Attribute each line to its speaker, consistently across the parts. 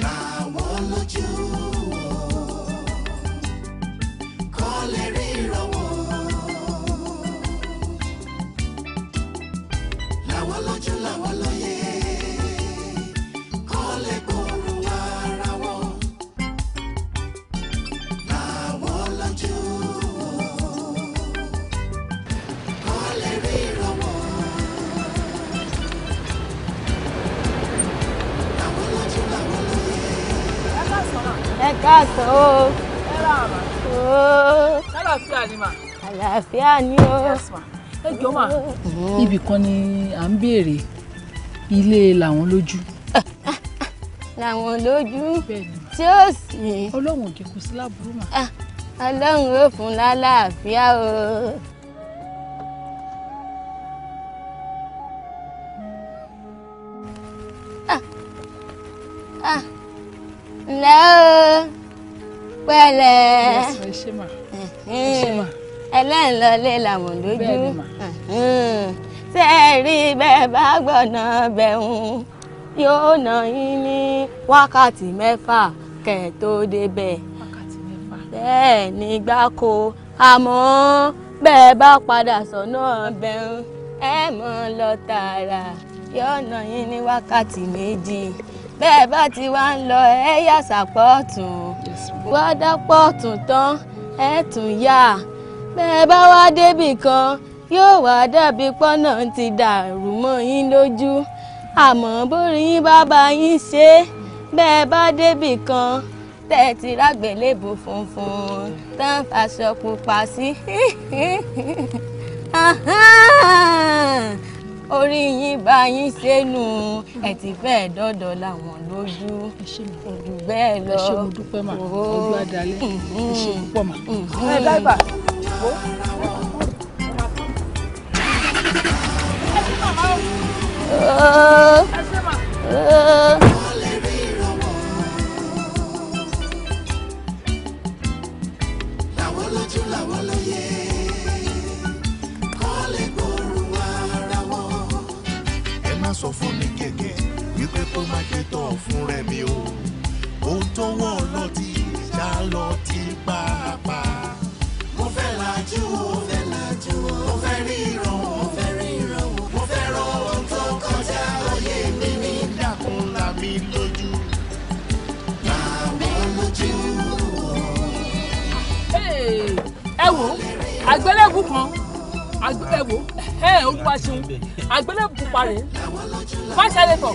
Speaker 1: La
Speaker 2: káàtó. àlàáfíà ni mà. àlàáfíà ni o. ẹ jọ mà. Mhm. ibì
Speaker 3: kan ni à ń béèrè ilé làwọn lójú.
Speaker 2: làwọn lójú tí ó sì. ọlọ́run ò jẹ́ kó sí láàbùrú mà. Ah, ọlọ́run ó fún lálàáfíà o.
Speaker 4: pẹ̀lẹ́
Speaker 2: ẹlẹ́ńlọlé làwọn lójú ṣe é rí bẹ́ẹ̀ bá gbọ̀nà bẹ̀hùn yóò nà yín ní wákàtí mẹ́fà kẹ̀ tó débẹ̀ bẹ́ẹ̀ ni gbáko àmọ́ bẹ́ẹ̀ bá padà sọ̀nà bẹ̀hùn ẹ mọ̀ lọ tààrà yóò nà yín ní wákàtí méjì bẹ́ẹ̀ bá ti wá ń lọ ẹ yà sàpọ̀ tún wá dápọ̀ tún tán ẹ tún yá bẹ́ẹ̀ bá wá débì kan yóò wá dàbí pọ́nà ti dàrú mọ́ yín lójú àmọ́ bórí yín bàbá yín ṣe bẹ́ẹ̀ bá débì kan tẹ́ẹ̀tì lágbélébù funfun tán fàṣọ pupa sí. orí yín bá yín sẹ́nu ẹ̀ ti fẹ́ẹ̀ dọ́dọ̀ làwọn lójú ojú bẹ́ẹ̀ lọ. ẹ ṣé mo dúpẹ́
Speaker 4: mà ojú adalẹ́ ẹ ṣé púpọ̀ mà. ẹ dáìbà
Speaker 1: wo. ẹ ṣé má sọ fún ní kẹ̀kẹ́ wípé kó má jẹ́ tọ̀ fún rẹ̀ mi o ó tọwọ́ ọlọ́tí já lọ ti pàápàá. mo fẹ́ lajú o mo fẹ́ lajú o mo fẹ́ rí ìran mo fẹ́ rí ìran mo fẹ́ rọ ohun tó kọjá òye mi ní dákun là mí lójú là mí lójú.
Speaker 3: ẹ wo àgbélébù kan agbẹ́wò ẹ̀ olúwa ṣeun àgbélébùú parẹ́ fásitẹ́lẹ̀tọ̀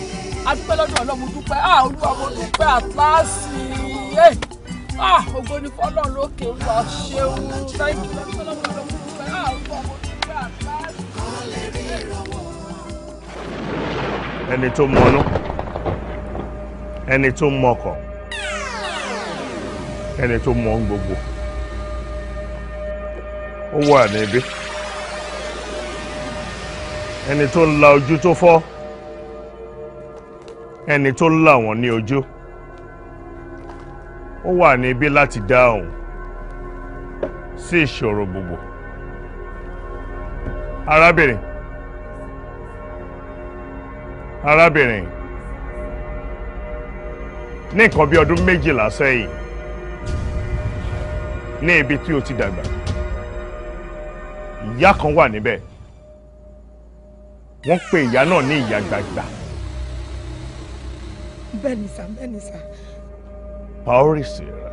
Speaker 3: adúpẹ́ lọ́dún ọlọ́mú dúpẹ́ ah olúwa mo
Speaker 4: dúpẹ́ àtláàsì ẹ̀ ah ògo ni fọlọ́ lókè olúwa ṣeun thank you adúpẹ́ lọ́dún ọlọ́mú ah olúwa mo dúpẹ́ àtláàsì
Speaker 3: ẹ̀. ẹni tó mọnú ẹni tó mọkàn ẹni tó mọ gbogbo ó wà níbí ẹni tó ń la ojú tó fọ́ ẹni tó ń là wọ́n ní ojú ó wà níbí láti dáhùn sí ìṣòro gbogbo arábìnrin arábìnrin ní nǹkan bí ọdún méjìlá sẹ́yìn ní ibi tí o ti dàgbà ìyá kan wà níbẹ̀ wọ́n pe ìyá náà ní ìyá gbàgbà.
Speaker 1: bẹ́ẹ̀ni sà bẹ́ẹ̀ni sà.
Speaker 3: paul sera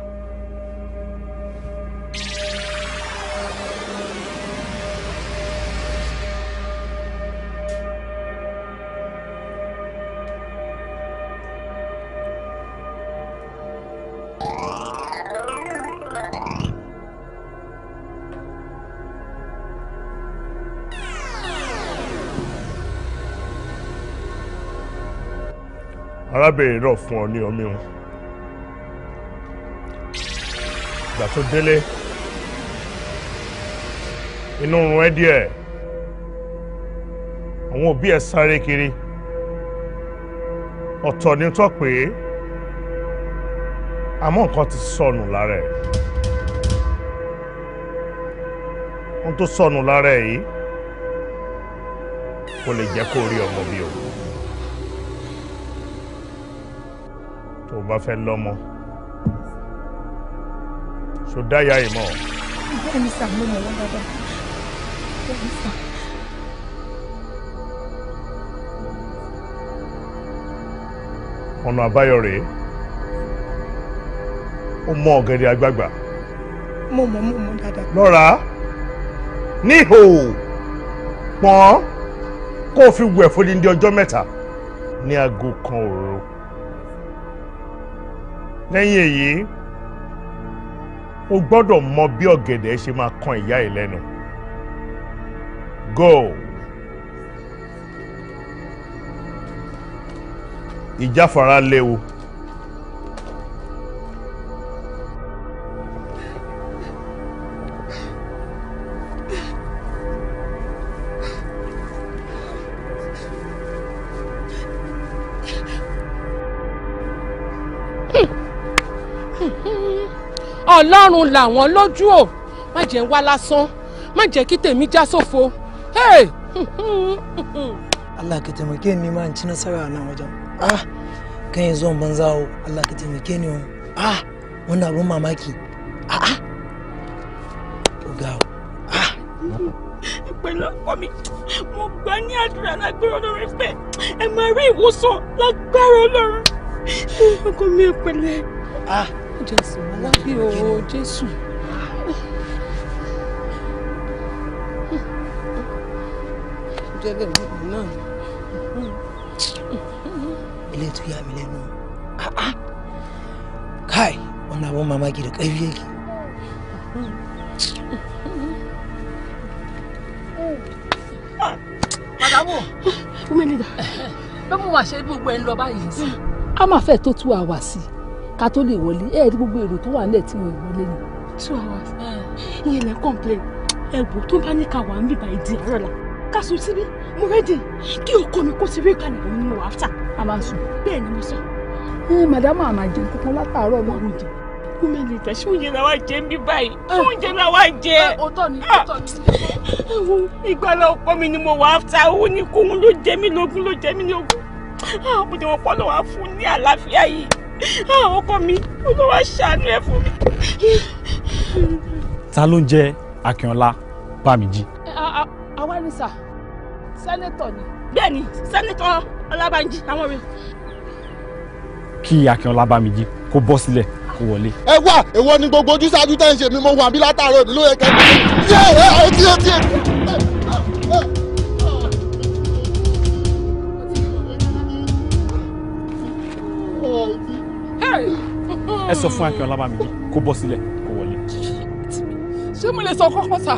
Speaker 3: arábìnrin náà fún ọ ní omi wọn ìgbà tó délé inú run ẹ díẹ̀ àwọn òbí ẹ sáré kiri ọ̀tọ̀ ni tó pè é àmọ́ nǹkan ti sọnù lára ẹ̀ ohun tó sọnù lára ẹ̀ yìí kò lè jẹ́ kó rí ọmọ bí o. tó o bá fẹ́ lọ́mọ ṣó dáyà ẹ̀ mọ́.
Speaker 5: bẹ́ẹ̀ ni mo mọ̀ wọ́n dáadáa bẹ́ẹ̀
Speaker 3: ni ọ̀nà àbáyọ rèé ó mọ ọ̀gẹ̀dẹ̀ àgbagbà.
Speaker 4: mo mọ̀ mo mọ̀ dáadáa.
Speaker 3: lọ́ra níhò pọ́n kó o fi wẹ̀ fún ní ọjọ́ mẹ́ta ní aago kan òru lẹ́yìn èyí o gbọ́dọ̀ mọ bí ọ̀gẹ̀dẹ̀ ṣe máa kan ìyá ẹ̀ lẹ́nu go. ìjáfara léwu. ọlọ́run làwọn lójú ò má jẹ́ ń wá lásán má jẹ́ kí tèmi já sófo. Allah ka taimake ni ma in ci nasara a nan wajen. Ah, kan yi zuwan banzawo Allah ka taimake ni wani. Ah, wani abin mamaki. Ah, ah.
Speaker 4: Oga o. Ah. Pẹ̀lú ọkọ mi, mo gbà ní àdúrà lágbára Ọlọ́run pẹ̀, ẹ máa rí ìwòsàn lágbára Ọlọ́run. Ọkọ mi ò pẹ̀lẹ́. Ah jésù alábí o jésù.
Speaker 3: ilé tó yà mí lẹ́nu ah, ah. kai wani abun mamaki da ƙarfi yake Madamo! Fún mi nígbà. Bẹ́ẹ̀ mo wà ṣe gbogbo ẹ̀ ń lọ báyìí. A máa fẹ́ tó two hours sí i ká tó lè wọlé ẹ rí gbogbo èrò tó wà nílẹ̀ tí wọ́n wọlé ni. two hours ìyẹn lẹ complain ẹ wò tó bá ní ká wà ń bìbà ìdí àárọ̀ la ká sùn síbí mo rẹ́dì kí ọkọ mi kó ti rí ìkàlẹ̀ òun ni mo wà áfta. a máa sùn. bẹ́ẹ̀ ni mo sọ. màdàmú
Speaker 4: àmà jẹun kankan látàárọ̀ mọ́ àwọn jẹ. gómìnà ìta ṣé oúnjẹ làwa jẹ ń bí báyìí ah. oúnjẹ làwa jẹ. Ah, òótọ́ ni ah. òótọ́ ni. ìgbàlá ọkọ mi ni mo wà áfta òun ni kóun ló jẹ mí lógún ló jẹ mí lógún. ọmọdé wọn pọ́ lọ́wọ́ fún ní àlàáfíà yìí. Ah, ọkọ mi ọmọ wa ṣàánú ẹ fún mi.
Speaker 6: ta ló ń jẹ Akínọlá Bámijí.
Speaker 3: Eh, àwa ni sà sẹ́nẹ́tọ̀ ni. bẹ́ẹ̀ni sẹ́nẹ́tọ̀ Ọlábánjí àwọn rẹ̀.
Speaker 6: kí Akínọlá Bámijí kó bọ́ sílẹ̀ kó wọlé.
Speaker 3: ẹ wá èwo ni gbogbo ojúṣàájú tẹ́ ń ṣe mi mo wà bí látàárọ̀ mi ló yẹ kẹ́kẹ́. yé ẹ ọtí ọtí ẹ sọ fún Akin Ọlábàmídì kó bọ́ sílẹ̀
Speaker 4: kó wọlé. ṣé mo lè sọ kọ́kọ́ sà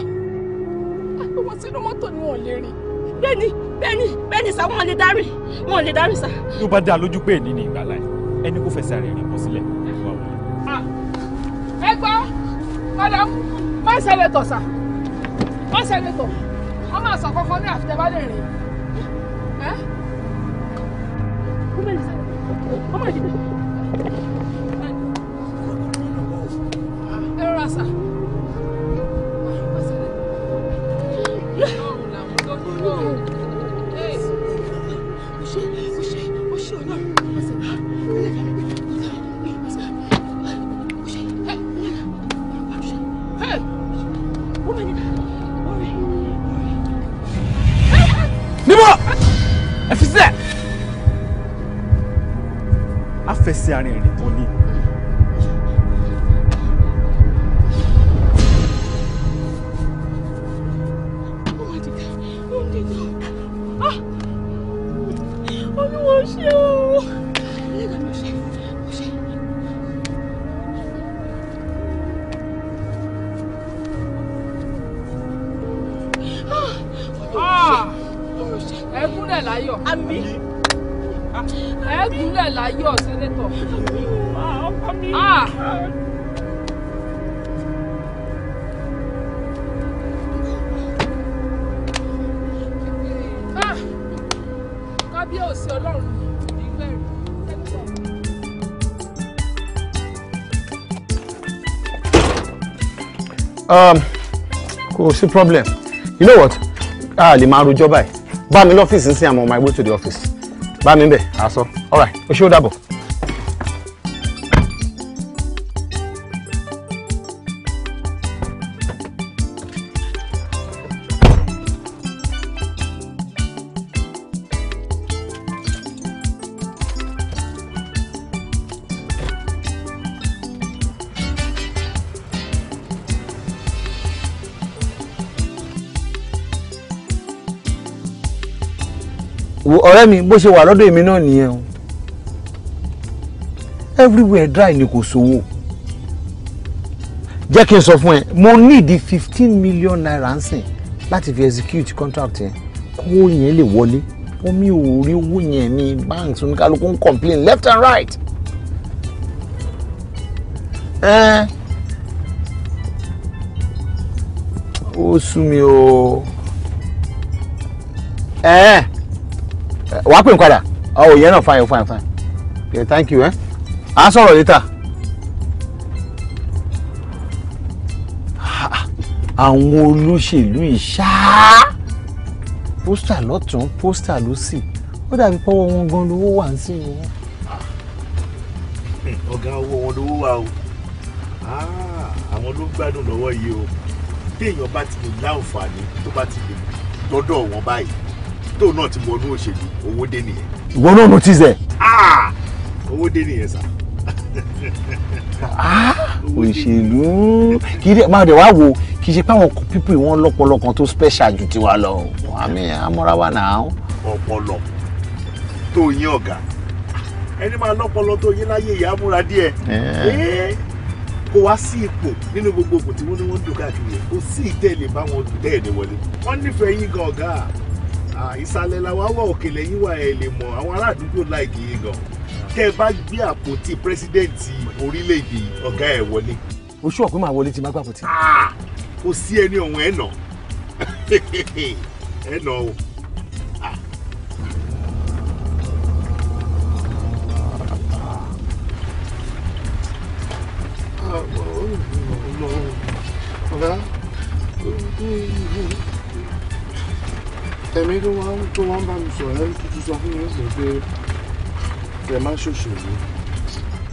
Speaker 4: wọn sínú mọ́tò ni wọn ò lè rìn. bẹ́ẹ̀ni bẹ́ẹ̀ni
Speaker 3: bẹ́ẹ̀ni sà wọn lè darí wọn lè darí sà. tó bá dáa lójú pé èdè ni ìgbàlá ẹ ẹni kò fẹsẹ̀ rẹ̀ rìn bọ́ sílẹ̀ kó wá wọlé. ẹ gbọ́ madam má ṣẹlẹ̀ tọ̀ sà má ṣẹlẹ̀ tọ̀ wọ́n máa sọ kọ́kọ́ ní àfitẹ́bá lè rìn.
Speaker 4: Come on, come on.
Speaker 1: àṣà.
Speaker 6: fẹsẹ̀ arìnrìn kan ni
Speaker 5: Um,
Speaker 3: kò sí problem you know what a lè máa rojọ́ báyìí bá mi lọ́fíìsì ń sìn I'm on my way to the office bá mi bẹ̀ àṣọ all right o ṣé ó dàbọ̀. mi bó ṣe wà lọ́dọ̀ èmi náà nìyẹn everywhere dry ni kò sówó jẹ́ kí n sọ fún ẹ mo níìdí fifteen million naira ń sìn láti fi execute contract yẹn kówó yẹn lè wọlé omi ò rí owó yẹn ní banks oníkálukú ń complain left and right. Eh. ó sú mi o. Eh wàá pè ń padà ọ̀ yẹn náà fine fine fine. okay thank you ẹ. à ń sọ̀rọ̀ later. àwọn olóṣèlú ìṣá pósítà lọ́tún pósítà lọ́sì ó dàbí pọ́wọ́ wọn gan lówó wà ń sìn wọn. ọ̀gá owó wọn lówó wà o ah, àwọn ló gbádùn lọ́wọ́ yìí o téèyàn bá ti lè láǹfààní tó bá ti lè dọ́dọ̀ wọn báyìí tóun náà ti mọ inú òṣèlú owó dé nìyẹn. ìwọ náà notice ẹ. Ah! owó dé nìyẹn sá. Ah! òṣèlú kì í dẹ máa dẹ wá wo kì í ṣe pé àwọn pípì wọn lọ́pọlọ kan tó special ju tiwa lọ àmì àmọ́ra wa náà. ọpọlọ tó yín ọ̀gá ẹni máa lọ́pọlọ tó yín láyé ìyá múra díẹ̀ eh. kó wá sí ipò nínú gbogbo òkùn tí wọ́n ní wọ́n ń dùn káàkiri kó sí ìtẹ́ẹ̀lì bá wọn dùn tẹ́ẹ̀lì wọlé wọ́n nífẹ̀ẹ́ yín gan ọ̀gá ìsàlẹ̀ làwọn awọ òkèlè yín wà ẹ̀ lè mọ̀ àwọn ará àdúgbò láìkí yín gan tẹ́ ẹ bá gbé àpótí pírẹsidẹ́ǹtì orílẹ̀-èdè ọ̀gá ẹ̀ wọlé. o ṣú ọ̀pẹ́ máa wọlé tí máa gbà àpótí. kò sí ẹni ọ̀hún ẹ̀ nà ẹ̀ nà o.
Speaker 1: ọ̀gá ẹ̀mí tó wọ́n tó wọ́n bá
Speaker 3: mi sọ̀rọ̀ ẹ̀rí tuntun sọ fún mi ṣe pé ẹ má ṣòṣèlú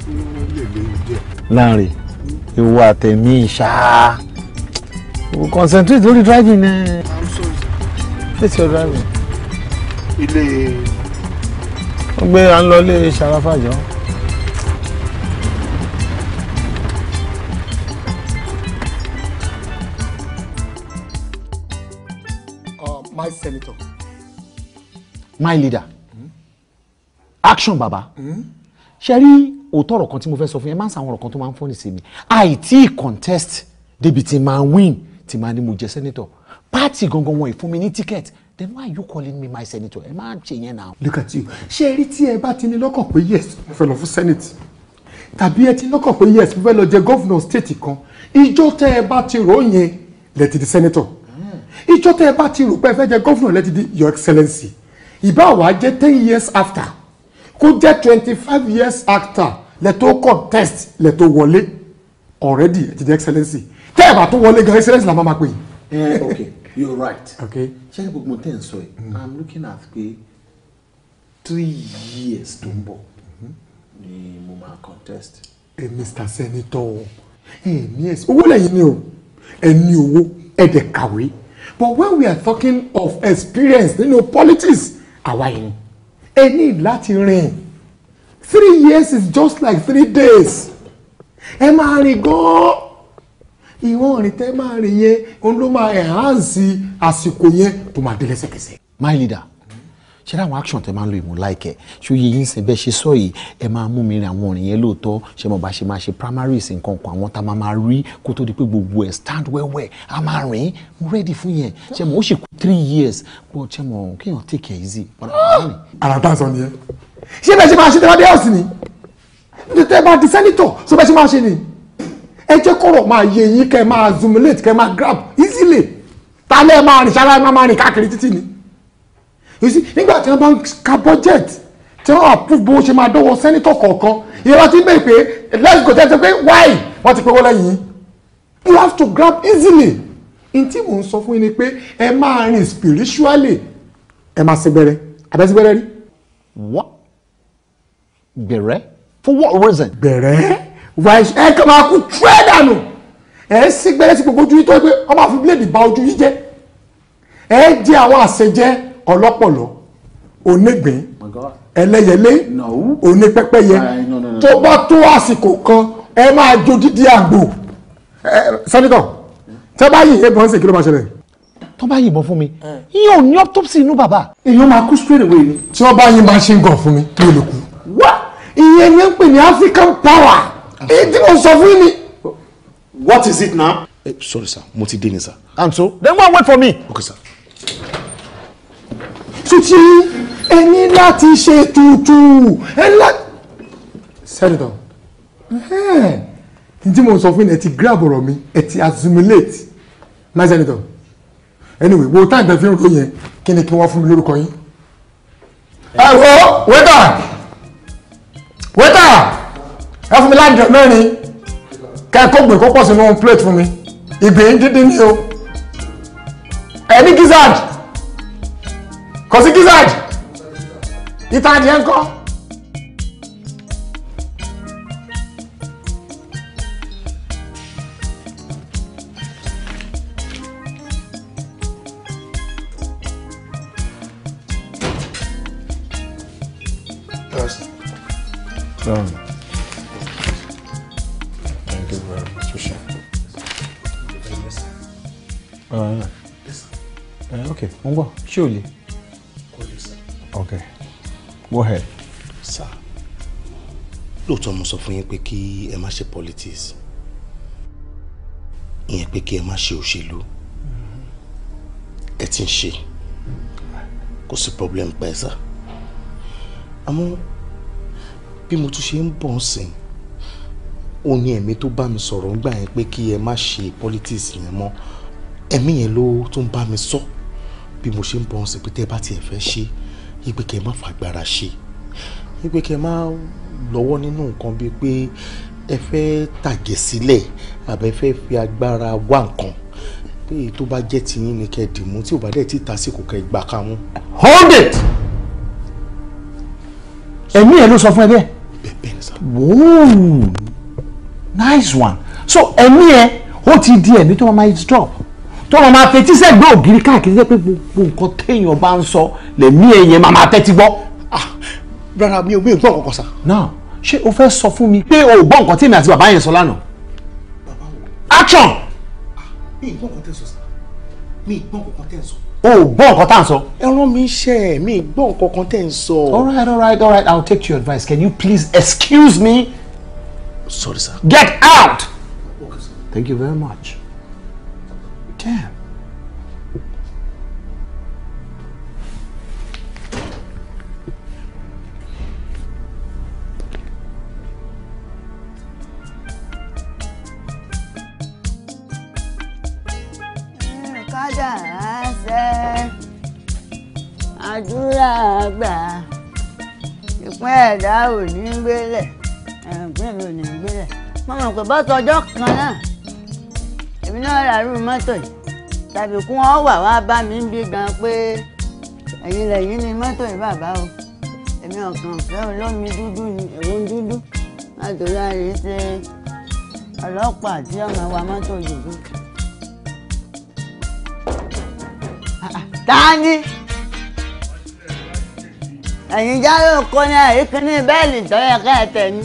Speaker 3: tí wọ́n lè gbé mi díẹ̀. láàrin ìwọ àtẹ̀mí ṣáá o concentrate lórí driving ẹ.
Speaker 1: i'm sorry sir. it's driving.
Speaker 3: ilé. wọ́n gbé à ń lọ vice senator. my leader action baba ṣe rí òótọ́ ọ̀rọ̀ kan tí mo fẹ́ sọ fún yẹn máa ń sàwọn ọ̀rọ̀ kan tó máa ń fọ́nì sí mi àìtí contest débi tí máa win tí máa ní mo jẹ senator party gangan wọn ìfún mi ní ticket then why you calling me my senator ẹ máa ṣe yẹn náà. look at you ṣé rí tí ẹ bá ti ní lọ́kàn pé yes mo fẹ́ lọ fún senate tàbí ẹ ti lọ́kàn pé yes mo fẹ́ lọ jẹ governor state kan ìjọ tẹ ẹ bá ti rò yẹn lẹ senator ìjọ tẹ́ ẹ bá ti rò pé ẹ fẹ́ jẹ gọ́fúnà lẹ́ti di your excellency ìbá wa jẹ́ ten years after kó jẹ́ twenty five years after lẹ́tọ́ contest lẹ́tọ́ wọlé already ẹ ti di excellency tẹ́ ẹ bá tó wọlé gan excellency la máa ma pè é. Eh, ok you are right. ok ṣé gbogbo tẹ́ ń sọ I am mm-hmm. looking at pé three years tó ń bọ̀ ni mo máa contest. ẹ eh, mr senator ẹ ní ẹ owó lẹ́yìn ni o ẹ ní owó ẹ dẹ̀ kàwé but when we are talking of experience you know, politics àwa yìí ẹ ní láti rìn three years is just like three days ẹ máa rìn gan-an ìwọ̀n rìn tẹ́ máa rìn yẹn òun ló máa enhance àsìkò yẹn tó máa dé lẹ́sẹ̀kẹsẹ̀. my leader ṣe láwọn action tẹ máa ń lo ìmú láìkẹ ṣó yẹ yín sìn bẹ́ẹ̀ ṣe sọ yìí ẹ máa mú mi rìn àwọn òrìn yẹn lóòótọ́ ṣe mo bá ṣe máa ṣe primaries nǹkan kan àwọn tá a máa máa rí kó tó di pé gbogbo ẹ̀ stand wẹ́wẹ́ a máa rìn mo ready fún yẹn ṣe mo ó ṣe kú three years but ṣe mo kéèyàn take it easy. ara tá a sọ nìyẹn ṣé bẹ́ẹ̀ ṣe máa ṣe tẹ́lá dé ọ̀sìn ni tẹ́ bá di sẹ́nitọ̀ ṣó bẹ́ẹ̀ ṣe máa ṣe ni ẹ jẹ́ kọ̀rọ̀ máa yẹ yín kẹ́ máa zoomulate kẹ́ máa grab easily ta lẹ́ẹ̀ máa rìn ṣáláì máa máa rìn káàkiri títì ni you see nígbà tí wọ́n bá ń ka budget tí wọ́n approve bó ṣe máa dọ́wọ́ sẹ́nitọ̀ kọ̀ọ̀kan ìyẹn wọ́n ti ń bèèrè pé let's go tẹ́tẹ́ pé why wọ́n ti pẹ́wọ́ lẹ́yìn you have to grab easily n tí mò ń sọ fún yín ni pé ẹ máa rìn spiritually ẹ máa ṣe gbẹrẹ abẹ́ sí gbẹrẹ rí. what gbẹrẹ for what reason. gbẹrẹ why ẹ kàn máa kú trẹ́ dànù ẹ sí gbẹrẹ sí gbogbo ojú yìí tó yẹ pé ọmọ àfi bíléèdì bà ojú yìí jẹ́ ẹ jẹ àwọn àṣejẹ ọlọ́pọ̀lọ́ onígbín ẹlẹ́yẹlé onípẹ́pẹ́yẹ tó bá tó àsìkò kan ẹ máa jó dídí àgbò sẹ́nitọ̀ tẹ́ bá yìí ẹ̀bùn ṣe kí ló máa ṣẹlẹ̀. tó bá yìnbọn fún mi yíyan ò ní autopsy inú bàbá. èèyàn máa kú straight away ni. tí wọ́n bá yín máa ṣe ń gàn fún mi mi ò lè kú. wá ìyẹn ni ń pè ní African power èyí tí mo sọ fún mi. what is it now. Eh, sorry sir mo ti dé ni sir. and so then one wait for me. okay sir tuntun yín ẹni láti ṣe tutù ẹni láti. settle down ǹjẹ́ mo sọ fún yín ẹ ti grab ọ̀rọ̀ mi ẹ ti assimilate náà settle down anyway wo táyà tẹ fi ń ròyìn kí ni kí wọ́n fún mi lórúkọ yín. ẹ wo wẹ́tà wẹ́tà ẹ fún mi láàjọ mẹ́rin kẹ́kọ̀ọ́ gbìn kó pọ̀ sínú plate fún mi ìgbín dídín ni o ẹ ní gizzard kò sí gizzard ìtàn adìẹ
Speaker 1: Um,
Speaker 5: thank you very
Speaker 3: Uh, uh, okay, mo ń gbọ́, ṣé o lè? go ahead. sir lóòótọ́ mo sọ fún yín pé kí ẹ má ṣe politics ìyẹn pé kí ẹ má ṣe òṣèlú ẹ ti ń ṣe kò sí problem pa ẹ sá àmọ́ bí mo tún ṣe ń bọ̀ ń sìn ó ní ẹ̀mí tó bá mi sọ̀rọ̀ ńgbà yẹn pé kí ẹ má ṣe politics yẹn mọ́ ẹ̀mí yẹn ló tún bá mi sọ bí mo ṣe ń bọ̀ ń sìn pé tẹ́ bá tiẹ̀ fẹ́ ṣe é ìgbé kẹ́ má fagbára ṣe ìgbé kẹ́ má lọ́wọ́ nínú nǹkan bíi pé ẹ fẹ́ tàgé sílẹ̀ àbẹ́ fẹ́ fi agbára wá nǹkan pé èyí tó bá jẹ́ tiyín ni kẹ́ dìmú tí ò bá dẹ̀ ti tásìkò kẹ́ gbà ká mú. hold it ẹ̀mí ẹ̀ ló sọ fún ẹ bẹ́ẹ̀ whoa nice one so ẹ̀mí ẹ̀ ó ti di ẹ̀mí tó máa máa drop tọ́mọ máa fetí sẹ́gbẹ́ ògiri káàkiri sẹ́pẹ́ gbogbo nǹkan téèyàn bá ń sọ lẹ́mí ẹ̀yẹn máa máa tẹ́tí gbọ́. Ah, rárá mi ò gbé nǹkan kọ̀ọ̀kan sà. náà ṣé o fẹ́ sọ fún mi pé o ò gbọ́ nǹkan tí èmi àti bàbá yẹn sọ lánàá. action. Ah, mi ì gbọ́ nǹkan tẹ́ sọ sà mi ì gbọ́ nǹkan tẹ́ sọ. o ò gbọ́ nǹkan tá à ń sọ. ẹ mi iṣẹ́ mi ì gbọ́ nǹkan tẹ́ ń sọ. all right all right all right i will take your advice can you please excuse me. sorry sir. get out. Okay, sir. thank you very much.
Speaker 5: Damn.
Speaker 2: kádà àṣẹ àdúrà àgbà ìpín ẹ̀dá ò ní gbélẹ̀ ẹ̀gbìn ò ní gbélẹ̀ mọ̀mọ́ pé bọ́sọ̀ ọjọ́ kan náà èmi náà ràrú mọ́tò yìí tàbí kún ọ wà wá bá mi ń bí gan pé ẹ̀yin lẹ́yìn ni mọ́tò yìí bàbá o èmi ọ̀kan fẹ́ olómi dúdú ni èwo ń dúdú látòrí àárín ṣe ọlọ́pàá tí ọmọ wa mọ́tò dúdú. tani ẹ̀yin járó kọ́ni àríkíní bẹ́ẹ̀lì tọ́yẹ ká ẹ̀ tẹ̀ mí.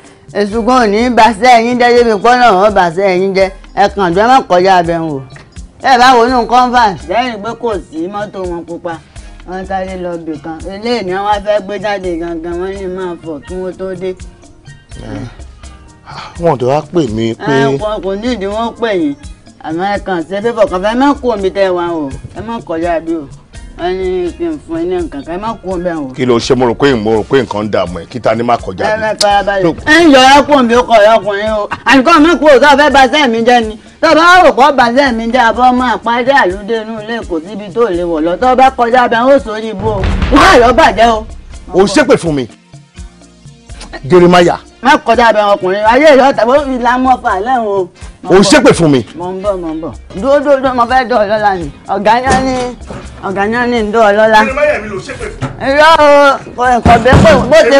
Speaker 2: èṣù kan ò ní bàṣẹ́ ẹ̀yìn jẹ́ débi pọ́nà wọn bàṣẹ́ ẹ̀yìn jẹ́ ẹ̀kan ọ̀dọ́ má kọjá abẹ́ wò ẹ bá wọnú converse lẹ́yìn pé kò sí mọ́tò wọn pupa wọn sáré lọ bì kan eléyìí ni wọn fẹ́ gbé jáde gangan wọn ní máa fọ̀ kí wọn tó dé.
Speaker 3: wọn tó wá pè mí pé. ẹ
Speaker 2: kò ní ìdí wọn pè yín àmọ́ ẹ kàn sí kan fẹ́ má kú omi tẹ́ wa o ẹ wọ́n kí n fún ẹ ní nǹkan kan ẹ má kú bẹ́ẹ̀ o.
Speaker 3: kí ló ṣe mo rò pé mo rò pé nǹkan ń dààmú ẹ kíta ni má kọjá mi. ẹ
Speaker 2: fẹ́ farabalẹ̀ ẹ ń yọ ọkùnrin mi kọ̀ ọkùnrin o àyíkọ́ mi kú òtọ́ fẹ́ ba sẹ́ẹ̀mí jẹ́ ni tó bá rò pọ̀ ba sẹ́ẹ̀mí jẹ́ abọ́ máa pàdé àlùdé inú ilé kò síbi tó lè wọ̀ lọ tó bá kọjá bẹ́ẹ̀ ó sọ yìí bó o ìwé ìlọ bàjẹ́ o. o ṣépè fún mi Jeremaya. má kọjá bẹ́ẹ̀ o ṣépè fún mi. mo ń bọ̀ mo ń bọ̀ dúró dúró dúró mo fẹ́ dọ̀ ọ́ lọ́la ni ọ̀gá ní ọ́ní ọ̀gá ní ọ́ní ń dọ̀ ọ́ lọ́la. irọ́ o kò bẹ́ pé bó ṣe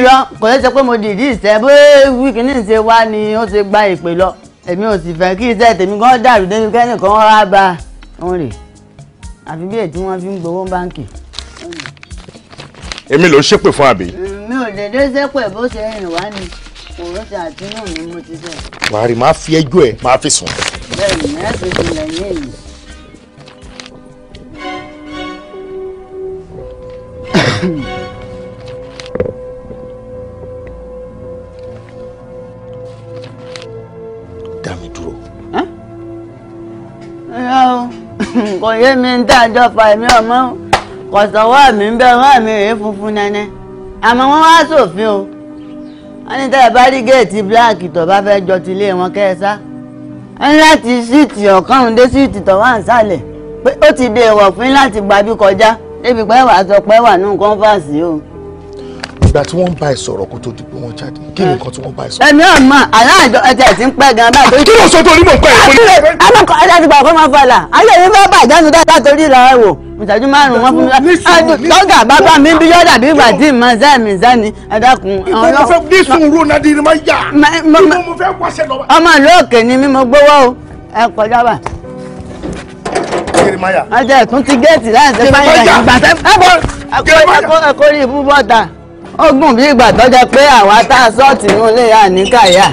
Speaker 2: irọ́ kò lè ṣe pé mo dìdí ìṣẹ́ bó wíkì ní ìṣe wá ni ó ti gba ìpè lọ èmi ò sì fẹ́ kí iṣẹ́ tèmi kan dàrú débi kẹ́nìkan wá bá wọn rè àfi bí èyí tí wọ́n fi ń gbowó báǹkì.
Speaker 3: èmi ló ṣépè fún àbí.
Speaker 2: mi ò dédé ṣépè bó ṣe rìn wá ni kò rọ́jà àdínà ni mo ti bẹ̀.
Speaker 3: wàá rí máa fi ẹjọ́ ẹ máa fi sùn.
Speaker 2: kò yé mi ń dájọ́ fa èmi ọmọ kọ̀sọ̀wọ́ mi ń bẹ́ẹ̀ wá mi rèé funfun nẹ́nẹ́ àmọ́ wọ́n wá sófin o wọ́n ní tẹ́lẹ̀ bá rí géètì black tó bá fẹ́ jọ ti ilé wọn kẹ́ẹ̀sá wọ́n ní láti síìtì ọ̀kanrùn dé síìtì tó wà ń sàlẹ̀ pé ó ti dé ìwọ̀ fún láti gbàbí kọjá débi pẹ́ wàá sọ pé wà nù kọ́ńfàsì o
Speaker 3: ìgbà tí wọ́n ń bá ẹ sọ̀rọ̀ kó tó di pé wọ́n jáde kí ni nǹkan tí wọ́n bá ẹ sọ̀rọ̀.
Speaker 2: èmi ò mọ aláàjọ ẹjẹ ti ń pẹ́ gan báyìí. Ah, kí ló sọ tó nínú pẹ́ ìpolí. àbúrò ẹjẹ ti gbà kó máa fọlá ayé mi bá bàjẹ́ nu dáadáa torí ìlà ẹ wò ìtàjú márùn-ún wọn fún mi. tọ́gà ah, bàbá mi bí yọ̀dà bí ìgbà tí mo zẹ́ mi zẹ́ ni ẹ dákun. ní sùúrù nadi ni máa yà ọmọ ìlú òkè ni mi mo gbowó o ẹ kọjá bá. ajá ẹ̀tún ti géètì láti ṣe báyìí ìgbà tẹ́ ẹ bọ́ ẹ kórìí fún bọ́ta ọgbọ̀n bí ìgbà tọ́jọ́ pé àwọn atáṣọ́ọ̀tì ní olè àníkàyà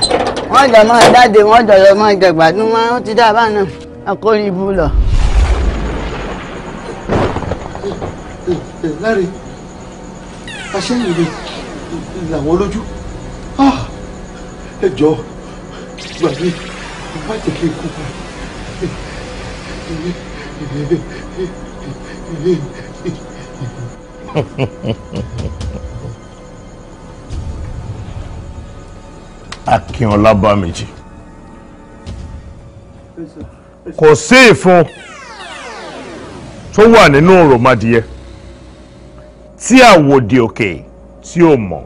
Speaker 2: wọ́n jọ máa jáde wọ́n jọ lọ máa jẹgbàdún máa ó ti dá bá náà akórí ibu lọ.
Speaker 3: láre aṣẹ́yìn rẹ̀ làwọn lójú ah! ẹ jọ gbàgbé má jẹ́ kí n kú pa Akínọlá Bámejì kò sí ìfun tó wà nínú òròmọdìyẹ tí àwòdì òkè tí ò mọ̀.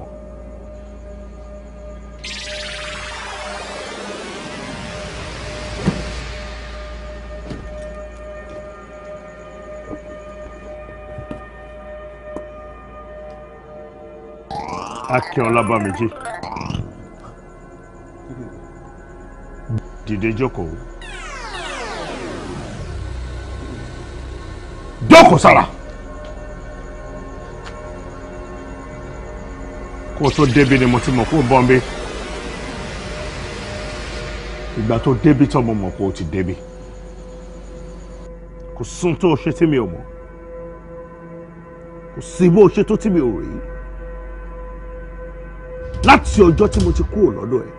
Speaker 3: Akínọlá Bámejì. dìde jókòó jókòó sára kó o tó débi ni mo ti mọ̀ kó o bọ́n bí ìgbà tó débi tó mo mọ̀ kó o ti débi kò sún tó o ṣe tí mi ò mọ̀ kò sí bó o ṣe tó tí mi ò rí láti ọjọ́ tí mo ti kúrò lọ́dọ̀ ẹ̀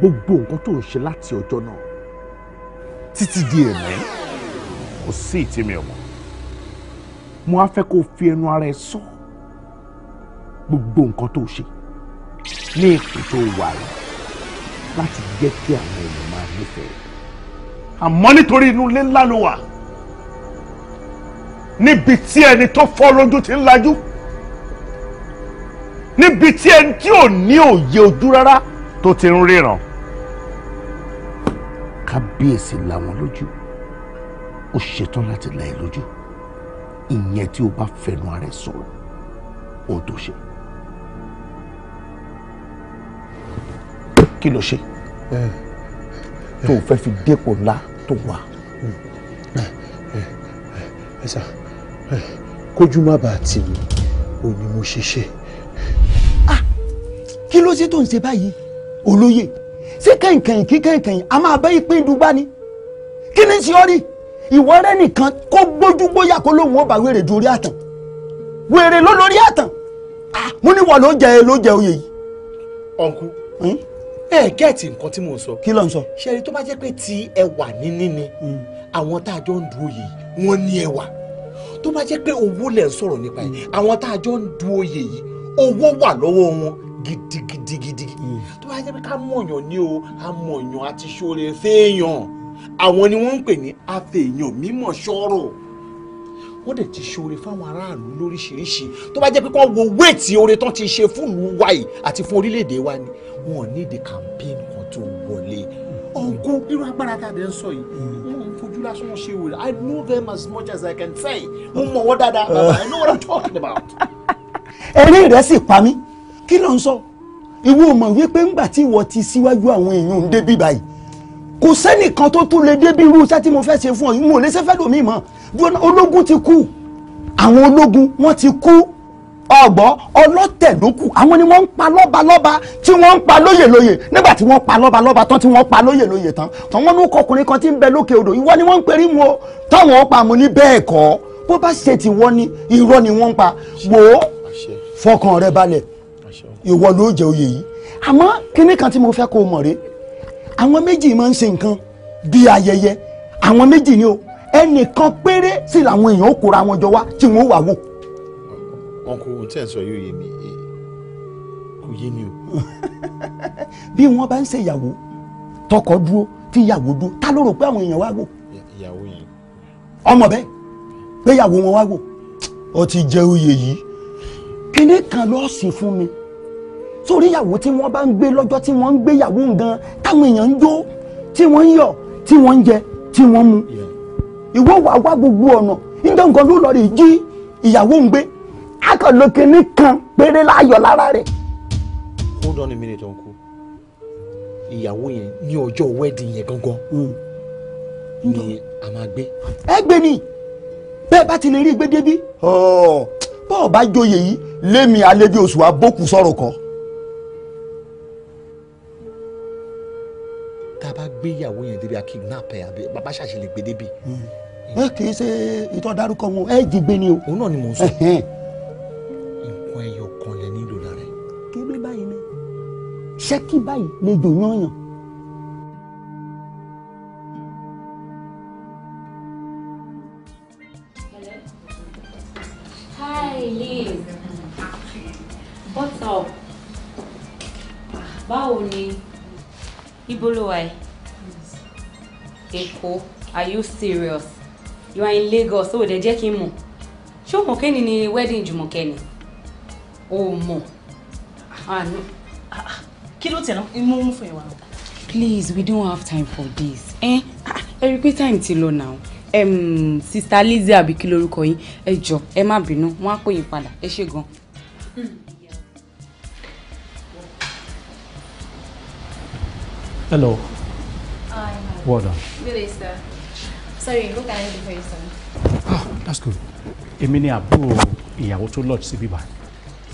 Speaker 3: gbogbo nǹkan tó ń ṣe láti ọjọ́ náà títí di ẹ̀mí kò sí ìtìmí ọmọ mo á fẹ́ kó fi ẹnu ara ẹ sọ gbogbo nǹkan tó ṣe ní ipò tó wà rẹ láti jẹ́ kí àwọn èèyàn máa nífẹ̀ẹ́ àmọ́ nítorí inú ilé ńlá ló wà níbi tí ẹni tó fọ́ lójú ti ń lajú níbi tí ẹni tí ò ní òye ojú rárá tó ti ń ríran kábíyèsí làwọn lójú ó ṣetán láti là ẹ́ lójú ìyẹn tí o bá fẹnu ara ẹ̀ sọ̀rọ̀ ohun tó ṣe. kí ló ṣe tó o fẹ́ fi dépò ńlá tó wà. ẹ sà kójú má bàa tì mí o ni mo ṣe ṣe. Ah! kí ló ṣe tó ń ṣe báyìí olóyè ṣé kẹ̀kẹ̀yìn kí kẹ̀kẹ̀yìn a máa bẹ́ ìpín ìdúgbà ni kí ni ṣe ọ́ rí ìwọ rẹ nìkan kó gbójú gbóyà kó lóun ó bá wèrè ju orí àtàn wèrè ló lórí àtàn mo ní wà ló jẹ ló jẹ oyè yìí. ọ̀nkú hm? ẹ kẹ́ẹ̀tì nǹkan tí mò ń sọ. kí ló ń sọ. ṣẹ́ni tó bá jẹ́ pé ti ẹwà níní ni hmm. àwọn tá a jọ ń du oyè yìí wọ́n ní ẹwà tó bá jẹ́ pé owó lẹ̀ ń sọ̀rọ̀ nípa ẹ̀ àwọn tá a jọ ń du oyè yìí owó wà lọ́wọ́ wọn gidigidigidi mm. tó bá yẹ pé ká mọ̀yàn ní o amọ̀yàn àti ṣoore fẹ́ẹ̀yàn àwọn ni wọ́n ń pè ní afẹ́yàn mímọ̀ ṣọ́rọ̀ wọ́n dẹ̀ ti ṣoore fáwọn aráàlú lóríṣiríṣi tó bá jẹ́ pé wọ́n wo wéètì oore tán ti ṣe fún ìlú wa àti fún orílẹ̀-èdè wa ni wọn ní ìdí campaign kan tó wọlé ọ̀nkú mm. irú agbára tá dẹ̀ ń sọ yìí mm. wọn ò fojú lásán wọn ṣe wèrè I know them as much as I can say mo mọ̀ wọ́n dáadáa I know what I'm talking about. ẹni rẹ̀ sì pa mí kí ló ń sọ ìwọ mọ̀ wípé ńgbà tí ìwọ ti síwájú àwọn èèyàn ń débí báyìí kò sẹ́nìkan tó tún lè débí irú iṣẹ́ tí mo fẹ́ ṣe fún ọ yìí mo lè ṣe fẹ́ lòmíì mọ́ ológun ti kú àwọn ológun wọ́n ti kú ọgbọ́ ọlọ́tẹ̀ ló kù àwọn ni wọ́n ń pa lọ́ba lọ́ba tí wọ́n ń pa lóyè lóyè nígbà tí wọ́n pa lọ́ba lọ́ba tán tí wọ́n pa lóyè lóyè tán tán wọ́n ní kọkùnrin kan tí ń bẹ lókè odò ìwọ ni wọ́n ń perí mu o táwọn ó pa mu ní bẹ́ẹ̀ kọ́ bó bá ṣe ti wọ́n ní irọ́ ni wọ́n ń pa wò ó fọkàn rẹ balẹ̀ ìwọ ló jẹ oyè yìí àmọ́ kinní kan tí mo fẹ́ kó o mọ̀ rè àwọn méjì máa ń ṣe nǹkan bíi ayẹyẹ àwọn méjì ni o ẹnìkan péré sí làwọn èèyàn ó kóra wọn jọ wá tí wọn ó wà wò. ọkọ ohun tí ẹ sọ yóò yé mi kò yé mi o. bí wọn bá ń ṣe ìyàwó tọkọ dúró tí ìyàwó dúró ta ló rò pé àwọn èèyàn wá wò. ìyàwó yẹn. ọmọ bẹ́ẹ̀ pé ìyàwó wọn wá wò ó ti jẹ oyè yìí kinní kan lọ́ọ́ sìn fún mi sórí ìyàwó tí wọ́n bá ń gbé lọ́jọ́ tí wọ́n ń gbé ìyàwó gan táwọn èèyàn ń jó tí wọ́n ń yọ̀ tí wọ́n ń jẹ tí wọ́n ń mu ìwọ wàá wá gbogbo ọ̀nà níjọ́ nǹkan ló lọ rè jí ìyàwó ń gbé akọ̀lọ́kẹ́ ní kan péré láyọ̀ lára rẹ̀. hold on a minute uncle ìyàwó yẹn ní ọjọ́ wedding yẹn gangan hmm. ni a máa gbé. ẹ gbé ni bẹ́ẹ̀ bá ti lè rí i gbé débi oh. bọ́ọ̀ bá joyè yìí lémi alẹ́ bí oṣù abókù sọ̀rọ̀ kan. gbé ìyàwó yẹn débi akidnap ẹ bàbá ṣàṣì lè gbé débi. Hmm. ẹ kì í ṣe ìtọ́ darúkọ wọn ẹ jí gbé ni o. òun náà ni mò ń sọ nǹkan ẹyọ kan lẹ nílò lára ẹ. kébé báyìí ni ṣẹ́kí báyìí lè jò yán
Speaker 2: Hi, Liz. What's up? Ah, báwo ni? Ibo ló wà Èkó are you serious you are in Lagos ó dẹ̀ jẹ́ kí n mọ̀ ṣé o ni wedding Jùmọ̀kẹ́ ni o mọ̀
Speaker 3: àánú. Ah, ah, ah. kí ló tẹ̀ náà mú un fún ìwà. please we don't have time for this
Speaker 2: eh? ẹ rí i pé time ti lọ now um, sister Lizzie àbí kí lorúkọ yín ẹ jọ ẹ má bínú wọn á pè yín padà ẹ ṣé gan.
Speaker 1: hello. I
Speaker 6: have. Well done.
Speaker 2: Really, sir. Sorry, who can I be for you, sir?
Speaker 6: Ah, that's good.
Speaker 3: Èmi Abu, àbúrò ìyàwó tó lodge síbí báyìí.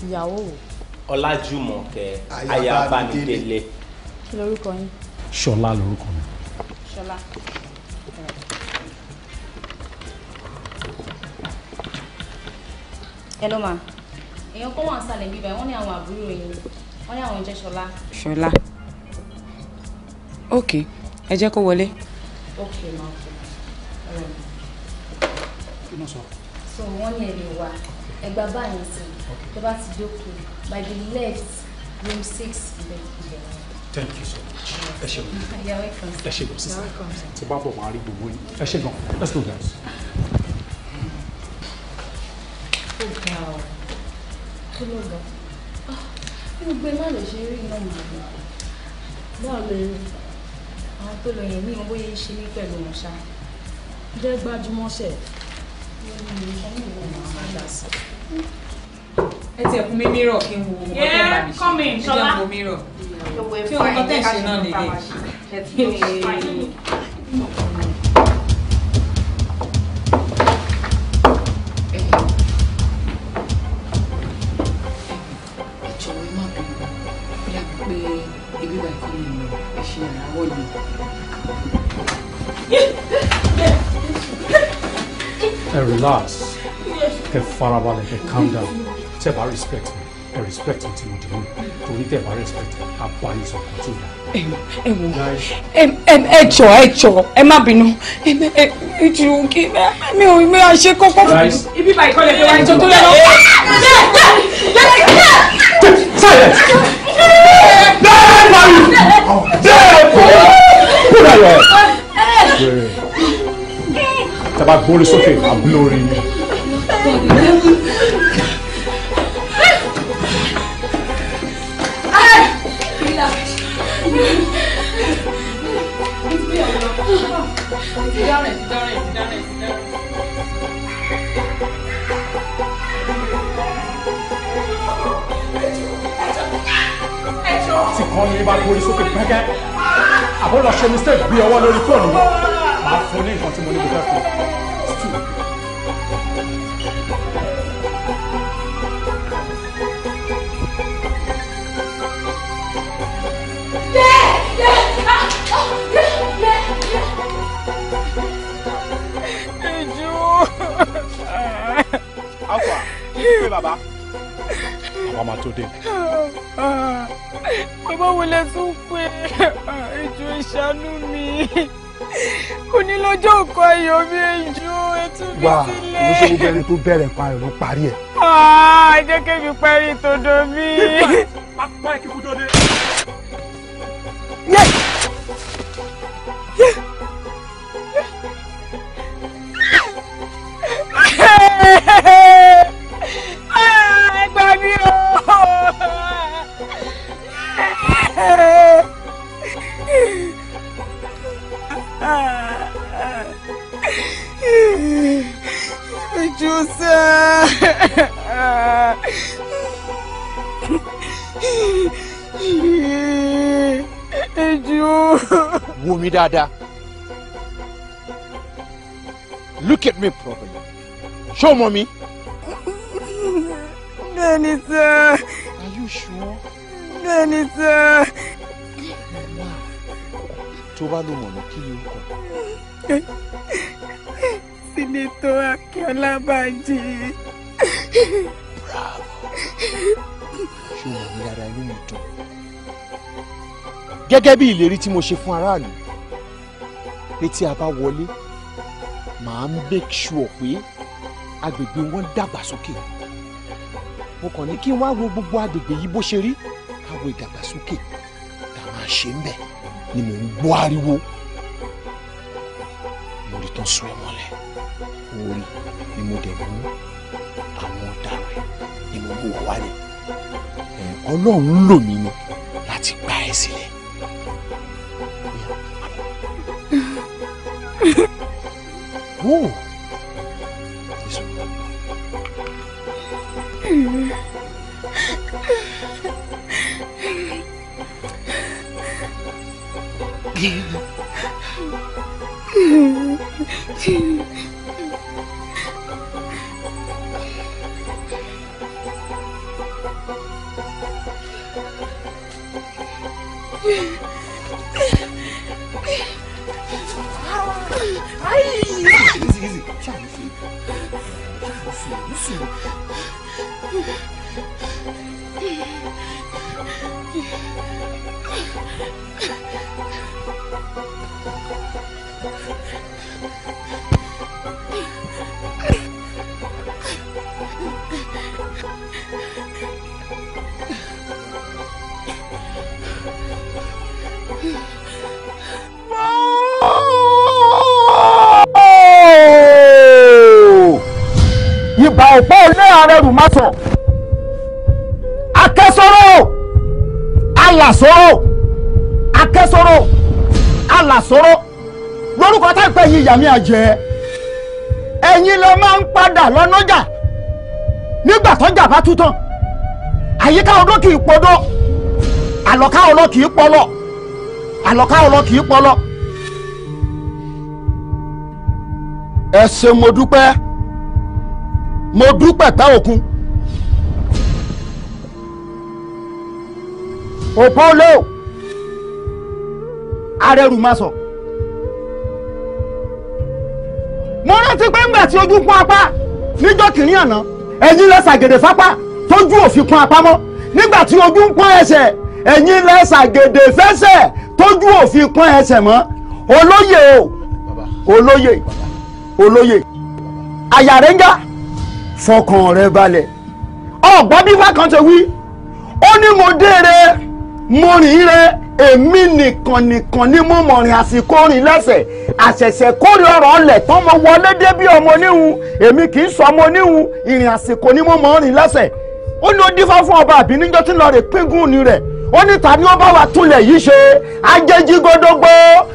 Speaker 2: Ìyàwó wo?
Speaker 6: Ọlájùmọ̀kẹ́ Ayábánidélé.
Speaker 4: Kí lorúkọ yín?
Speaker 3: Shola, lorúkọ mi.
Speaker 4: Shola.
Speaker 6: Hello ma. Èèyàn kọ́ wọn àṣàlẹ̀ bíbá wọn ní àwọn àbúrò yìí.
Speaker 4: Wọ́n ní àwọn ń jẹ́ shola. Shola. Okay ẹ jẹ́ kó wọlé.
Speaker 2: okay ma ọkọ so wọ́n ní ẹ̀rẹ̀ wa ẹgbà báyìí sí tó bá ti dókè by the left room six ibẹ̀ ibẹ̀.
Speaker 5: thank you so much
Speaker 4: ẹ ṣe
Speaker 2: gan ẹ ṣe gan sísan
Speaker 3: tí bá bọ̀ máa rí gbogbo yìí ẹ ṣe gan let's go guys.
Speaker 4: ó ga ọ kí ló lọ ah, bí gbogbo ẹ
Speaker 2: má lè ṣe eré iná màá lọ báwo lè rí àwọn tó lọ yẹn ní ìmọ̀ bóyá ṣe ní pẹ̀lú wọn ṣá jẹ́ gbájúmọ́ ṣẹ̀
Speaker 4: ẹ ti ẹkún mi mírọ̀ kí n wo owó tẹ́ bá mi ṣe ẹ jẹ́ ń wo mírọ̀ tí owó tẹ́ ṣe náà nìyẹn.
Speaker 3: ẹ relax ẹ farabalẹ̀ ẹ calm down Take my respect I respect mi ẹ respect mi tí mo dìbò torí tẹ́ bá respect abayé sọ kò tó yà.
Speaker 4: ẹ wo ẹ jọ ẹ jọ ẹ má bínú ẹ ju kí mi ò mi à ṣe kọ́kọ́. ibi bàyìí kọ́ lè fi wá ètò tó yẹ lọ. silence. bẹ́ẹ̀ ni wọ́n yìí bẹ́ẹ̀
Speaker 1: kú. kúrò yẹn
Speaker 3: wẹrẹ tàbá gbórí sókè àbúlórí ni. Ti kọ́ ni bá gbórí sókè pẹ́kẹ́ àbọ̀ lọ ṣe mistake bí ọwọ́ lórí fóònù mi màá fún ní nǹkan tí mo ní mo fẹ́ fún ọ.
Speaker 4: Alfa, kí tó dé bàbá wo lẹ tún pé ìjọ ìṣàánú mi onílọ́jọ́ ọkọ ayọ̀ mi ìjọ ẹtú mi sílẹ̀. wà á ṣe gbogbo ẹni
Speaker 3: tó bẹ̀rẹ̀ parẹ̀ ló parí ẹ̀.
Speaker 4: Ah, jẹ́ kí mi parí tòdò mi. pápá ìkíkú tó dé. dáadáa
Speaker 3: look at me properly Show mommy.
Speaker 4: mọ mi. are you sure. bẹ́ẹ̀ni sá.
Speaker 3: tó bá lò mọ̀nà kí ni
Speaker 4: o kọ. sinetọ akíọlá bàjẹ́. bravo ṣé o
Speaker 5: mọ̀ mi dáadáa inú
Speaker 4: mi dùn.
Speaker 3: gẹ́gẹ́ bí ìlérí tí mo ṣe fún aráàlú pé tí a bá wọlé màá make sure pé agbègbè wọn dàgbàsókè mo kàn ní kí n wá wo gbogbo agbègbè yìí bó ṣe rí káwọ ìdàgbàsókè tá a máa ṣe ń bẹ ni mò ń gbọ́ ariwo mo rí tán sún ẹ mọ́lẹ̀ orí ni mo dẹ̀ mú àwọn
Speaker 6: ọ̀daràn ni mo mú wá ní
Speaker 5: ọlọ́run lò
Speaker 3: mí ni láti gba ẹ sílẹ̀. Whoa!
Speaker 4: This one. Yeah. 哎呀！行行
Speaker 3: 行行，吓死你！
Speaker 5: 吓死
Speaker 4: bàbá òpó ilé ààrẹ rù má sọ akẹ́sọ́rọ́
Speaker 3: alàsọ́rọ́ akẹ́sọ́rọ́ alàsọ́rọ́ lórúkọ tá ń pè yí ìyá mi àjẹ́ ẹ̀yin lọ máa ń padà lọ́nọ́jà nígbà tọ́jà bá tú tán àyíká ọdún kì í pọdọ́ àlọ́ká ọlọ́ kì í pọlọ́ àlọ́ká ọlọ́ kì í pọlọ́ ẹ ṣé mo dúpẹ́ mo dúpẹ́ tá òkun. òpó ló arẹrù máa sọ. mo rántí pé ńgbà tí ojú pọ́n apá níjọ́ kìíní àná ẹ̀yin lẹ ṣàgèdè fápá tójú òfin pọ́n apá mọ́ nígbà tí ojú ń pọ́n ẹsẹ̀ ẹ̀yin lẹ ṣàgèdè fẹsẹ̀ tójú òfin pọ́n ẹsẹ̀ mọ́ olóyè o olóyè olóyè àyà rẹ̀ fọkàn rẹ balẹ̀ ọ̀gbọ́n bí fákan ṣe wí ó ní mo déere mo rìn re èmi nìkan nìkan ni mo mọ̀rìn àsìkò rìn lẹ́sẹ̀ àṣẹ̀ṣẹ̀ kórè ọ̀rọ̀ ọ̀lẹ̀ tán mo wọlé dé bí ọmọ oníhun èmi kì í sọ ọmọ oníhun ìrìn àsìkò ni mo mọ̀ rìn lẹ́sẹ̀ ó ní ó dífá fún ọba àbí níjọ́ tí lọ́ọ́ rè pín gún rẹ̀ ó ní ta ni ó bá wa túnlẹ̀ yìí ṣe àjèjì godogbo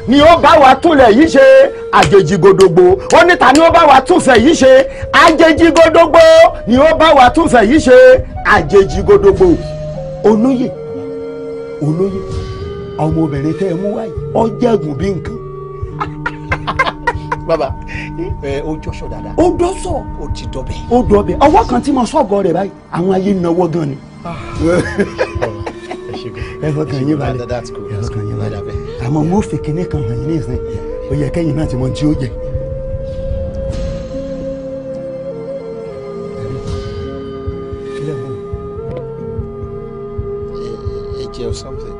Speaker 3: ni ó bá wa túnlẹ̀ yìí ṣe àjèjì godogbo ó ní ta ni ó bá wa túnfẹ̀ yìí ṣe àjèjì godogbo ni ó bá wa túnfẹ̀ yìí ṣe àjèjì godogbo olóyè olóyè ọmọbìnrin tẹ́ ẹ mú wáyé ọ jẹ́gùn bí nǹkan. bàbá ẹ ó jọsọ dáadáa. ó dọ́sọ̀ ó ti dọ́bẹ̀. ó dọ́bẹ̀ ọwọ́ kan tí mo sọ̀gọ́ rẹ̀ báyìí àwọn ayé náwó gan ni. Ah. ẹ fọkàn yín balẹ̀
Speaker 1: ẹ fọkàn yín balẹ̀
Speaker 3: àmọ́ mo fi kinní kan hàn yín ní ìsìn ó yẹ kẹ́yìn náà ti mọ tí ó jẹ. or something.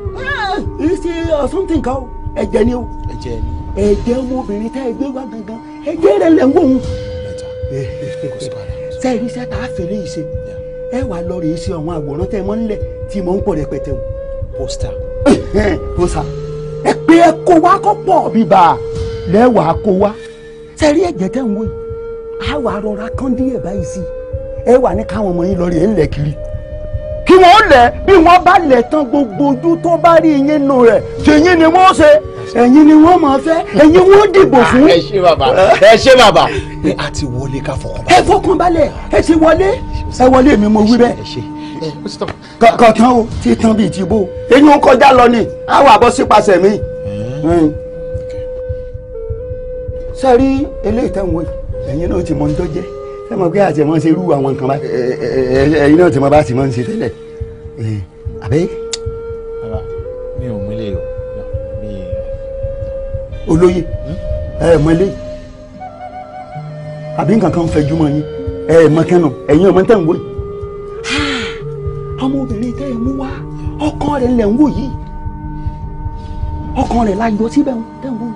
Speaker 3: ẹ̀jẹ̀ or something kan o ẹ̀jẹ̀ ni o ẹ̀jẹ̀ ni ẹ̀jẹ̀ ọmọbìnrin tá ẹ gbé wá gangan ẹ̀jẹ̀ rẹ̀ lẹ̀ ń wò
Speaker 5: ó.
Speaker 3: sẹ́ẹ̀rí sẹ́ta àfẹ́lẹ́ yìí ṣe ẹ wà lọ rèé ṣe àwọn àwòrán tẹ́ ẹ mọ́ nílẹ̀ tí mo ń pọ̀ rẹpẹtẹ o pósítà. pósítà ẹ pé ẹ kó wá kó pọ̀ bíbá lẹ́wàá kó wá sẹ́rí ẹ̀jẹ̀ tẹ̀ ń wò yìí á wà rọra kán díẹ̀ báyìí sí ẹ wà ní káwọn ọmọ yín lọ rè é ńlẹ̀ kiri kí wọ́n lẹ̀ bí wọ́n bá lẹ̀ tán gbogbo ojú tó bá rí yín nù rẹ̀ ṣèyí ni wọ́n ṣe ẹ̀yin ni wọ́n máa fẹ́ ẹ̀yin wọ́n dìbò fún. Ah, ẹ ṣé bàbá ẹ ṣé bàbá a ti wọlé ká fọkànbalẹ̀. ẹ fọkànbalẹ̀ ẹ ti wọlé ẹ wọlé mi mo wí bẹ́ẹ̀. Eh, kankan o ti tan bíi ti bó eyín ń kọjá lọ ni àwọn àbọ̀ sípasẹ̀ mi eh? hmm. ṣe rí eléyìí tẹ̀wọ̀n ẹ̀yin náà ti mọ ń tọ́jẹ́ ẹ mọ̀ pé àti ẹ̀ mọ̀ ṣe irú àwọn nǹkan báyìí eh, ẹ̀yin náà ti mọ̀ bá ti mọ̀ ń ṣe tẹ́lẹ̀ àbẹ́. bàbá mi ò mú ilé o mi. olóye hmm? ẹ mọ ilé àbí nǹkan kan fẹjú mọ yín ẹ mọ kẹnu ẹ̀yin ọmọ tẹ̀ ń ọmọbìnrin tẹ́ ẹ mú wá ọkàn rẹ̀ lẹ̀ ń wò yìí ọkàn rẹ̀ la yọ síbẹ̀ tẹ́ ń wò.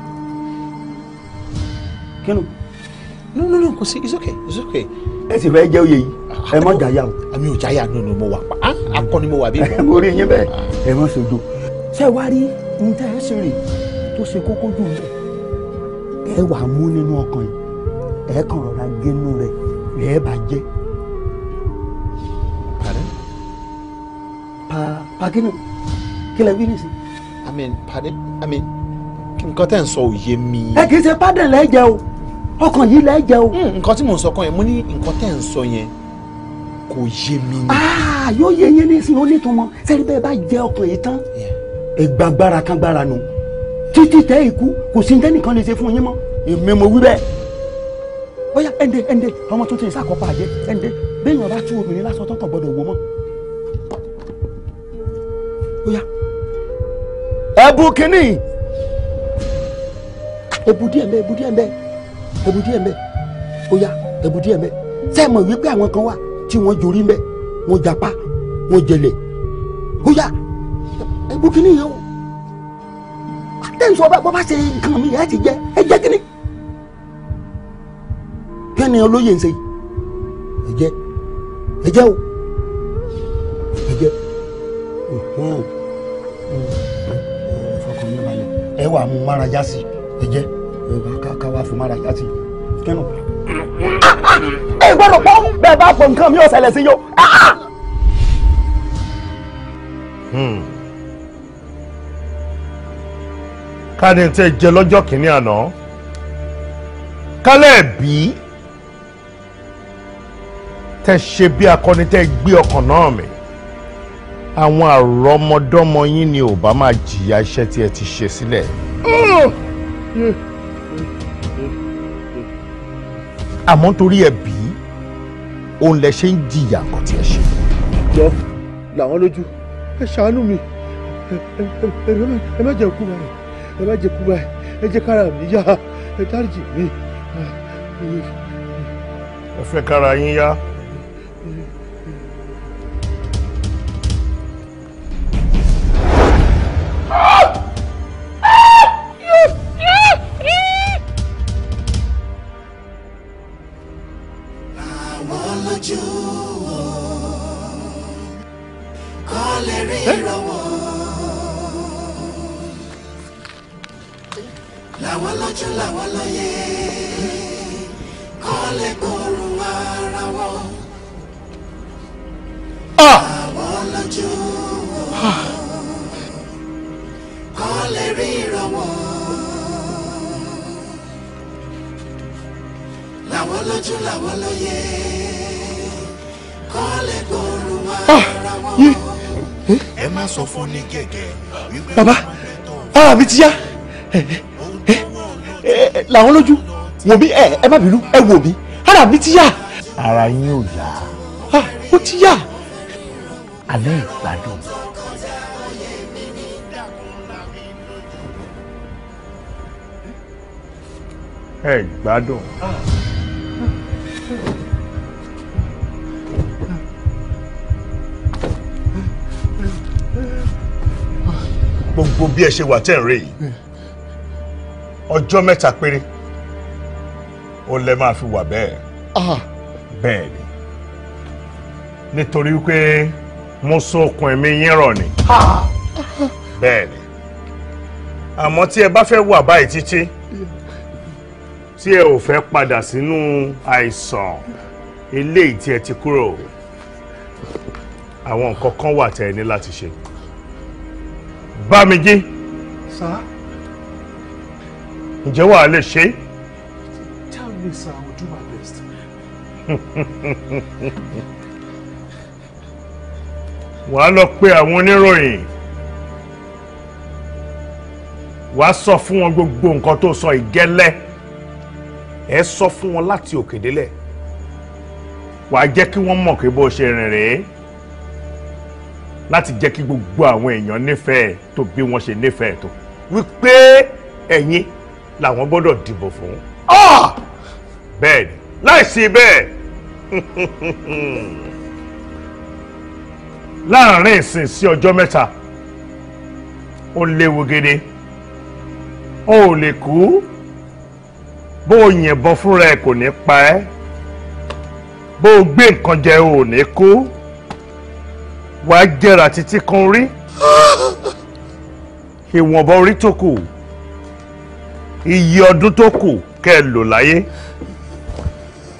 Speaker 3: kínú. no no no kò sí it's okay it's okay. ẹ sì fẹ́ jẹ́ oyè yìí ẹ mọ̀ ah, jàyà o. àmì ò jàyà nù nù mo wà pa ah, akọni mo wà bí. mo rí yín bẹ́ẹ̀ ah. ẹ mọ̀ sojo. ṣé wàá rí ohun tẹ́ ẹ ṣe rè tó ṣe kókó jù ń bẹ̀ ẹ wà mú nínú ọkàn yìí ẹ kàn rọra gẹnu rẹ̀ ẹ bá jẹ́. pàkínù kí lẹ bí nìsí. i mean pàdé i mean nǹkan tẹ́ ń sọ ò yé mi. ẹ kì í ṣe pádẹ̀ lẹ́jẹ̀ o ọkàn yìí lẹ́jẹ̀ o. Hmm, nǹkan tí mò ń sọ kan yẹn mo ní nǹkan tẹ́ ń sọ yẹn kò yé mi ni. Ah, yóò yé yé nísìnyí ó nítumọ̀ sẹ́ni bẹ́ẹ̀ bá jẹ ọkàn yìí tán ìgbàgbára kan gbára nù títí tẹ́ ikú kò sí nìkan lè ṣe fún yín mọ́ èmi mo wí bẹ́ẹ̀ bóyá ẹ̀ǹdẹ̀ ẹ̀ǹdẹ̀ ọmọ tuntun ìsàkọ́pá àjẹ ẹ̀ǹdẹ̀ bẹ́ẹ̀ ni wọ́n bá tú obìnrin lásán tó kàn wò mọ́ ẹ̀bù kínní ẹ̀bù díẹ̀ mbẹ́ ẹ̀bù díẹ̀ mbẹ́ ẹ̀bù díẹ̀ mbẹ́ ó yá ẹ̀bù díẹ̀ mbẹ́ sẹ́ẹ̀ mọ̀ wípé àwọn kan wà tí wọ́n jorí mbẹ́ wọ́n japa wọ́n jẹlẹ̀ ó yá ẹ̀bù kínní yẹn o àtẹ̀sọ́ bá bá ṣe nǹkan mi ẹ̀ ti jẹ ẹ jẹ́ kínní kẹ́ni olóyè ń ṣe yìí ẹ jẹ́ ẹ jẹ́ o. Mm. Mm. fọkàn yín balẹ̀ ẹ wà mú mára já sí ẹ jẹ́ ká wá fún mára já sí kínú.
Speaker 1: ẹ gbọ́dọ̀ pọ́ bẹ́ẹ̀
Speaker 3: bá pọ̀ nǹkan mi ò ṣẹlẹ̀ sí yó. Hmm. ká ní tẹ́ jẹ lọ́jọ́ kìíní àná kálẹ̀ bí tẹ́ ṣe bí akọni tẹ́ gbé ọkàn náà mì àwọn àrọ́mọdọ́mọ yín ni ò bá máa jìyà iṣẹ́ tí ẹ ti ṣe sílẹ̀. àmọ́ torí ẹ̀bi òun lẹ ṣe ń jìyà nǹkan tí ẹ ṣe. jọ làwọn lójú ẹ ṣàánú mi ẹ má jẹ́ kú báyìí ẹ má jẹ́ kú báyìí ẹ jẹ́ kára mi yá
Speaker 1: ẹ dáríjì mi.
Speaker 3: ẹ fẹ́ kára yín yá. bàbá ara mi ti yá làwọn lójú wò mí ẹ ẹ má bínú ẹ wò mí ara mi ti yá. ara yín ò
Speaker 4: yá. ó ti yá.
Speaker 1: alẹ́ ìgbádùn.
Speaker 3: ẹ gbádùn. Ah. gbogbo bí ẹ ṣe wà tẹ̀ ń rè yìí ọjọ́ mẹ́ta péré ó lẹ máa fi wà bẹ́ẹ̀ ah. bẹ́ẹ̀ ni nítorí pé mo so okùn ẹ̀mí yín rọ̀ ni bẹ́ẹ̀ ni àmọ́ tí ẹ bá fẹ́ wà báyìí títí tí ẹ ò fẹ́ padà sínú àìsàn eléyìí tí ẹ ti kúrò àwọn nǹkan kan wà tẹ́ ẹ ní láti ṣe. Bámijí. Sá. Ǹjẹ́ wàá lè ṣe? Tell me sir, I will do my best. Wàá lọ pe àwọn oníròyìn. Wàá sọ fún wọn gbogbo nǹkan tó sọ ìgẹ́lẹ́. Ẹ sọ fún wọn láti òkè Wàá jẹ́ kí wọ́n mọ̀ pé bó ṣe rìn rèé láti jẹ́ kí gbogbo àwọn èèyàn nífẹ̀ẹ́ tó bí wọ́n ṣe nífẹ̀ẹ́ tó wípé ẹ̀yin làwọn gbọ́dọ̀ dìbò fún. Ah! bẹ́ẹ̀ ni láìsí bẹ́ẹ̀ láàárín ìsìn sí ọjọ́ mẹ́ta ó léwu gidi ó lè kú bó o yìnbọn fúnra ẹ kò ní pa ẹ́ bó o gbé nǹkan jẹ ò ní kú wàá jẹrà títí kan rí ìwọ̀nba orí tó kù iye ọdún tó kù kẹ́ ẹ lò láyé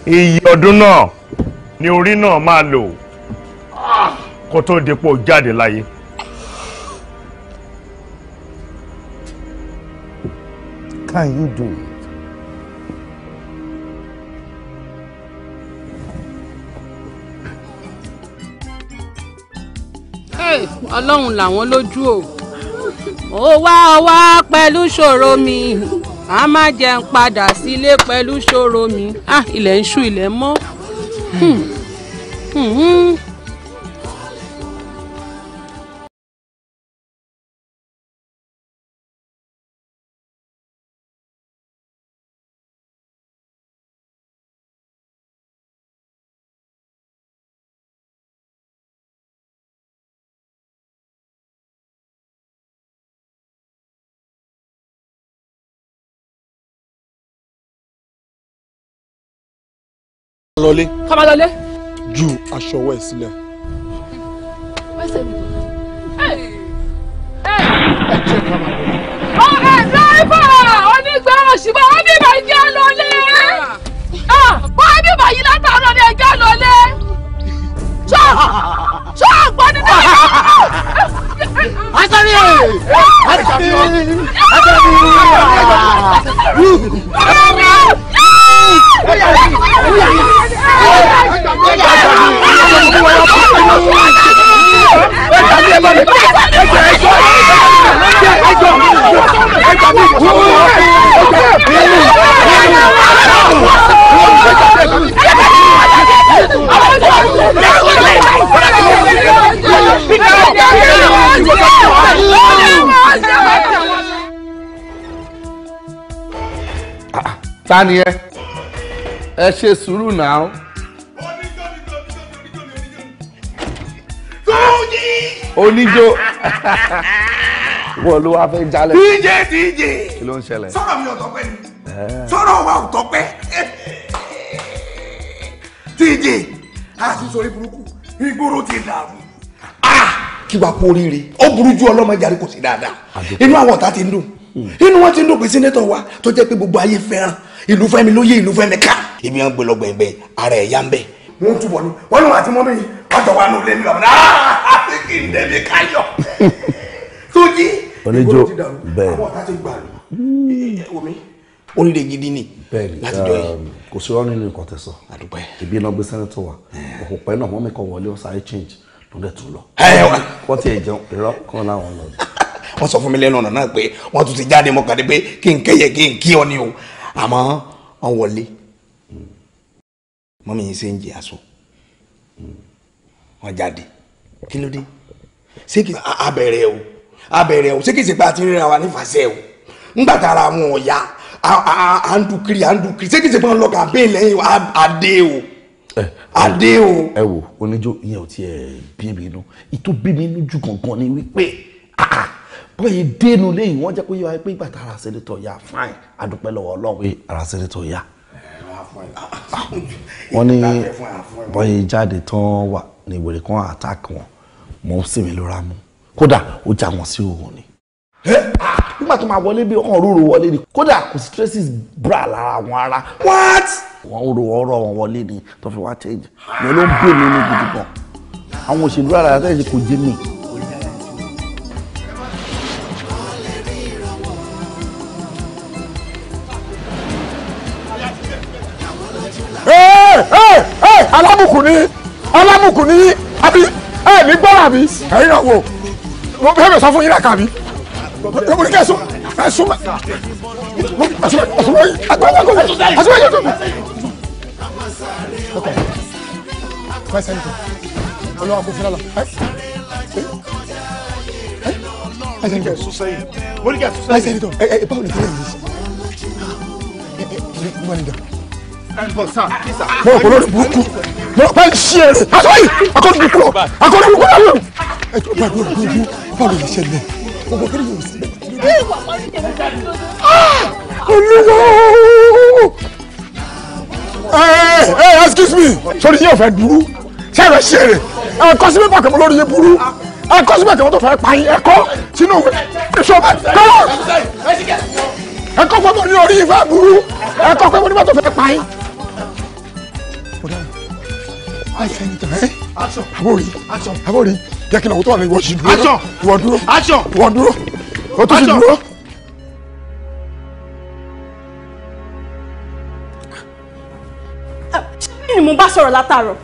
Speaker 3: iye ọdún náà ni orí náà máa lò kó tó dépò jáde láyé. Can you do it?
Speaker 4: ọlọ́run làwọn lójú o ó wá ọ wá pẹ̀lú ṣòro mi a má jẹun padà sílé pẹ̀lú ṣòro mi ah
Speaker 3: ilẹ̀ ń ṣú ilẹ̀ mọ́. Hmm.
Speaker 5: Hmm, hmm. lọlé. ká máa lọlé. ju aṣọ ọwọ́ ẹ sílẹ̀.
Speaker 4: ọ̀rẹ́ dáìbà onígbọràn ṣùgbọ́n ó ní bàjẹ́ lọlé. bó o ní bàyí látàárọ̀ ni ẹ̀jẹ̀ lọlé. ṣọ́ ṣọ́ àgbọ̀n nínú ìlú. Asami! Asami! Asami! Asami!
Speaker 3: ta ni ẹ ẹ ṣe sùúrù náà. oníjó wọ́n ló wá fẹ́ jalè. DJ DJ kí ló sọ̀rọ̀ mi ò tọ́pẹ́ ni eh. sọ̀rọ̀ wa ò tọ́pẹ́ DJ a sì sọ burúkú ìgboro ti dàrú kí wàá kú oríire ó burú ju ọlọ́mọdé àríkò sí dáadáa inú àwọn ọ̀tá ti ń dùn hmm. inú wọn ti ń dùn pé sínétọ̀ wa tó jẹ́ pé gbogbo ayé fẹ́ràn ìlú fẹ́mi ló yé ìlú fẹ́mi ká èmi à ń gbé lọ gbẹ̀ngbẹ̀ ara ẹ̀ yá ń bẹ̀. wọ́n túbọ̀ ní wọ́n lóun àti mọ́mí wọ́n jọ wà ní olè mi lọ́wọ́ náà ah, ah,
Speaker 1: ah, kí n dẹ̀bi káyọ̀
Speaker 3: tó jí ìgbọ́dọ̀ ti dàrú àwọn ọ̀tá ti gbà lù ó lè gidi ni láti jọ yìí. Um, kò sí ọ́ nínú nǹkan tẹ̀sán ìbí iná gbé sẹ́nẹ́tọ̀ wa òkùnpẹ́ náà wọ́n mi kàn wọlé ọ̀sán i change ló dẹ̀ tún lọ. wọ́n ti ẹ̀ jẹun irọ́ kan láwọn lọ. wọ́n sọ fún mi lẹ́nu ọ̀nà náà pé wọ́n tún ti jáde mọ́kàdé pé kí n kẹ́yẹ kí n kí ọ ni o àmọ́ wọ́n wọlé mọ́mí yìí ṣe ń jẹ aṣọ wọ́n jáde kí ló dé ṣé kí abẹ̀rẹ̀ o abẹ̀rẹ̀ o ṣé kì í ṣe pé a ti ríra wa nífàṣẹ́ o ńgbà tára wọn ò yá à ń dùkiri à ń dùkiri ṣé kì í ṣe pé wọn lọ kàmpéyìn lẹ́yìn adé o adé o. ẹ wo oníjó ìyẹn ò tiẹ̀ bí mi inú ìtò bí mi inú jù kankan ni wípé wọ́n yìí dénú léyìn wọ́n jẹ́ pé yóò wáyé pé ìgbà tá ara sẹ́nitọ̀ yá fáìn àdúpẹ́ lọ́wọ́ ọlọ́run pé ara sẹ́nitọ̀ yá. wọ́n ní bọ́yì jáde tán wà ní ìwèrè kan àtàkì wọn mọ̀ ó sì lóra mú kódà ó já wọn sí òun ni. nígbà tó máa wọlé bí ọkàn rúru wọlé ni kódà kò sí traces bra lára wọn ara. what. wọ́n ń ro ọ̀rọ̀ wọn wọlé ni tó fi wá change yẹn ló ń bè mí ní gidi gan àwọn òṣèlú àlàyé àtẹ̀yẹ kò jẹ́ mi. alámùkù ni alámùkù ni àbí ẹ ní gbọ́ra mi. ẹ̀yin náà wò mo fẹ́ mi sọ fún
Speaker 1: yín lẹ́ka mi mo ní kẹ́ sún ẹ sún mẹ́ àsùnwọ̀n àsùnwọ̀n àsùnwọ̀n yóò dùn mí.
Speaker 3: fẹsẹ̀ nìkan ọlọ́wà kò fi lọ́la ẹsẹ̀ nìkan ẹsẹ̀ nìkan ẹ ẹ báwo ni fẹ́rẹ̀ mi
Speaker 1: mo kò lórí
Speaker 3: burúkú mo bá ń ṣí
Speaker 4: ẹrẹ àtọ́ yìí akọ́ni burúkú lọ akọ́ni burúkú lọ. ẹ jọ bá yóò dúró dúró báwo lè ọmọ kí yóò ṣe. olúwo
Speaker 3: ẹ ẹ excuse me sori yóò fẹ́ burú ṣé ẹ fẹ́ ṣí ẹrẹ ẹ kọ́ sí pépà kẹ́mọ́ lórí yẹn burú ẹ kọ́ sí pépà kẹ́mọ́ tó fẹ́ pa yín ẹ kọ́ sínú ìṣọ́
Speaker 1: kọ́
Speaker 3: ẹ kọ́ pé mo ní orí ìfẹ́ burú ẹ kọ́ pé mo ní mọ́tò fẹ́ pa yín. àìfẹ́ ni tàn ẹ́ àbórí àbórí jẹ́ kí n lọ́wọ́ tó wà ní ìwọ́sí dúró ìwọ́ dúró
Speaker 5: ìwọ́ dúró ó tún ti dúró.
Speaker 3: ṣé ni mo bá sọ̀rọ̀ látàárọ̀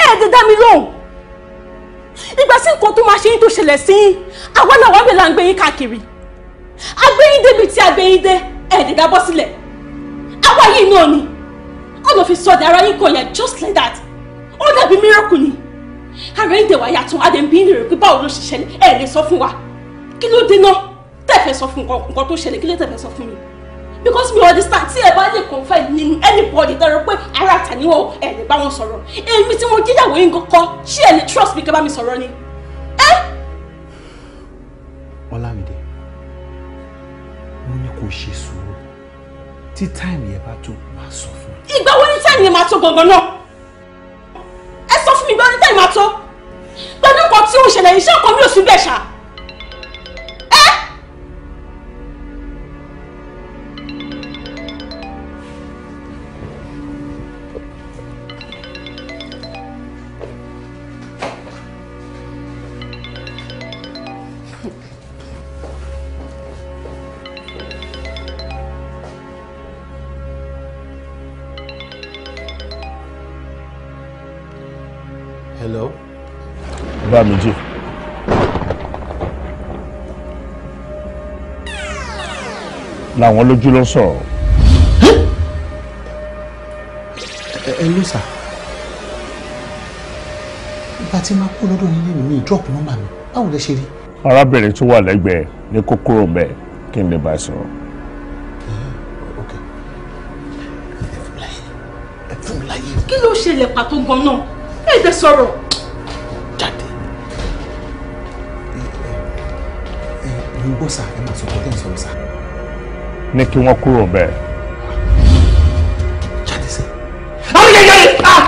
Speaker 3: ẹ̀ ẹ̀ dẹ̀ dá mi lóhùn ìgbà sí nǹkan tó máa ṣe yín tó ṣẹlẹ̀ sí yín àwa làwọn bẹ̀ là ń yín káàkiri agbẹ́yìndé bíi ti agbẹ́yìndé ẹ̀ẹ́dẹ̀gá bọ́ sílẹ̀ àwa yìí náà ni all of a sudden ara yín kò yẹ just like that ó dàbí miracle ni ara yín dẹ̀wà yàtọ̀ adẹ̀mbí ń rè pé báwo ló ṣe ṣẹlẹ̀ ẹ̀ lè sọ fún wa kí ló dé náà tẹ̀fẹ̀ sọ fún nǹkan tó ṣẹlẹ̀ kí ló tẹ̀fẹ̀ sọ fún mi because mi ò understand tí ẹ bá lè confide ní anybody tọrọ pé ara tàníwọ̀ ẹ lè bá wọn sọ̀rọ̀ èmi tí mo jíyàwó yín kọ́kọ́ ṣé ẹ lè trust mi kẹ́ bá mi sọ̀rọ̀ ni ẹ́ kó ṣe sùúrù tí táìmù yẹn bá tó máa sọ fún mi. ìgbà wo ni táìmù yẹn máa tó gangan náà ẹ sọ fún mi ìgbà wo ni táìmù máa tó pẹ̀lú nǹkan tí ó ń ṣẹlẹ̀ iṣẹ́ ọkọ mi ò sí
Speaker 5: bẹ́ẹ̀ ṣá ẹ́.
Speaker 3: bá mi jù. làwọn lójú ló ń sọ̀rọ̀. ẹ ló sà ìgbà tí máa kó lọ́dọ̀ nílé mi ìdrọ́pù nọ́mbà mi báwo lẹ ṣe rí. arábìnrin tó wà lẹ́gbẹ̀ẹ́ ní kókóró bẹ́ẹ̀ kí n lè bá a sọ̀rọ̀.
Speaker 4: Eh, kí ló ṣẹlẹ̀
Speaker 3: pàtó gan-an ẹ̀ sọ̀rọ̀. ń gbọ́ sà ẹ máa sọ pé tẹ́ǹsì ọ̀rọ̀ sà. ní kí wọ́n kúrò bẹ́ẹ̀.
Speaker 5: jáde sí. àwọn yẹn yẹn ah!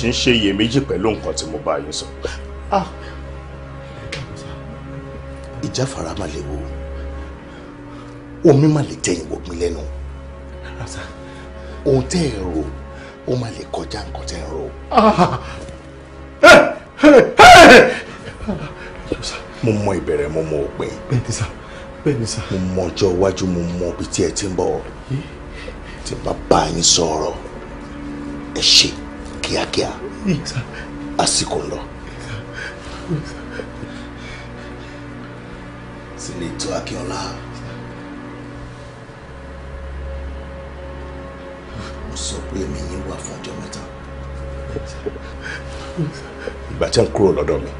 Speaker 3: ṣì ń ṣe iyèméjì pẹ̀lú nǹkan tí mo bá yín sọ. Ah! ìjáfara má lè wo omi má lè tẹ̀yìn wọ̀gbìn lẹ́nu ohun tẹ́ ẹ rò ó má lè kọjá nǹkan tẹ́ ẹ rò. mo mọ ìbẹ̀rẹ̀ mo mọ òpin. bẹ́ẹ̀ ni sá bẹ́ẹ̀ ni sá. mo mọ ọjọ́ iwájú mo mọ ibi tí ẹ ti ń bọ̀ tí bàbá yín sọ̀rọ̀ ẹ ṣe kíákíá àsìkò ń lọ. Senator Akínọlá. Mo sọ pé èmi yín wà fún ọjọ́ mẹ́ta. Ìgbà tí ń kúrò lọ́dọ̀ mi,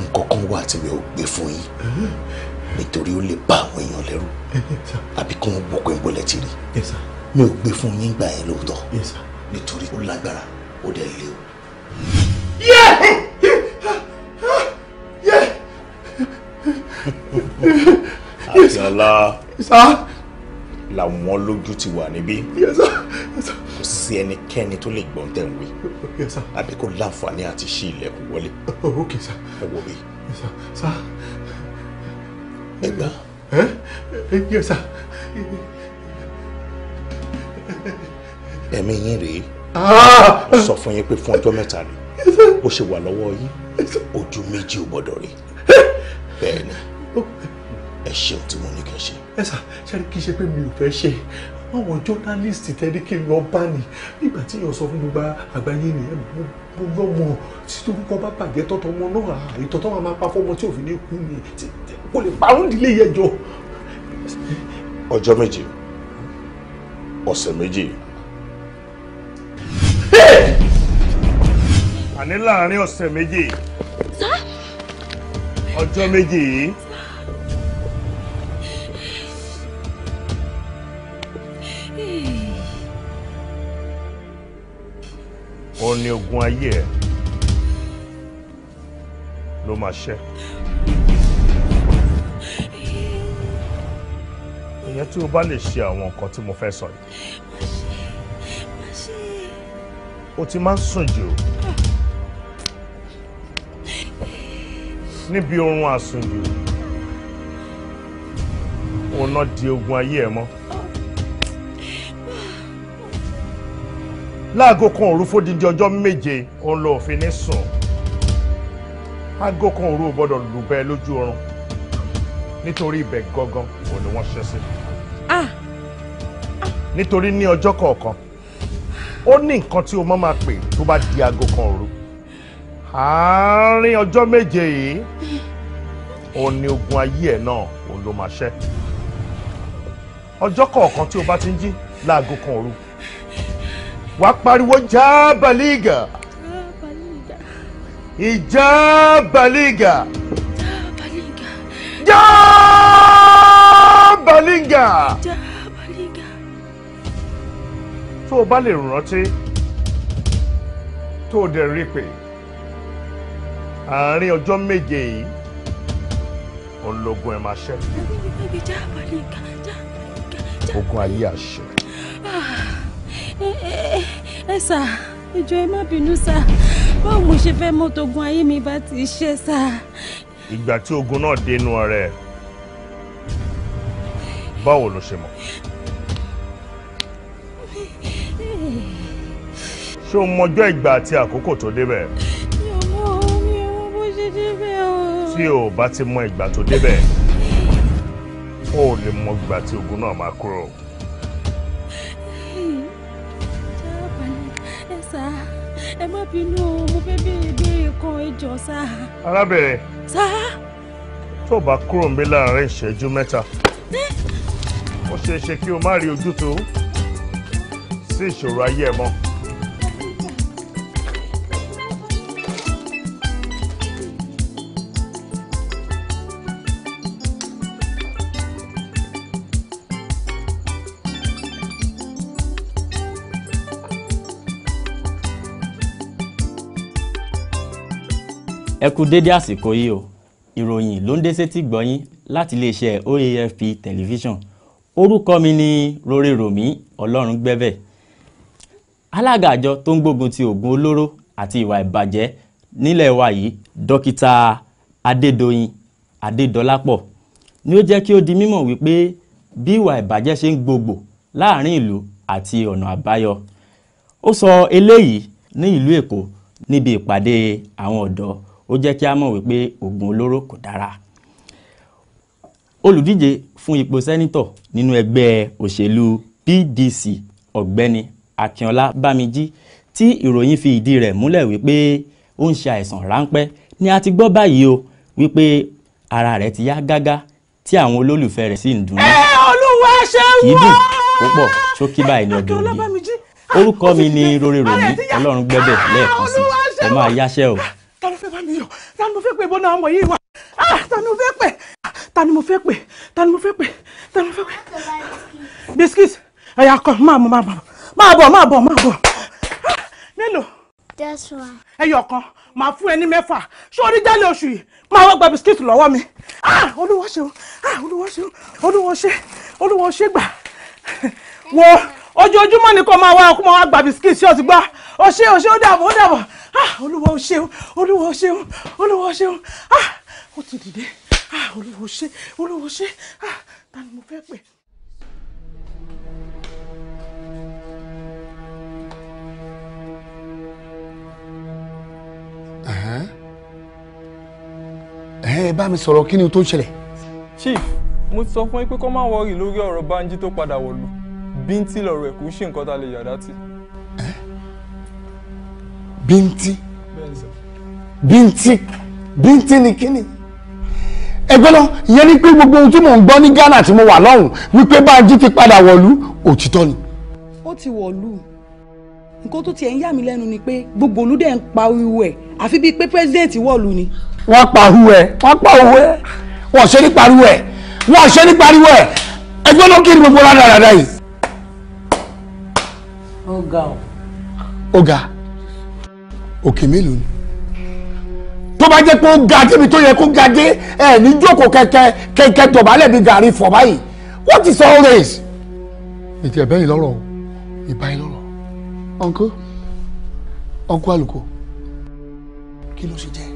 Speaker 3: nǹkan kan wà tí mi ò gbé fún yín nítorí ó lè bá àwọn èèyàn lẹ́rù àbí kí wọ́n wò pé ń bọ́lẹ̀ tì rí. Mi ò gbé fún yín gbà yẹn lóòótọ́ nítorí ó lágbára ó dẹ̀ lé o. àtìọ́lá làwọn lójú ti wà níbí kò sí ẹnikẹ́ni tó lè gbọ́n tẹ̀ ń wí àbí kó láǹfààní àti ṣí ilẹ̀kùn wọlé oh, ẹ wò mí. ẹ
Speaker 1: gbà. ẹ̀mí yín rèé.
Speaker 3: Ah! sọ fún yín pé fún ọjọ́ mẹ́ta rẹ̀ ó ṣe wà lọ́wọ́ yín ojú méjì ò gbọ́dọ̀ rí bẹ́ẹ̀ ni ẹ ṣeun tí mo ní kí n ṣe. ẹ sà ṣe kí n ṣe pé mi ò fẹ́ ṣe àwọn jọ́nálìstì tẹ́lẹ̀ kí n lọ bá ní nígbà tí èèyàn sọ fún gbogbo àgbáyé nìyẹn mo lọ́mọ tí torúkọ bá bàjẹ́ tọ́tọ́ ọmọ náà ìtọ́tọ́ máa máa pa fọ́mọ tí òfin ní kú ni kò lè parún ìdílé yẹn jọ. ọjọ́ méje ọ̀sẹ̀ méje àní láàárín ọ̀sẹ̀ méjì ọjọ́ méjì yìí. ó ní ogun ayé ẹ ló máa ṣẹ. ìyẹn tí o bá lè ṣe àwọn nǹkan tí mo fẹ́ sọ yìí o ti máa ń sùn jù níbi oorun àsùnjù òun náà di ogun ayé ẹ mọ́ láago kan òru fódìdí ọjọ́ méje òun ló fi ní sùn aago kan òru ò gbọ́dọ̀ lù bẹ́ẹ̀ lójú oorun nítorí ibẹ̀ gangan òun ni wọ́n ṣẹ́ sí ah! nítorí ní ọjọ́ kọ̀ọ̀kan ó ní nǹkan tí o máa máa pè tó bá di aago kan òru àárín ọjọ́ méje yìí òun ni ogun ayé ẹ̀ náà òun ló máa ṣẹ́ ọjọ́ kọ̀ọ̀kan tí o bá ti ń jí láago kan òru wàá pariwo já bàlígà ìjà bàlígà tó o bá lè rántí tó o dẹ̀ rí pé àárín ọjọ́ méje yìí ológun ẹ̀ máa ṣẹ́. ogun ayé àṣẹ.
Speaker 4: Ah, ẹ sà
Speaker 2: ìjọ ẹ má bínú sà báwo mo ṣe fẹ́ mọ́tò ogun ayé mi bá ti ṣe sà.
Speaker 3: ìgbà tí ogun náà dénú ọ̀rẹ́ báwo ló ṣe mọ̀. ṣé o mọjọ́ ìgbà àti àkókò tó débẹ̀. mi
Speaker 4: ò mọ mi ò mọ bó ṣe débẹ̀ o. tí
Speaker 3: o bá ti mọ ìgbà tó débẹ̀ o ò lè mọ ìgbà tí ogun náà máa
Speaker 4: kúrò. ẹ sá ẹ má bínú o mo fẹ́ béèrè béèrè kan ẹ sá. arábìnrin.
Speaker 3: tó o bá kúrò ń láàárín ìṣẹ́jú mẹ́ta ó ṣeé ṣe kí o má rí ojútùú sí ìṣòro ayé ẹ mọ́.
Speaker 6: ẹ kú dédé àsìkò yìí o ìròyìn ló ń dé sétí gbọ́yìn láti iléeṣẹ́ OAFP tẹlifíṣàn orúkọ mi ni Roréròmí Ọlọ́rungbẹ́bẹ̀ alága àjọ tó ń gbógun ti oògùn olóró àti ìwà ìbàjẹ́ nílẹ̀ wa yìí dókítà Adédoyin Adédọlápọ̀ ni ó jẹ́ kí ó di mímọ̀ wípé bí ìwà ìbàjẹ́ ṣe ń gbogbo láàrin ìlú àti ọ̀nà àbáyọ ó sọ eléyìí ní ìlú Èkó níbi ìpàdé àwọn ọ̀dọ́ ó jẹ́ kí a mọ̀ wípé oògùn olóró kò dára olùdíje fún ipò sẹ́nítọ̀ nínú ẹgbẹ́ òṣèlú PDC ọ̀gbẹ́ni Akínọlá Bámijí tí ìròyìn fi ìdí rẹ̀ múlẹ̀ wípé ó ń ṣe àìsàn ráńpẹ́ ni a ti gbọ́ báyìí o wípé ara rẹ̀ ti yá gágá tí àwọn olólùfẹ́ rẹ̀ sì ń dùnnú. ẹ olúwa ṣe wọ́n. kìí dùn púpọ̀ ṣókí báyìí ní ọdún yìí orúkọ mi ni rorèrò mi ọlọ́run gbẹ́bẹ̀ lẹ́ẹ̀kan sí ẹ máa yáṣẹ́ o
Speaker 4: mi o ta ni mo fẹ́ pè bọ́nà ọmọ yìí wà ah, ta ni mo fẹ́ pè ta ni mo fẹ́ pè ta ni mo fẹ́ pè ta ni mo fẹ́ pè.
Speaker 3: biscuit ẹ̀yà kọ máa mọ máa bọ̀ máa bọ̀ máa bọ̀ máa bọ̀
Speaker 1: ah, mélòó. that's one.
Speaker 3: ẹyọ kan màá fún ẹ ní mẹ́fà ṣé orí jálẹ̀ oṣù yìí máa wá gba biscuit lọ́wọ́ mi ah, olúwa ṣeun olúwa ṣeun olúwa ṣe olúwa ṣe gbà wọ́ọ́ ojoojúmọ́ ni kò máa wá ọkùnrin wa gba bisikíìtì ṣé o ti o ṣe o ṣe
Speaker 4: ó dàbọ̀ ó dàbọ̀ ah, olúwa o ṣeun olúwa o ṣeun olúwa o ṣeun ah, ó ti dìde ah, olúwa o ṣe olúwa o ṣe ta ni mo fẹ́ pè.
Speaker 3: ẹ bá mi sọ̀rọ̀ kí ni tó ń ṣẹlẹ̀.
Speaker 6: chief mo ti sọ fún yín pé kó má wọrí lórí ọ̀rọ̀ Bánjí tó padà wọ̀lú bíntín lọ̀rọ̀ ẹ̀kú ṣe nǹkan tá a lè yàrá tì.
Speaker 3: bíntín bíntín bíntín ni kíni ẹgbẹ́ lọ ìyẹn ni pé gbogbo ohun tí mò ń gbọ́ ní Ghana tí mo wà lọ́hùn wípé Bánjí ti padà wọ̀lú òtítọ́ ni. ó ti wọ̀lú nǹkan tó tiẹ̀ ń yà mí lẹ́nu ni pé gbogbo olùdẹ̀ ń pa ihu ẹ̀ àfi bíi pé pírẹ́sidẹ̀ntì wọ̀lú ni. wọ́n pa ihu ẹ̀ wọ́n pa ihu ẹ̀ wọ́n ṣe ní pariwo ẹ̀ wọ́n ṣe ní pariwo ẹ̀ ẹgbẹ́ ló kiri gbogbo rádàràdà yìí ga o. ó ga òkè mélòó ni tó bá jẹ́ pé ó ga débi tó yẹ kó ga dé ẹ̀ ní jókòó kẹ̀kẹ́ kẹ̀kẹ́ dọ̀bálẹ̀ bí gàrí fọ̀ báyìí what is all this. ètò ẹ̀bẹ́ yìí lọ́rọ̀ o ìbá yìí lọ́rọ̀ ọ̀nkọ́ ọ̀nkọ́ àlùkò kí ló ṣe jẹ́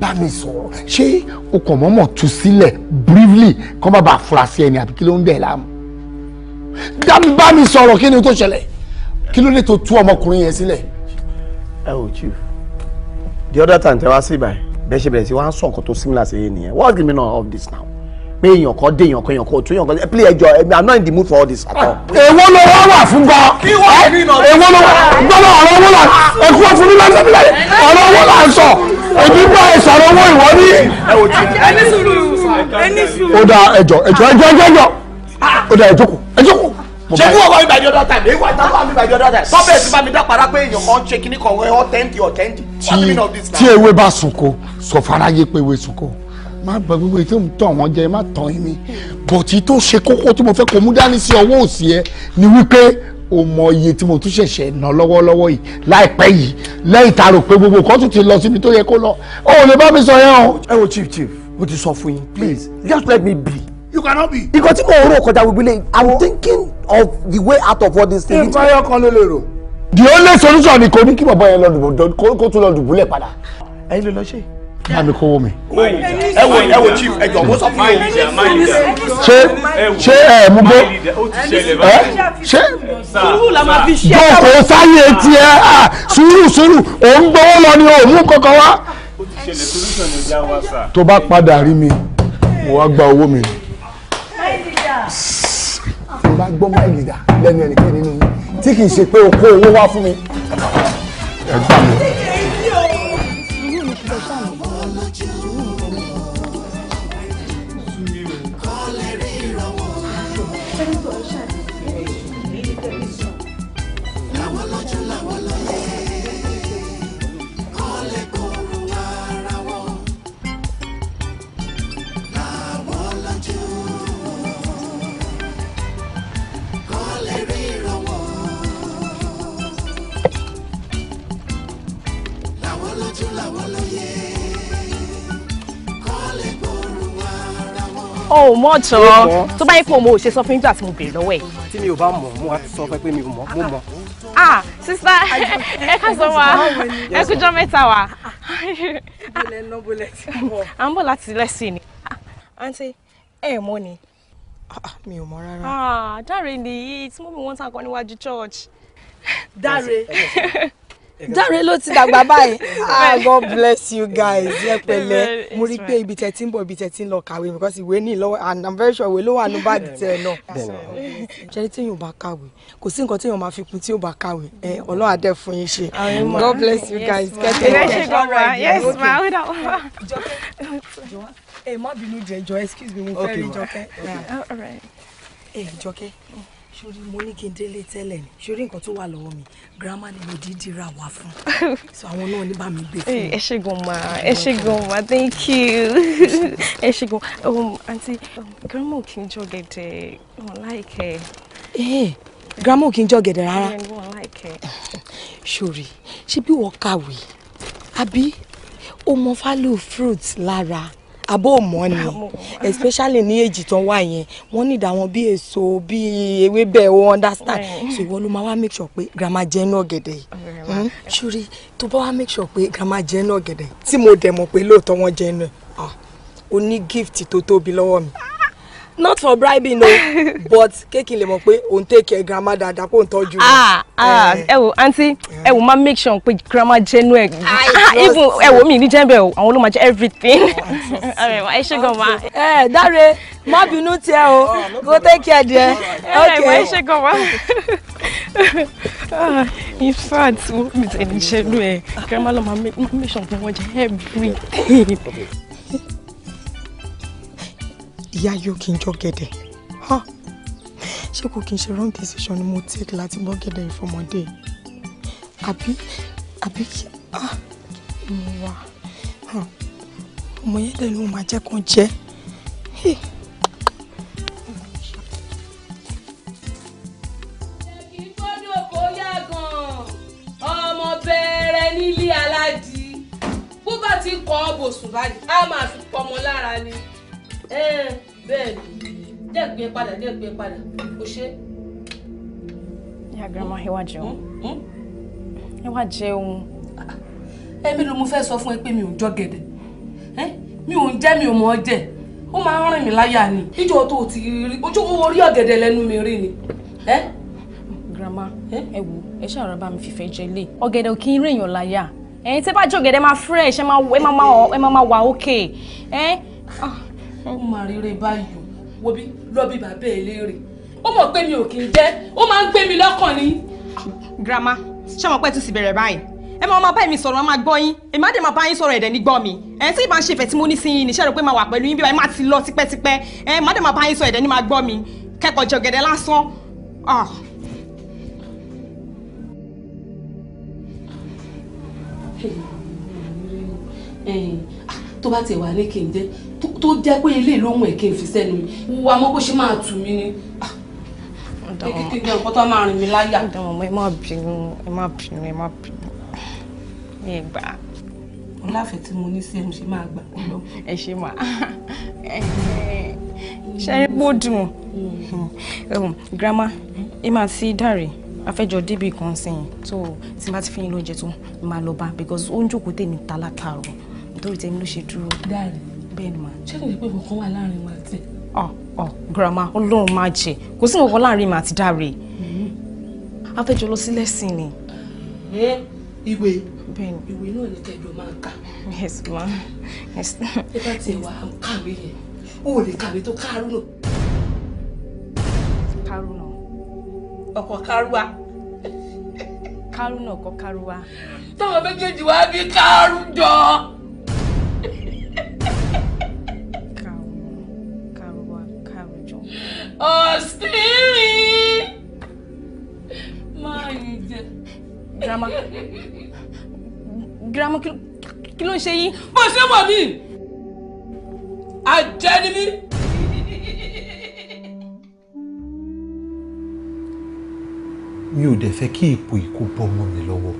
Speaker 3: bá mi sọ̀rọ̀ ṣé o kàn mọ́mọ́ tú sílẹ̀ briefly kọ́ bá bàa fura sí ẹni àbí kí ló ń bẹ̀ láàmú bá mi sọ̀rọ̀ kí ni tó ṣẹlẹ̀ kí ló dé tó tú ọmọkùnrin yẹn sílẹ̀. ẹ ò chief the other time tẹ wá sí ibà bẹ́ẹ̀ ṣe bẹ̀rẹ̀ sí wọ́n á sọ̀kan tó similar sí yẹn nìyẹn what's the meaning of this now pé èèyàn kan dé èèyàn kan èèyàn kan tó èèyàn kan ẹ play ẹjọ ẹ i'm not in the mood for all this at
Speaker 4: all.
Speaker 1: èwo ló wá wà fún gan. kí wọ́n ní náà. èwo ló gbọ́dọ̀ ọ̀rọ̀ owó là ẹ̀kú ọ̀fun nílẹ̀ sẹ́bílẹ̀ ọ̀rọ̀ owó là ń sọ èmi bá ẹ sọ̀rọ̀ owó ìwọ ní.
Speaker 4: ẹni sùúrù ẹni sùúrù. ó dà ẹjọ ẹjọ ẹjọ ẹjọ
Speaker 1: ó dà ẹjọ
Speaker 3: kù ẹjọ kù ṣé kí wọ́n wá ibà ìjọba tà mí wá ìjọba mi ibà ìjọba tà tọ́bẹ̀ tí bá mi dá para pé èèyàn kan ṣe kíní kan wẹ́ ọ̀tẹ́ǹtì ọ̀tẹ́ǹtì tí ewé bá sunko sọ fáráyé pé ewé sunko má bẹ gbogbo ètò ìtọ́ àwọn jẹ má tàn yín mi bọ̀tí tó ṣe kókó tí mo fẹ́ kó mú dání sí ọwọ́ òsì ẹ ni wípé o mọ iye tí mo tún ṣẹ̀ṣẹ̀ ná lọ́wọ́lọ́wọ́ yìí láìpẹ́ yìí lẹ́yìn tá a rò pé gbogbo kan tún ti lọ síbi tó yẹ kó lọ o ò lè bá mi sọ yẹn o. ẹ wo chief chief mo ti sọ fún yín please just let me be you cannot be. nǹkan tí mò ń rò kọjá gbogbo ilé i'm thinking of the way out of all this thing. nǹkan yọ kan ló lè the only solution ni kò ní kí bàbá yẹn lọ kó tún lọ dùbúlẹ̀ padà. ẹ̀yin ló lọ ṣe. bá mi kówó mi. ẹ wo ẹ wo chief ẹ jọ mo sọ fún yín. ṣé ṣé ẹ mú bó
Speaker 4: ẹ ṣé jókòó sáyé tiẹ̀ sùúrù sùúrù òun gbowó lọ ni òun kọkọ wá tó
Speaker 3: bá padà rí mi wàá gba owó mi bá gbọ́ máìlì dà lẹ́nu ẹnìkan nínú yín tí kì í ṣe pé o kó owó wá fún mi. ẹ gbà mí. Oh, uh, o mọ̀ tán tó bá yẹ kó o mọ̀ o ṣe sọ fún nígbà tí mo béèrè lọ́wọ́ ẹ̀. tí mi ò bá mọ̀ mo wá sọ fẹ́ pé mi ò mọ̀ mo mọ̀.
Speaker 4: ah sista ẹ ká sọ wa ẹ kújọ mẹ́ta wa. bolẹ̀ ná bolẹ̀ tí mo.
Speaker 2: à ń bọ̀ láti lẹ́sìn ni. àǹtí ẹ mọ̀ ni. Ah, ah, mi ò mọ̀ rárá. Ah,
Speaker 4: dáre nìyí tí mo bí wọ́n tàn kọ́ níwájú church. dáre. Dáre ló ti dàgbà báyìí. Ah God
Speaker 3: bless you guys. Ẹ pẹ̀lẹ́, mo rí pé ibi tẹ̀ ti ń bọ̀ ibi tẹ̀ ti ń lọ kàwé because ìwé ní ìlọ́wọ́ and I'm very sure ìwé ló wà ní báàgì tẹ̀ náà. Ṣẹ́ni tí yóò bá kàwé, kò sí nǹkan tí yóò máa fi kun tí yóò bá kàwé. Ẹ Ọlọ́run á dẹ̀ fún yín ṣe.
Speaker 2: God bless you guys. Kẹ́kẹ́ ìwé ṣe gbọ́ra. Yes ma, ó dà wá.
Speaker 4: Ẹ má bínú jẹjọ, excuse me,
Speaker 1: mo fẹ́ rí Jọkẹ́.
Speaker 4: Ẹ Jọkẹ́
Speaker 3: sori mo ní kí n délé tẹ́lẹ̀ ni sori nǹkan tó wà lọ́wọ́ mi girama ni mo dídí ra wá
Speaker 4: fún so àwọn náà ní bá mi gbé fún mi. Eh, ẹ ṣé
Speaker 2: gan ma ẹ ṣé gan ma thank you
Speaker 4: ẹ ṣé gan àǹtí um, um, girama ò kí n jọ gẹ̀dẹ̀ wọn láìkẹ́. Eh, girama ò kí n jọ gẹ̀dẹ̀ rárá eh, sori
Speaker 3: ṣé bí wọ́n kàwé àbí o mọ fálù fruits lára abó mọ́ ni especially ní èjì tán wà yẹn wọ́n need àwọn bí èso bí ewébẹ̀ o understand so ìwọ ló máa wá make sure pé grandma jẹ́ náà gẹ̀dẹ̀ yìí hmm? ṣúrí tó bá wá make sure pé grandma jẹ́ náà gẹ̀dẹ̀ tí mo dẹ̀ mọ̀ pé lóòótọ́ wọ́n jẹ́ náà ah, o ní gift tó tóbi lọ́wọ́ mi not for bribing o but kékin lè mọ̀ pé òun take care grandma dáadáa kó n Ah, ah eh. ẹ wo aunty ẹ wo máa make
Speaker 4: sure pé grandma genuine ah, ah, even ẹ wo mi ní jẹ́ńbẹ̀ o àwọn ló máa jẹ́ everything oh, ẹ ṣe gan ma. ẹ eh, dáre má bínú tiẹ o oh, go take care díẹ Okay. ẹ ṣe gan ma. in fact wọ́n mi tẹ̀lé iṣẹ́ lú ẹ̀ grandma ló máa make sure pé wọ́n jẹ́ everything
Speaker 3: ìyá yóò kí n jọ gẹ̀dẹ̀ ṣé kò kí n ṣe wrong decision ni mo take láti bọ́ gẹ̀dẹ̀ ìfọmọdé àbí
Speaker 4: àbí kí ni wà ọmọ yẹn dẹ̀ ló máa jẹ́ kàn jẹ́. Hey. ti kọ́ bòsùn báyìí á máa fi pọmọ lára ni. ee bẹ́ẹ̀ni jẹ́ gbé padà jẹ́ gbé padà kò ṣe.
Speaker 2: ìyá grandma ẹ wá jẹun hmm? Hmm? ẹ wá
Speaker 4: jẹun. ẹbí ló mo fẹ́ sọ fún ẹ pé mi ò jọ gẹ̀dẹ̀ mi ò ń jẹ́ mi ò mọ̀ ọ́ jẹ́ ó máa ń rìn mí láyà ni ìjọ tó ti rí ojú orí mi rí ni. ẹ wo ẹ mi fìfẹ́ jẹ lé ọ̀gẹ̀dẹ̀ ò kí ń láyà ẹ tẹ́ bá máa wà
Speaker 3: ah, ó máa rere báyìí wo bí
Speaker 4: lọ́bí bàbá ẹ̀ léèrè ó mọ̀
Speaker 3: pé mi ò kì í jẹ́ ó máa ń gbé mi lọ́kàn ni. grandma ṣé wọn pẹ́ tún sì bẹ̀rẹ̀ báyìí
Speaker 2: ẹ máa máa bá mi sọ̀rọ̀ máa gbọ́ yín èmi á dé máa bá yín sọ̀rọ̀ ẹ̀dẹ̀ ní gbọ́ mi ẹ̀ tí ìbá ń ṣe ìfẹ́ tí mo ní sí yín níṣẹ́ rẹ̀ pé máa wà pẹ̀lú yín bí báyìí máa ti lọ tipẹ́tipẹ́ ẹ̀ máa dé máa bá yín sọ̀rọ̀ ẹ̀dẹ̀ ní máa gbọ́ mi kẹ́kọ̀ọ́ jẹ ọ̀gẹ̀dẹ̀
Speaker 3: lásán. Ah. Ah, tó bá ti wà ní kí n jẹ́
Speaker 4: tó jẹ́ pé ilé ìlóhùn èké fi sẹ́nu mi wà mọ́ bó ṣe máa tù mí ni ah,
Speaker 2: kékeré nǹkan tó máa rìn mí láyà. ẹ má bínú ẹ má bínú ẹ má bínú ẹ gbà. ọláfẹ́ tí mo ní sí ẹ mo máa gbà lọ. ẹ ṣe máa ṣe é pò dùn hmm. um,
Speaker 4: grandma ẹ máa ti dáre afẹ́jọ débi kan sẹ́yìn tó tí n bá ti fi yín lóúnjẹ tó máa lọ bá because ó ń jókòó tèmi ta látàárọ̀ nítorí tèmi ló ṣe dúró. dáre bẹ́ẹ̀ni ma ṣé kò rí pé kankan wà láàrin wa àti. ọ ọ girama Ọlọ́run máa jẹ kò sí kankan láàrin mi àti Dáre mm-hmm.
Speaker 3: a lọ sí lẹ́sìn ni. ìwé ìwé náà ni kẹjọ máa kà. yes ma yes. ẹ bá tiẹ̀ wá kàwé yẹn o ò lè kàwé tó kárùnà. kárùnà.
Speaker 4: ọkọ kárùwá. kárùnà ọkọ kárùwá. táwọn méjèèjì wá bí kárùn jọ. Oh, Stevie! My jẹ. Grandma. girama kí ló ń ṣe yín. I ṣe wọ̀ mí
Speaker 1: àjẹ́ ni mí.
Speaker 3: mi ò dẹ̀ fẹ́ kí ipò ìkó bọ́ mi lọ́wọ́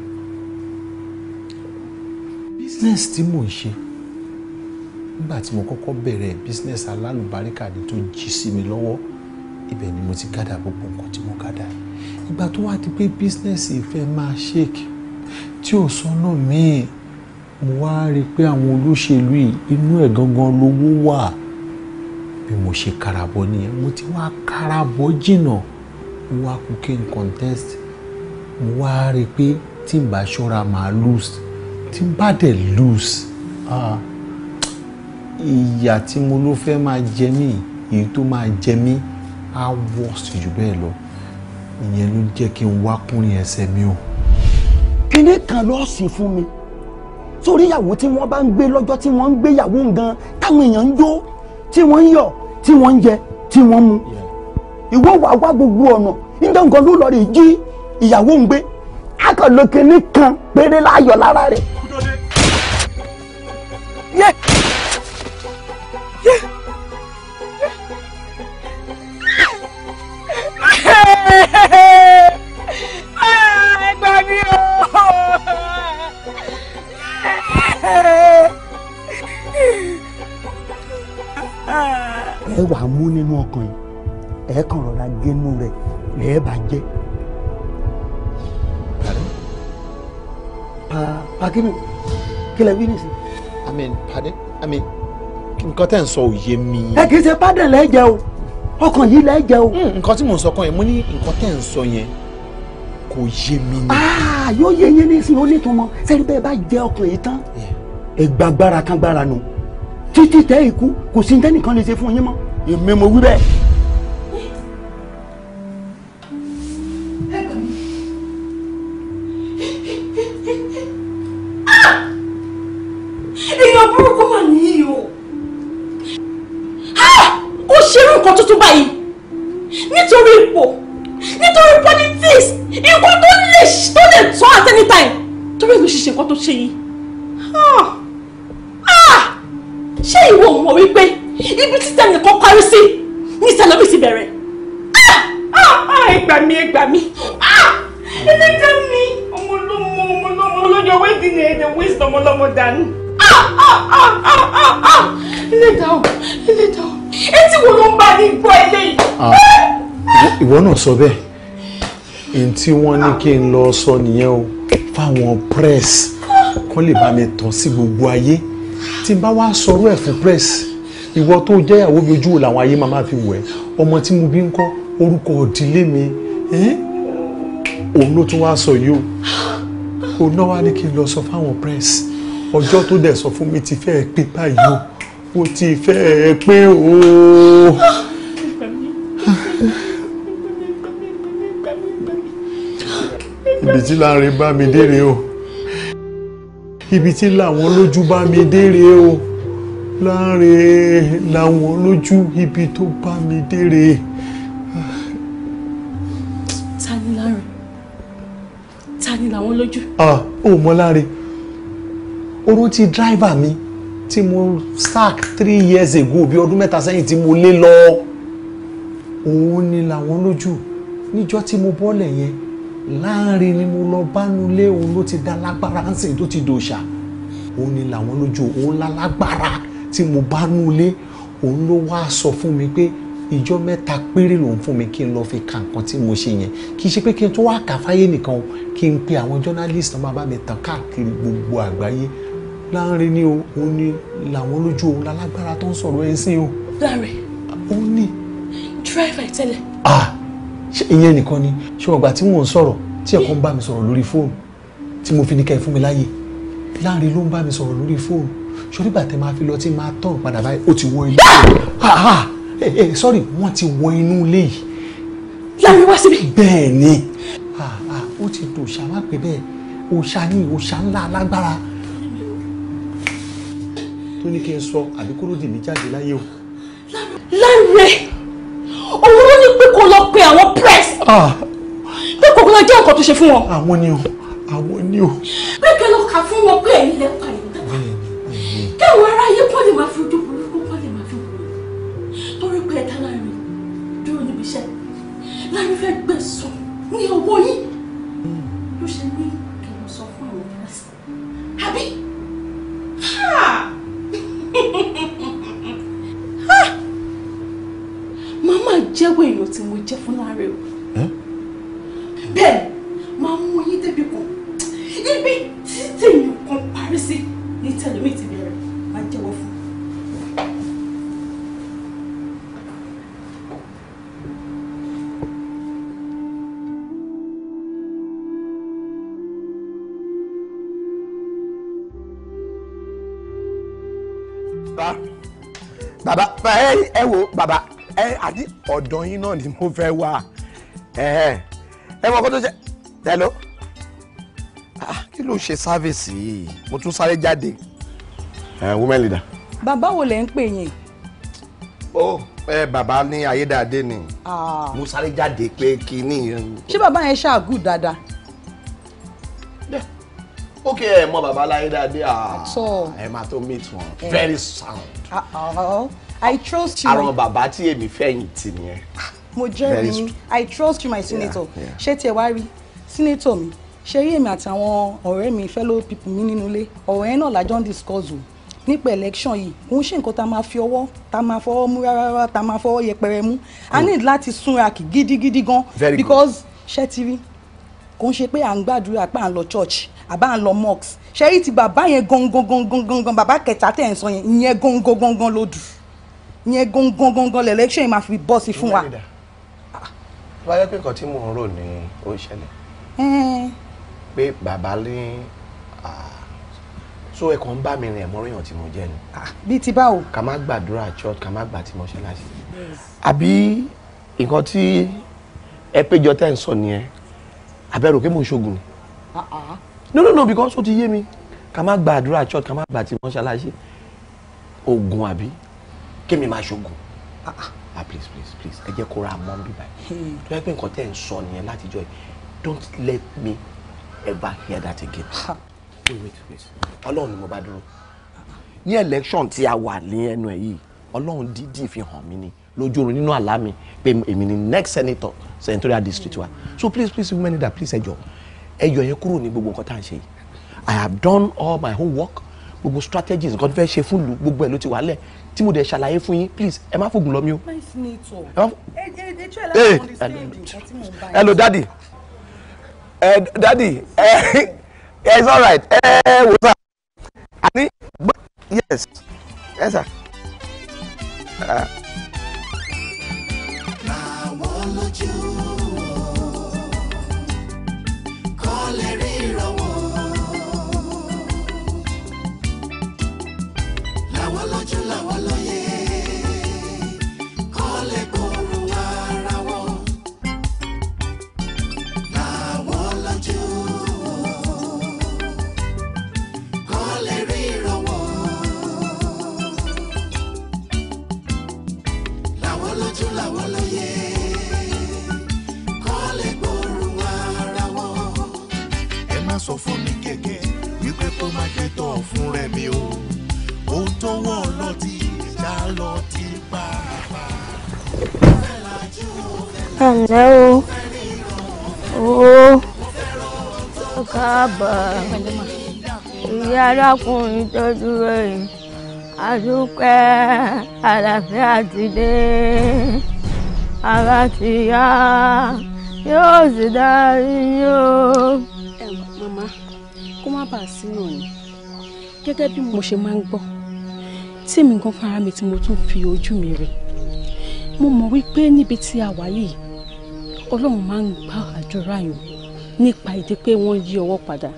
Speaker 3: business tí mò ń ṣe nígbà mo kọ́kọ́ bẹ̀rẹ̀ business alálùbáríkà ni tó jí sí mi lọ́wọ́ ibẹ̀ ni mo ti gádà gbogbo nǹkan tí mo gádà ìgbà tó wá di pé bísínẹ́sì fẹ́ máa ṣèkì tí ò sọ́nà míì mo wá rí i pé àwọn olóṣèlú yìí inú ẹ̀ gangan lówó wà bí mo ṣe karabọ nìyẹn mo ti wá karabọ jìnnà mo wá kú contest mo wá rí i pé tí n bá ṣọ́ra máa lose tí n bá dẹ̀ lose ah, ìyà tí mo ló fẹ́ máa jẹ mí èyí tó máa jẹ mí á worst jù bẹ́ẹ̀ lọ ìyẹn ló jẹ́ kí n wá kúnrin ẹsẹ̀ mi o. kíní kan ló sì fún mi sórí ìyàwó tí wọ́n bá ń gbé lọ́jọ́ tí wọ́n ń gbé ìyàwó gan táwọn èèyàn ń jó tí wọ́n ń yọ̀ tí wọ́n ń jẹ tí wọ́n mu ìwọ wà wá gbogbo ọ̀nà nígbà nǹkan ló lọ rè jí ìyàwó ń gbé akọ̀lọ́kẹ́ ní kan péré láyọ̀ lára rẹ̀. kíni kí lẹ wí nìsín. i mean pardon i mean nǹkan tẹ́ ń sọ ò yé mi. ẹ kì í ṣe pardon lẹ́ o ọkàn yìí lẹ́ o. Hmm, nǹkan tí mò ń sọ kan yẹn mo ní nǹkan tẹ́ ń sọ yẹn kò yé mi ni. Ah, yóò yé yín nísìnyí ó nítumọ̀ sẹ́ni bẹ́ẹ̀ bá jẹ ọkàn yìí tán ẹgbàgbára kan gbára nù títí tẹ́ ikú kò sí tẹ́nìkan lè ṣe fún yín mọ́ èmi mo wí bẹ́ẹ̀. tí wọ́n ní kí n lọ sọ nìyẹn o fáwọn press kó lè bá mi tàn sí gbogbo ayé tí n bá wá sọ̀rọ̀ ẹ̀ fún press ìwọ tó jẹ́ ìyàwó mi ojú wo làwọn ayé máa fi wọ̀ ẹ́ ọmọ tí mo bí ń kọ́ orúkọ òdílé mi òun ló tún wá sọ yìí o òun náà wá ní kí n lọ sọ fáwọn press ọjọ́ tó dẹ̀ sọ fún mi ti fẹ́ pé báyìí o ó ti fẹ́
Speaker 4: pé o.
Speaker 3: ibi tí Lánre bá mi dére o ibi tí làwọn lójú bá mi dére o Lánre làwọn lójú ibi tó bá mi dére. ta ni Lánre ta ni làwọn lójú. ah ò mọ Lánre oró ti dráìvà mi tí mo sack three years ago bí ọdún mẹ́ta sẹ́yìn tí mo lé lọ òun ni làwọn lójú níjọ́ tí mo bọ́lẹ̀ yẹn láàrin ni mo lọ bánulé òun ló ti dá lágbára ń sìn tó ti dòṣà òun ni làwọn lójú òun lálágbára tí mo bánulé òun ló wá sọ fún mi pé ìjọ mẹ́ta péré lòun fún mi kí n lọ fi ka nǹkan tí mo ṣe yẹn kì í ṣe pé kí n tó wá kà fáyé nìkan o kí n pe àwọn journalist náà máa bá mi tàn káàkiri gbogbo àgbáyé láàrin ni òun ni làwọn lójú òun lálágbára tó ń sọ̀rọ̀ ẹ̀ sí o. láàrin òun ni. driver tẹ́lẹ̀. ah ìyẹn nìkan ni ṣé wọn gbà tí mò ń sọ̀rọ̀ tí ẹ̀kọ́ ń bá mi sọ̀rọ̀ lórí fóònù tí mo fi ní kẹ́ ẹ fún mi láàyè láàrin ló ń bá mi sọ̀rọ̀ lórí fóònù ṣorí bàtẹ́ máa fi lọ tí máa tọ̀rùn padà báyìí ó ti wọ inú ilé yìí eh, eh, sorry wọ́n ti wọ inú ilé yìí. láàrin wá síbí. bẹ́ẹ̀ ni ó ti dò ṣá má pé bẹ́ẹ̀ òṣà ni òṣà ńlá alágbára tó ní kí n sọ àbí kúrò dì mí jáde láyé o. láàrin òun ló ní pé kó lọ pe àwọn pr Ah. pé kòkó náà jẹ́ nǹkan tó ṣe fún wọn. àwọn ni o àwọn ni o.
Speaker 4: pé kí ló kà fún wọn pé ẹ̀yin lẹ pa ìlú dábàá kí àwọn aráyé pọ́lì máa fi ojú burúkú pọ́lì máa fi
Speaker 3: wò torí pé ẹ̀ta láàrin dúró níbi iṣẹ́ láàrin fẹ́ gbẹ̀sán ní ọwọ́ yìí ló ṣe ní kẹ̀wọ́n sọ fún àwọn
Speaker 5: pírẹ́sì
Speaker 4: àbí.
Speaker 3: màmá jẹ́wọ́ èèyàn tí mo jẹ́ fún láàrin bẹ́ẹ̀ máa mú yín débi kan ibi tí tèèyàn kan parí sí ní tẹlẹmí ti bẹ̀rẹ̀ máa jẹ́wọ́ fún un. bàbá ẹ wo bàbá ẹ àti ọ̀dọ̀ yín náà ni mo fẹ́ wá ẹ. Eh ẹ mọ kó tó ṣe hello ah, kí ló ṣe sáfẹ̀sì yìí mo tún sáré jáde. women leader.
Speaker 4: bàbá wo lẹ ń pè yín.
Speaker 3: ó ẹ bàbá ní ayédáadé ni ah. mo sáré jáde pé kínní. ṣé bàbá yẹn ṣáàgùn dáadáa. ok ẹ mọ bàbá láyédáadé ah, ẹ máa tó meet wọn eh. very sound.
Speaker 4: Uh
Speaker 2: -oh. I trust you. àwọn
Speaker 3: bàbá tí èmi fẹ́yìntì nìyẹn
Speaker 2: mo jẹ́rìí yín i trust you my senator ṣé tiẹ̀ wá rí senator mi ṣe rí èmi àtàwọn ọ̀rẹ́ mi
Speaker 3: fellow people mi nínú ilé ọ̀rọ̀ yẹn náà la jọ ń discuss o nípa election yìí kò ń ṣe nǹkan tá a máa fi ọwọ́ tá a máa fọwọ́ mú rárá tá a máa fọwọ́ yẹpẹrẹ mú a mm. ní láti súnra kì gidigidi gan because ṣé ti rí kò ń ṣe pé à ń gbàdúrà pé à ń lọ church àbá ń lọ mosque ṣe rí ti bàbá yẹn gangan gangan gangan bàbá kẹta tẹ̀ ń sọ yẹn ìyẹn gangan gangan ló dù ìyẹn gangan gangan lẹ́lẹ́kṣọ̀n yìí máa fi bọ́ọ̀sì fún wa tó bá yẹ pé nǹkan tí mò ń rò ní ó ṣẹlẹ̀ pé bàbá ní so ẹ kàn ń bá mi rìn ẹ̀mọ́ ròyìn tí mo jẹ́ ni. Ah, bíi ti báwo. ká má gbàdúrà church ká má gbà tí mọ́ṣáláṣí. àbí nǹkan tí ẹ péjọ tẹ́ ń sọ nìyẹn àbẹ̀rù pé mo ṣoògùn. Uh-uh. no no no because ó ti yé mi ká má gbàdúrà church ká má gbà tí mọ́ṣáláṣí oògùn àbí kémi máa ṣoògùn. Ah, ah ah please please please ẹ jẹ́ kó ra mọ́ bí báyìí hmm. tó yẹ pé nǹkan tẹ́ ń sọ nìyẹn látijọ́ yìí don't let me ever hear that again wait wait wait ọlọ́run ni mo bá dúró ní election tí a wà ní ẹnu ẹ̀ yìí ọlọ́run dídì fi hàn mí ni lójú oorun nínú àlá mi pé èmi ni next senator senatorial district wa so please please women leader please ẹ jọ̀ọ́ ẹ yọ yẹn kúrò ní gbogbo nǹkan tá à ń ṣe yìí i have done all my homework gbogbo strategies nǹkan tó fẹ́ ṣe fún ìlú gbogbo ẹ̀ ló ti wà lẹ̀ tí mo dẹ̀ ṣàlàyé fún yín please ẹ má fògùn lọ mi o. hello daddy daddy it's alright ẹ wò sá àní yes yes sir.
Speaker 5: Uh,
Speaker 1: káàbọ̀
Speaker 2: ìyá arákùnrin tó dúró yìí àdúpẹ́ àlàáfíà ti ara ti yá yóò sì darí yóò. ẹ màmá kó má bàa
Speaker 3: sínú ni gẹ́gẹ́ bí mo ṣe máa ń gbọ́ tí èmi gan fara mi tí mo tún fi ojú mi rí mo mọ̀ wípé níbi tí a wà yìí ọlọ́run
Speaker 2: máa ń gbà àdúrà yìí
Speaker 3: nípa ìdí pé wọ́n yí ọwọ́ padà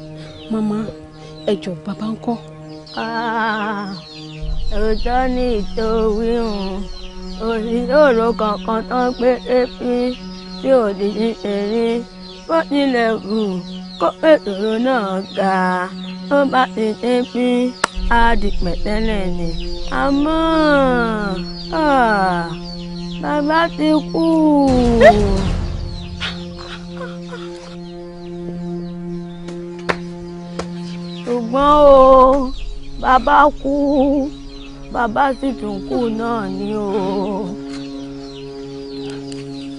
Speaker 3: màmá
Speaker 4: ẹjọ́ bàbá ń kọ́.
Speaker 2: Ah, òótọ́ ni ìtòwí hàn òsì òòrò kankan tán pé épi tí ò di ní eré bó tilẹ̀ wù kó ètòrò náà ga tó bá ti dé bí a di pẹ̀tẹ́lẹ̀ ni àmọ́
Speaker 4: ah, bàbá ti kú.
Speaker 2: ṣùgbọ́n o bàbá kú bàbá sì tún kú náà ni o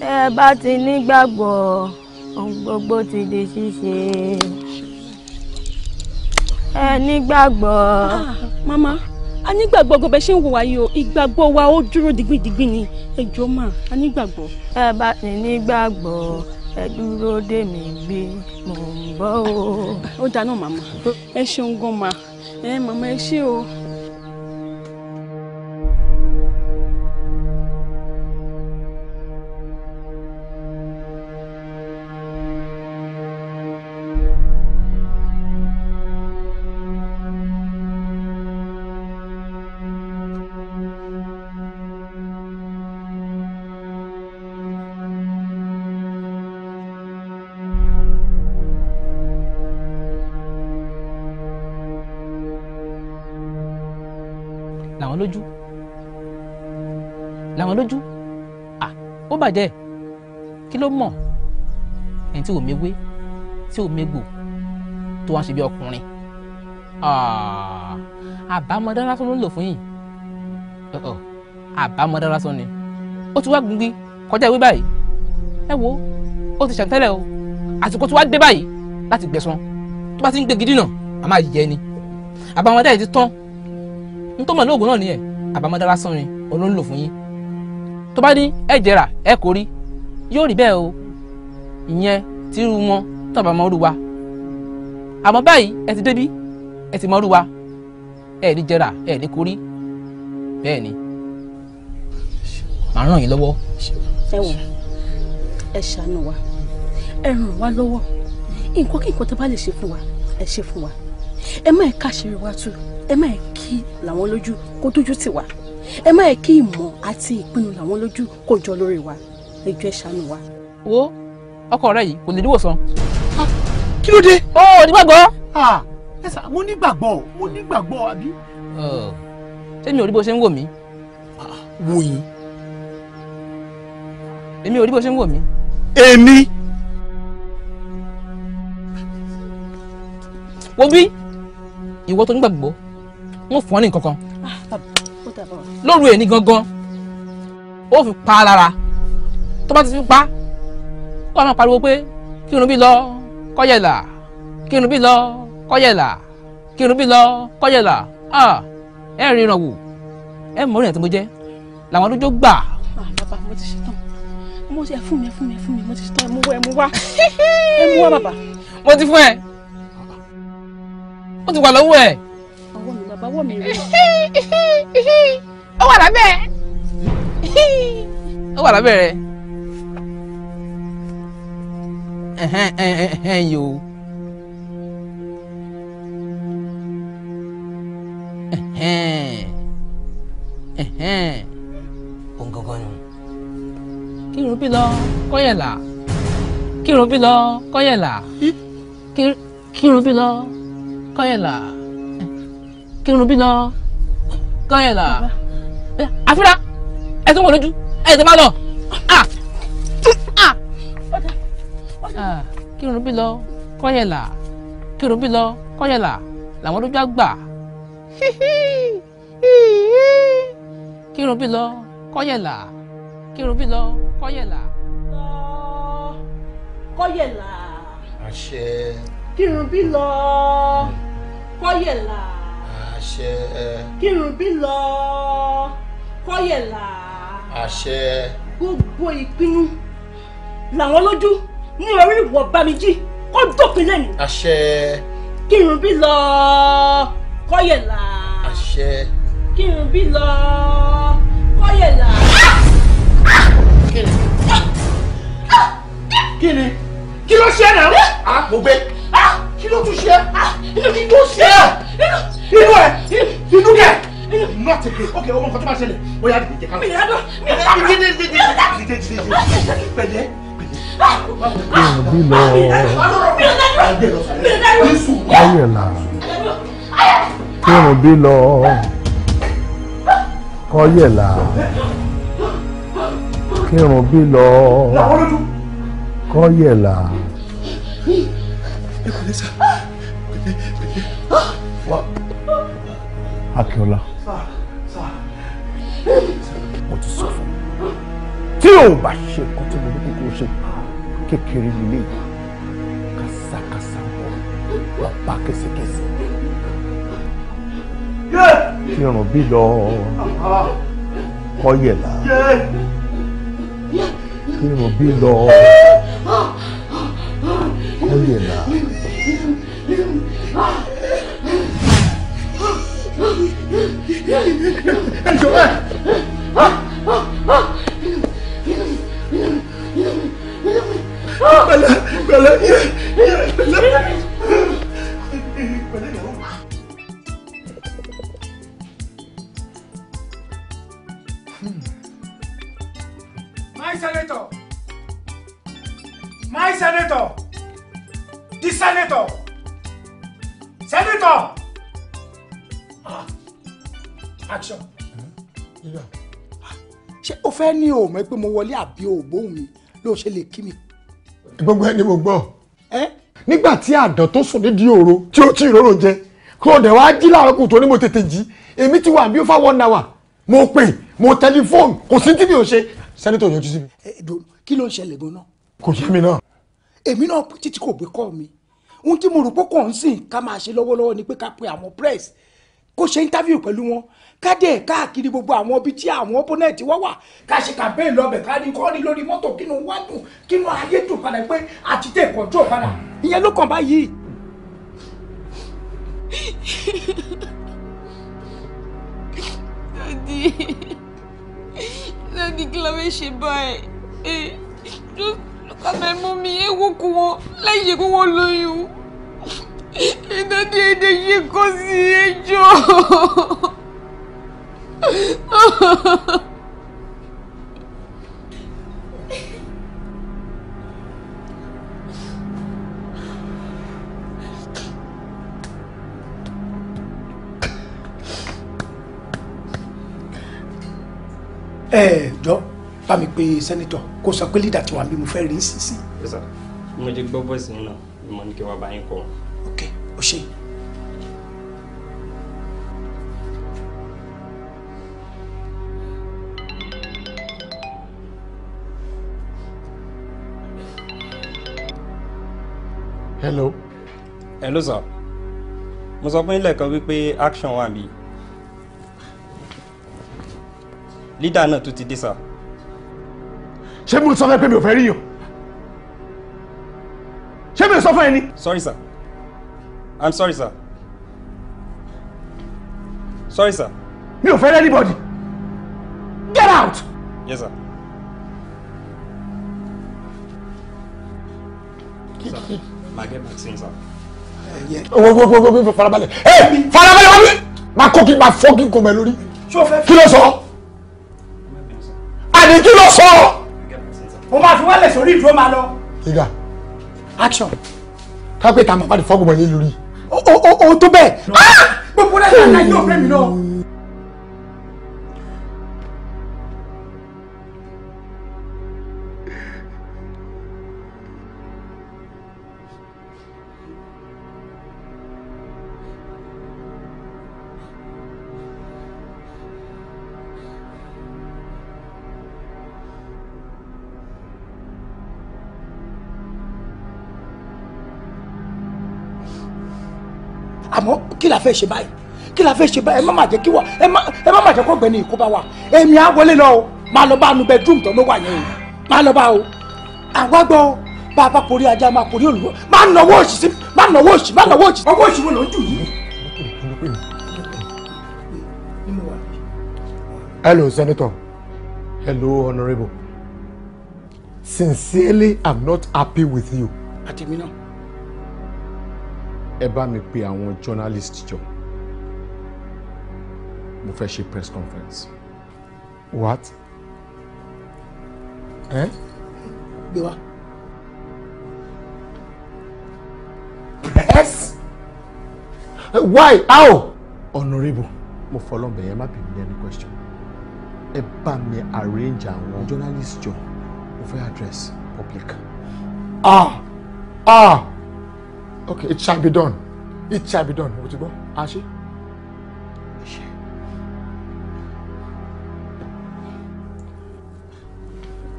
Speaker 2: ẹ bá ti nígbàgbọ́ gbogbo ti di ṣíṣe ẹ nígbàgbọ́. Ah, mama a nígbàgbọ́ gbogbo ẹ ṣe ń wò wá yìí o ìgbàgbọ́ wa ó dúró digbídigbí ni ẹ jọ̀ọ́ a nígbàgbọ́. ẹ bá ti nígbàgbọ́ ẹ dúró dè mí gbé mò ń bọ̀ o. ó dáná màmá ẹ ṣeun gan ma ẹ màmá ẹ ṣé o.
Speaker 3: wọn lójú ó bàjẹ́ kí ló mọ̀ ẹni tí ò mewé tí ò megbò tó wá ń ṣe bí ọkùnrin àbámọ̀dá lásán ló ń lò fún yìí
Speaker 6: àbámọ̀dá lásán ni ó
Speaker 3: ti wá gbìngbì kọjá ìwé báyìí ẹ wo ó ti ṣàǹtẹ́lẹ̀ o àsìkò tí wàá dé báyìí láti gbẹ̀san tó bá ti ń gbé gidi náà a máa yẹ ni àbámọ̀dá yìí ti tán n tó mọ̀ ní oògùn náà nìyẹn àbámọ̀dá lásán ni olóńlò fún yín tó bá ní ẹ jẹrà ẹ kò rí yóò rí bẹ́ẹ̀ o ìyẹn tí irú wọn tó bá mọ irú wa àmọ́ báyìí ẹ ti débí ẹ ti mọ irú wa ẹ ní jẹrà ẹ ní kò rí bẹ́ẹ̀ ni màá ràn yín lọ́wọ́. ẹ wò ẹ ṣàánú wa ẹ ràn wá lọ́wọ́ nǹkan kí nǹkan tó bá lè ṣe fún wa ẹ ṣe fún wa ẹ má ẹ káṣírí wa tú ẹ má ẹ kí làwọn lójú kó dójú tì wá ẹ má yẹ kí ìmọ̀ àti ìpinnu làwọn lójú kò jọ lórí wa ẹ jọ̀ọ́ ẹ ṣàánú wa. wo ọkọ rẹ yìí kò ní ìdíwòsàn. kí ló dé. ó ò ní gbàgbọ́. ẹ sà mo ní gbàgbọ́ mo ní gbàgbọ́ àbí. ṣé mi ò rí bó ṣe ń wò mí. wò yín. èmi ò rí bó ṣe ń wò mí. èmi. wo bí ìwọ tó ní gbàgbọ́ wọ́n fún ọ ní nǹkan kan. Ah, lóru èní gangan ó fi pa á lára tó bá ti fi pa ó wà máa pariwo pé kí irun bí lọ kọ́yẹ̀là kí irun bí lọ kọ́yẹ̀là kí irun bí lọ kọ́yẹ̀là ẹ rí ìran wò ẹ mọ̀ ọ́rìn àti mo jẹ́ làwọn ọdún jó gbà.
Speaker 4: Ah, bàbá mo ti ṣetán mo ti fún mi fún mi fún mi mo ti ṣetán ẹ
Speaker 2: mú wá ẹ mú wá ẹ mú wá
Speaker 3: bàbá. mo ti fún ẹ ó ti wà lọ́wọ́ ẹ.
Speaker 2: ọwọ́ mi bàbá ọwọ́ mi rè ó wà lábẹ́
Speaker 3: ó wà lábẹ́
Speaker 4: rẹ ẹ̀hẹ́n yòó ẹ̀hẹ́n ẹ̀hẹ́n òǹgangan nù. kírun bí lọ kọ́yẹ̀là kírun bí lọ kọ́yẹ̀là kírun bí lọ kọ́yẹ̀là kírun bí lọ kọ́yẹ̀là
Speaker 3: àfúrá ẹ tó lójú ẹ tó lọ. kí bí lọ kọ́yẹ̀là kí bí lọ kọ́yẹ̀là làwọn lójú àgbà kí bí
Speaker 4: lọ kọ́yẹ̀là kí bí lọ kọ́yẹ̀là. kọ́yẹ̀là. àṣẹ. kí bí lọ kọ́yẹ̀là. àṣẹ. kí bí lọ. Kọ́yẹ̀lá. àṣẹ. gbogbo ìpinnu làwọn lójú
Speaker 3: ní orí ìwọ bámijí kó dópin lẹ́nu. àṣẹ. kírun bí lọ
Speaker 4: Kọ́yẹ̀lá. àṣẹ. kírun bí lọ Kọ́yẹ̀lá. kí ni
Speaker 3: kí ni kí ló ṣe náà. Ah! Ah, mo gbé ah! kí ló tún ṣe. inú kí ló ṣe. inú ẹ inú kẹ not a place okay me, nǹkan tó me, ṣẹlẹ̀ bóyá me, jẹ káwọn. me, ìyá dán me, ìyá dán. me, dídé dídé me, dídé pẹ̀lẹ́. me, ò bí me, Mi ò me, Mi ò me, Ayọ̀ là. me, ò bí lọ. Kọ́yẹ̀ là. Kírun bí lọ. Kọ́yẹ̀ là. Akíọ́lá mo ti sọ fún un tí o bá ṣe nǹkan tí mo ní kókó ṣe kékeré nílé kásákásá wọn wọn pa késekése tí ọ̀ràn bí lọ kọ́yẹ̀lá
Speaker 1: tí
Speaker 3: ọ̀ràn bí lọ
Speaker 4: kọ́yẹ̀lá
Speaker 1: ẹ jọ ẹ. pẹ̀lẹ́ pẹ̀lẹ́ pẹ̀lẹ́ pẹ̀lẹ́ yàrá.
Speaker 3: My senator, my senator, the senator, senator action. ṣé o fẹ́ ní o mọ̀ pé mo wọlé àbí o bóun mi ló ṣe lè kí mi. gbogbo ẹni mo gbọ́ nígbà tí àdán tó sùn nídìí òru tí ó tí ìrorò jẹ kó o dẹ̀ wá jí láàárọ̀ kù tó ní mo tètè jí èmi ti wà bí ó fà one hour mo pè mo tẹlifóònù kò sí tí mi ò ṣe sẹ́nitọ̀ yọjú sí mi. kí ló ń ṣẹlẹ̀ gan-an. kò yé mi náà. èmi náà títí kò gbé kọ́ mi ohun tí mo rò pé kò ń sìn ká máa ṣe lọ́wọ́lọ́wọ́ ni pé ká pe àwọn press kó ṣe interview pẹ̀lú wọn kádẹ káàkiri gbogbo àwọn ibi tí àwọn opponent wọ́n wà ká ṣe ká bẹ́ẹ̀ lọ́bẹ̀ ká ní kọ́ni lórí mọ́tò kínú wá dùn kínú ayé dùn padà pé àti tẹ̀ control padà ìyẹn ló kàn báyìí.
Speaker 4: dadi dadi kí la fẹ́ ṣe báyìí lọ́kàbẹ̀ mú mi ewu kú wọn lẹ́yìn kú wọn lóyún ìdádé èdè yìí kò sí ẹjọ́
Speaker 3: ẹ jọ bá mi pe sẹ́nitọ̀ kó sọ pé lídà tí wà bí mo fẹ́ rí sísí.
Speaker 6: mo jẹ gbọ́ bọ́ọ̀sì nínú ìmọ̀ ní kí wàá bá yín kọ́. ok o ṣe. Okay. hello. hello sir mo sọ fún ilé kan wípé action wà mí lídà náà tún ti dé sà. ṣé mo sọ fún pé mi ò fẹ́ rí yàn
Speaker 3: ṣé mi ò sọ fún ẹ sorry sir i'm sorry sir sorry sir. mi ò fẹ́ rí anybody get out. yes sir. sir.
Speaker 6: máa gẹ́ vaccine sir.
Speaker 3: owó owó owó owó farabalẹ̀ ẹ farabalẹ̀ wọ́n mi máa kó kí máa fọ́ kí n kò mẹ́ lórí kí ló sọ àní kí ló sọ. mo máa fi wálẹ̀ sórí ìdúró máa lọ. ìgbà action ká pé ta màmá di fọ́gùnmọ̀ yẹn lórí. o o o tó bẹ́ẹ̀.
Speaker 1: Ah! gbogbo rẹ̀ ṣàlàyé òfin mi náà.
Speaker 3: la fẹ́ ṣe báyìí kí la fẹ́ ṣe báyìí ẹ má má jẹ́ kí wà ẹ má má jẹ́ kó gbẹ̀ni ìkó bá wà èmi á wọlé lọ o máa lọ bá nu bedroom tó ló wà yẹn o máa lọ bá o àwa gbọ́ bá a bá porí ajá máa porí olùwọ́ máa nọwọ́ òsì sí máa nọwọ́ òsì máa nọwọ́ òsì ọwọ́ òsì wo ló jù yìí. hello senator hello honourable sincerely i'm not happy with you. àtẹ̀mí náà ẹ bá mi pe àwọn journalist jọ mo fẹ́ ṣe press conference. what? ẹ. gbé wá. yes. why how. honourable mo fọlọ́nbẹ̀ yẹn má bí mi any question ẹ bá mi arrange àwọn journalist jọ mo fẹ́ address public. ah ah okay it shall be done it shall be done mo ti gbọ́ a ṣe.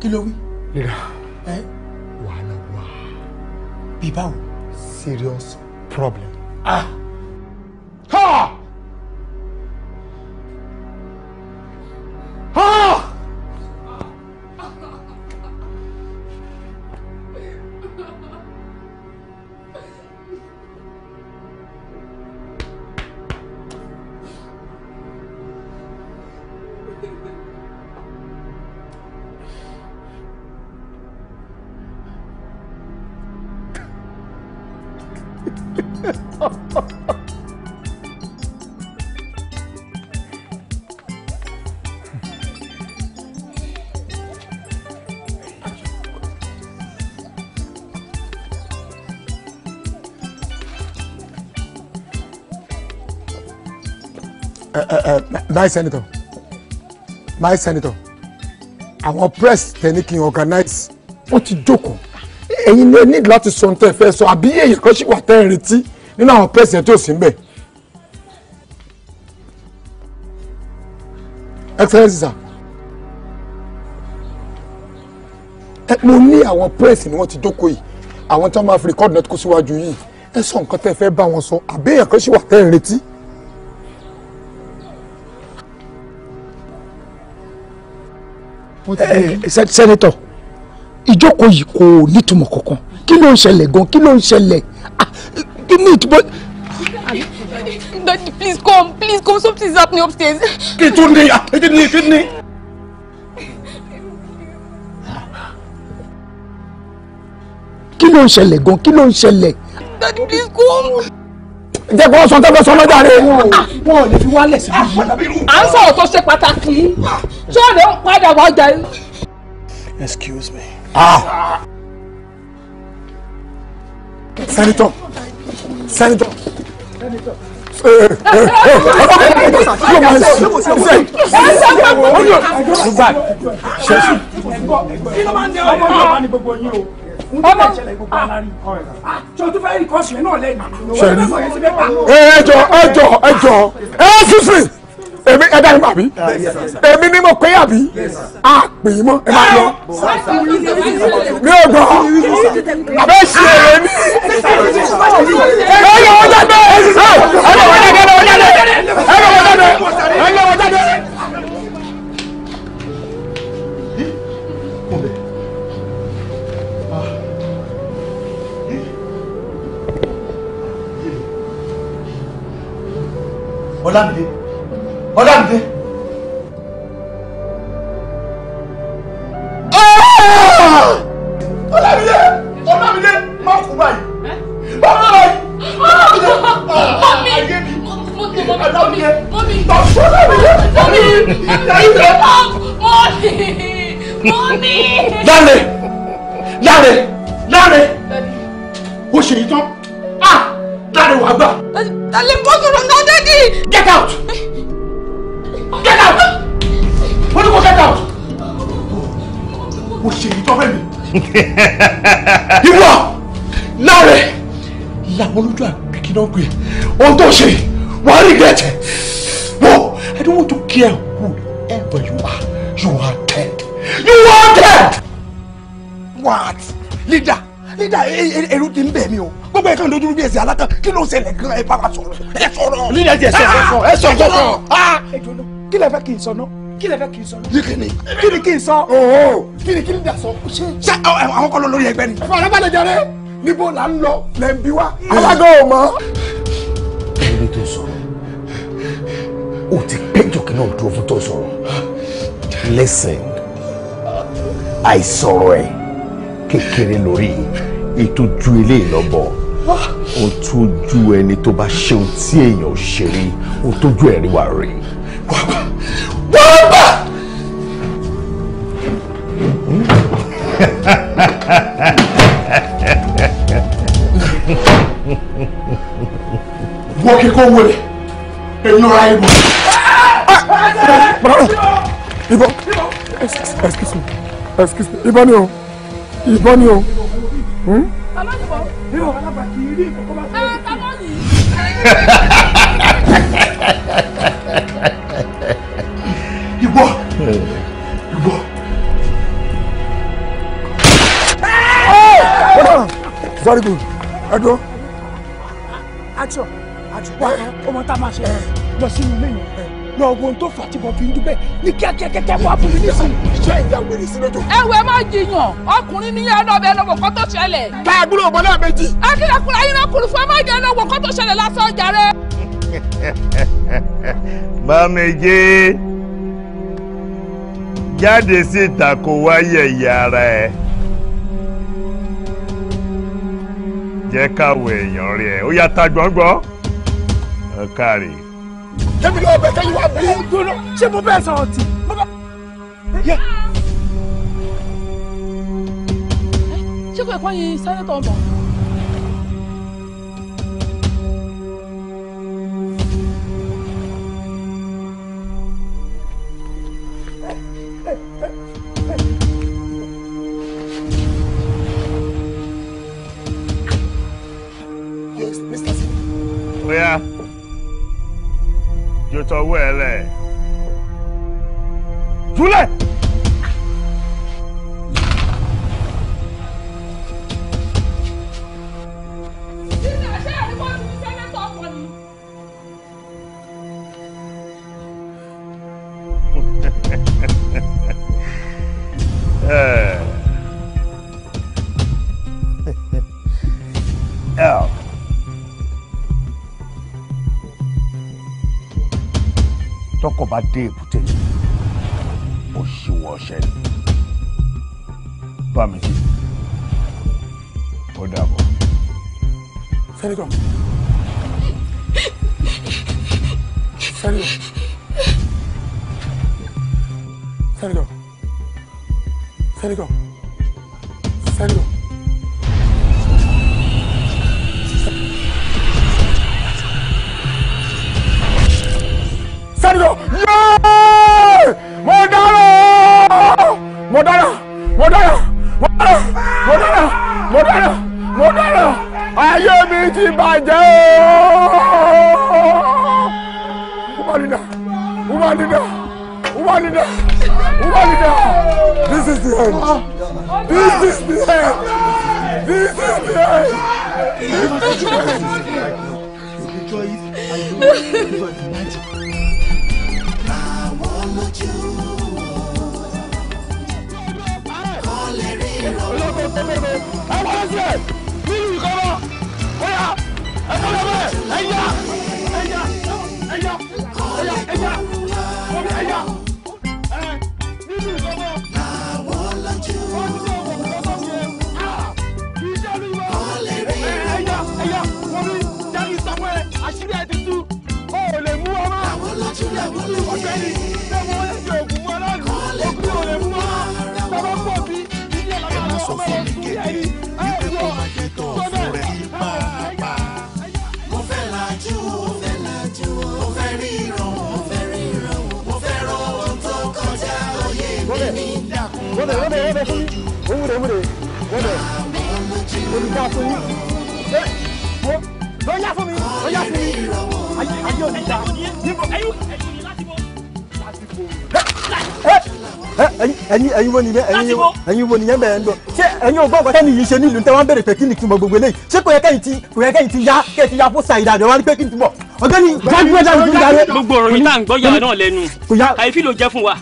Speaker 3: kí ló wí. rírà wàhálà wà. bí serious problem. ah. my senator my senator àwọn press tẹ̀lé kí n organize wọ́n ti jókòó ẹ̀yin ló ní láti sọ nǹkan ẹ̀fẹ́ sọ àbí èèyàn kan ṣì wà tẹ́ ẹ̀ retí nínú àwọn press yẹn tó sì ń bẹ̀. excellence sir ẹ mo ní àwọn press ni wọ́n ti jókòó yìí àwọn tí wọ́n máa fi record náà kó síwájú yìí ẹ sọ nǹkan tẹ́ ẹ fẹ́ bá wọn sọ àbí èèyàn kan ṣì wà tẹ́ ẹ̀ retí. Eh, eh, sẹ́nitọ̀ ìjókòó yìí kò nítumọ̀ kankan kí ló ń ṣẹlẹ̀ gan kí ló ń ṣẹlẹ̀ ah,
Speaker 4: kí ni ìtumọ̀. Daddy, please come, please come. Something is happening upstairs. Kidney, kidney, kidney.
Speaker 3: Kí ló ń ṣẹlẹ̀ gan? Kí ló ń ṣẹlẹ̀?
Speaker 1: Daddy, please come
Speaker 3: jẹ́ kó sọ tẹ́fẹ́ sọ lọ́jà rẹ̀. wọn ò lè fi wálẹ̀ sí i. à ń sọ̀rọ̀ tó ṣe pàtàkì sọ̀rọ̀ padà wá jà. excuse me. Ah. senator senator senator ẹjọ
Speaker 1: ẹjọ ẹjọ ẹ sísìn èmi ẹ dá ní màbí èmi ni mo pé àbí a pè é mọ ẹ máa lọ mi ò gbọ́ àbẹ ṣe é ní. ẹ yọ wọ́n jáde ẹ yọ wọ́n jáde ẹ yọ wọ́n jáde ẹ yọ wọ́n jáde ẹ yọ wọ́n jáde.
Speaker 3: Ọlámídé Ọlámídé.
Speaker 4: Ọlámídé ah! Ọlámídé má kú báyìí má kú báyìí Ọlámídé mọ́mí mọ́mí mọ́mí mọ́mí tọ́sí Ọlámídé mọ́mí mọ́mí mọ́mí. Láre Láre Láre ó ṣe yìí tán. Daddy wa gba. Dale bọ́ sọ̀rọ̀ náà dẹ́dí. Get out! Get out! What do you want? get out! Mo ṣe ìtọ́fẹ́ mi.
Speaker 3: Ìwọ láre làwọn olójú àbíkí náà gbé ohun tó ṣe wà á regret getting. Wọ́n I don't want to care whoever you are you are dead. You are dead! What? Leader leader ẹ̀rù e, e, e, ti ń bẹ̀ mí o gbogbo ẹ̀ka ìdójú bí ẹ̀sìn aláta kí ló ń ṣẹlẹ̀ gan ẹ bá wa sọ̀rọ̀ ẹ sọ̀rọ̀. leader ti ẹsẹ̀ ẹ̀sọ̀ ẹ̀sọ̀ kọ̀ọ̀kan. ẹ jọ̀ọ́ kí lẹ fẹ́ kí n sọ náà kí lẹ fẹ́ kí n sọ. yìí kí ni.
Speaker 1: kí ni kí n sọ. Oh, oh.
Speaker 3: kí ni kí ni dà sọ. ṣé àwọn kan ló lórí ẹgbẹ́ ni. farabalẹ̀ jàre níbo là ń lọ lẹ́ o ti péjọ kí náà dúró fún tó listen àìsọ̀rọ̀ ẹ̀ kékeré lórí yìí ètò ju eléyìí lọ́bọ̀ ah. ó tún ju ẹni tó bá ṣe ohun tí èèyàn ò ṣe rí ó tójú ẹ̀rí wa rí. wàá bá wàá bá. wọ́n kíkọ́ wọlé èmi ọ̀rá ìbọn. ìbọn excuse me excuse me ìbọn ni o ìbọn ni o ìwọ hmm? ìwọ. very good ẹdun.
Speaker 4: action action
Speaker 3: ọmọ tá a máa ṣe lọ sínú ilé yẹn lọ wo tó fà tí mo fi ń dúpẹ́ ní kíákíá kẹ́kẹ́ wà fún nísìnyí. ṣé ìyá wèrè sí lójú. ẹ má jiyàn ọkùnrin ní yẹn lọbẹ lọ́wọ́ kó tó ṣẹlẹ̀. tá a gbúdọ̀ náà méjì. akéde kura yín náà kùrù fún ẹ má jẹ lọ́wọ́ kó tó ṣẹlẹ̀ lásán jàre. bámejì jáde síta kó wá yẹ̀yẹ́ ara ẹ̀. jẹ́ káwọ èèyàn rẹ̀ ó yá ta gbọ́ngbọ́n ọ̀kàrẹ̀ tẹ́mi lọ́ọ́ bẹ kẹ́yìn wá bí. ẹ dúró ṣé mo bẹ́ẹ̀ sọ̀rọ̀ tì mo bá. ṣé kò ẹ̀kọ́ yìí sáré tó ń bọ̀. tọwọ́ ẹ lẹ̀ túlẹ̀. bá dé èbúté
Speaker 4: ti bàjẹ́ ooo. this is the end. This is the end. This is the end.
Speaker 1: This is the end. 哎呀！哎呀！哎呀！
Speaker 4: dá fún yín. wo ló yá fún mi ló yá fún mi ayé òní dá níbo
Speaker 3: ẹ̀yin ẹ̀yin wo nìyẹn ẹ̀yin ẹ̀yin wo nìyẹn bẹ́ẹ̀ ń lọ ṣé ẹ̀yin ò gbọ́ ọ̀gá tẹ́ni yìí ṣe nílùú tẹ́wọ́n bèrè pé kí ni túmọ̀ gbogbo eléyìí ṣé kò yẹ kẹ́yìn ti kò yẹ kẹ́yìn ti ya kẹ́yìn ti ya fún ṣàyídà àdéhùn wá pé kí ni túmọ̀ ọ̀gá ni jágbé ọjà ló ń darí. gbogbo
Speaker 6: ọ̀rọ̀ yìí náà ń gbọ́ yàrá náà lẹ́nu àyèfí ló jẹ́ fún wa.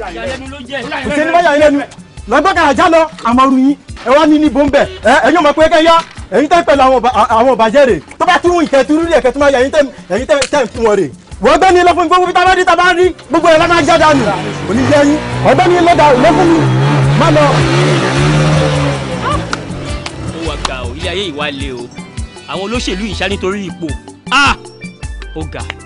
Speaker 4: kò sí ní bá yàrá
Speaker 3: lẹ́nu lọ́gbọ́n kàrà já lọ àmọ́ ọ̀run yín ẹ wá ní níbo ń bẹ̀ ẹ ẹ̀yin ọmọ pé kẹ́yà ẹ̀yin tẹ́ pẹ̀lú àwọn ọ̀bàjẹ́ rẹ̀ tó bá tún ìkẹtùrú rẹ̀ kẹtù máa yẹ ẹ̀yin tẹ́ ń fún wọn rẹ̀ wọ́n gbé ní lọ́fún gbogbo bíi tábàdí tábàdí gbogbo ẹ̀ lọ́nà jáde àná oníyẹ́yìn
Speaker 1: ọ̀gbẹ́ ní lọ́dà lọ́fún mi má lọ.
Speaker 6: ó wà gà ó ilé ayé ìwà le o àwọn olóṣèlú ìṣá nítorí ipò ah! ó ga.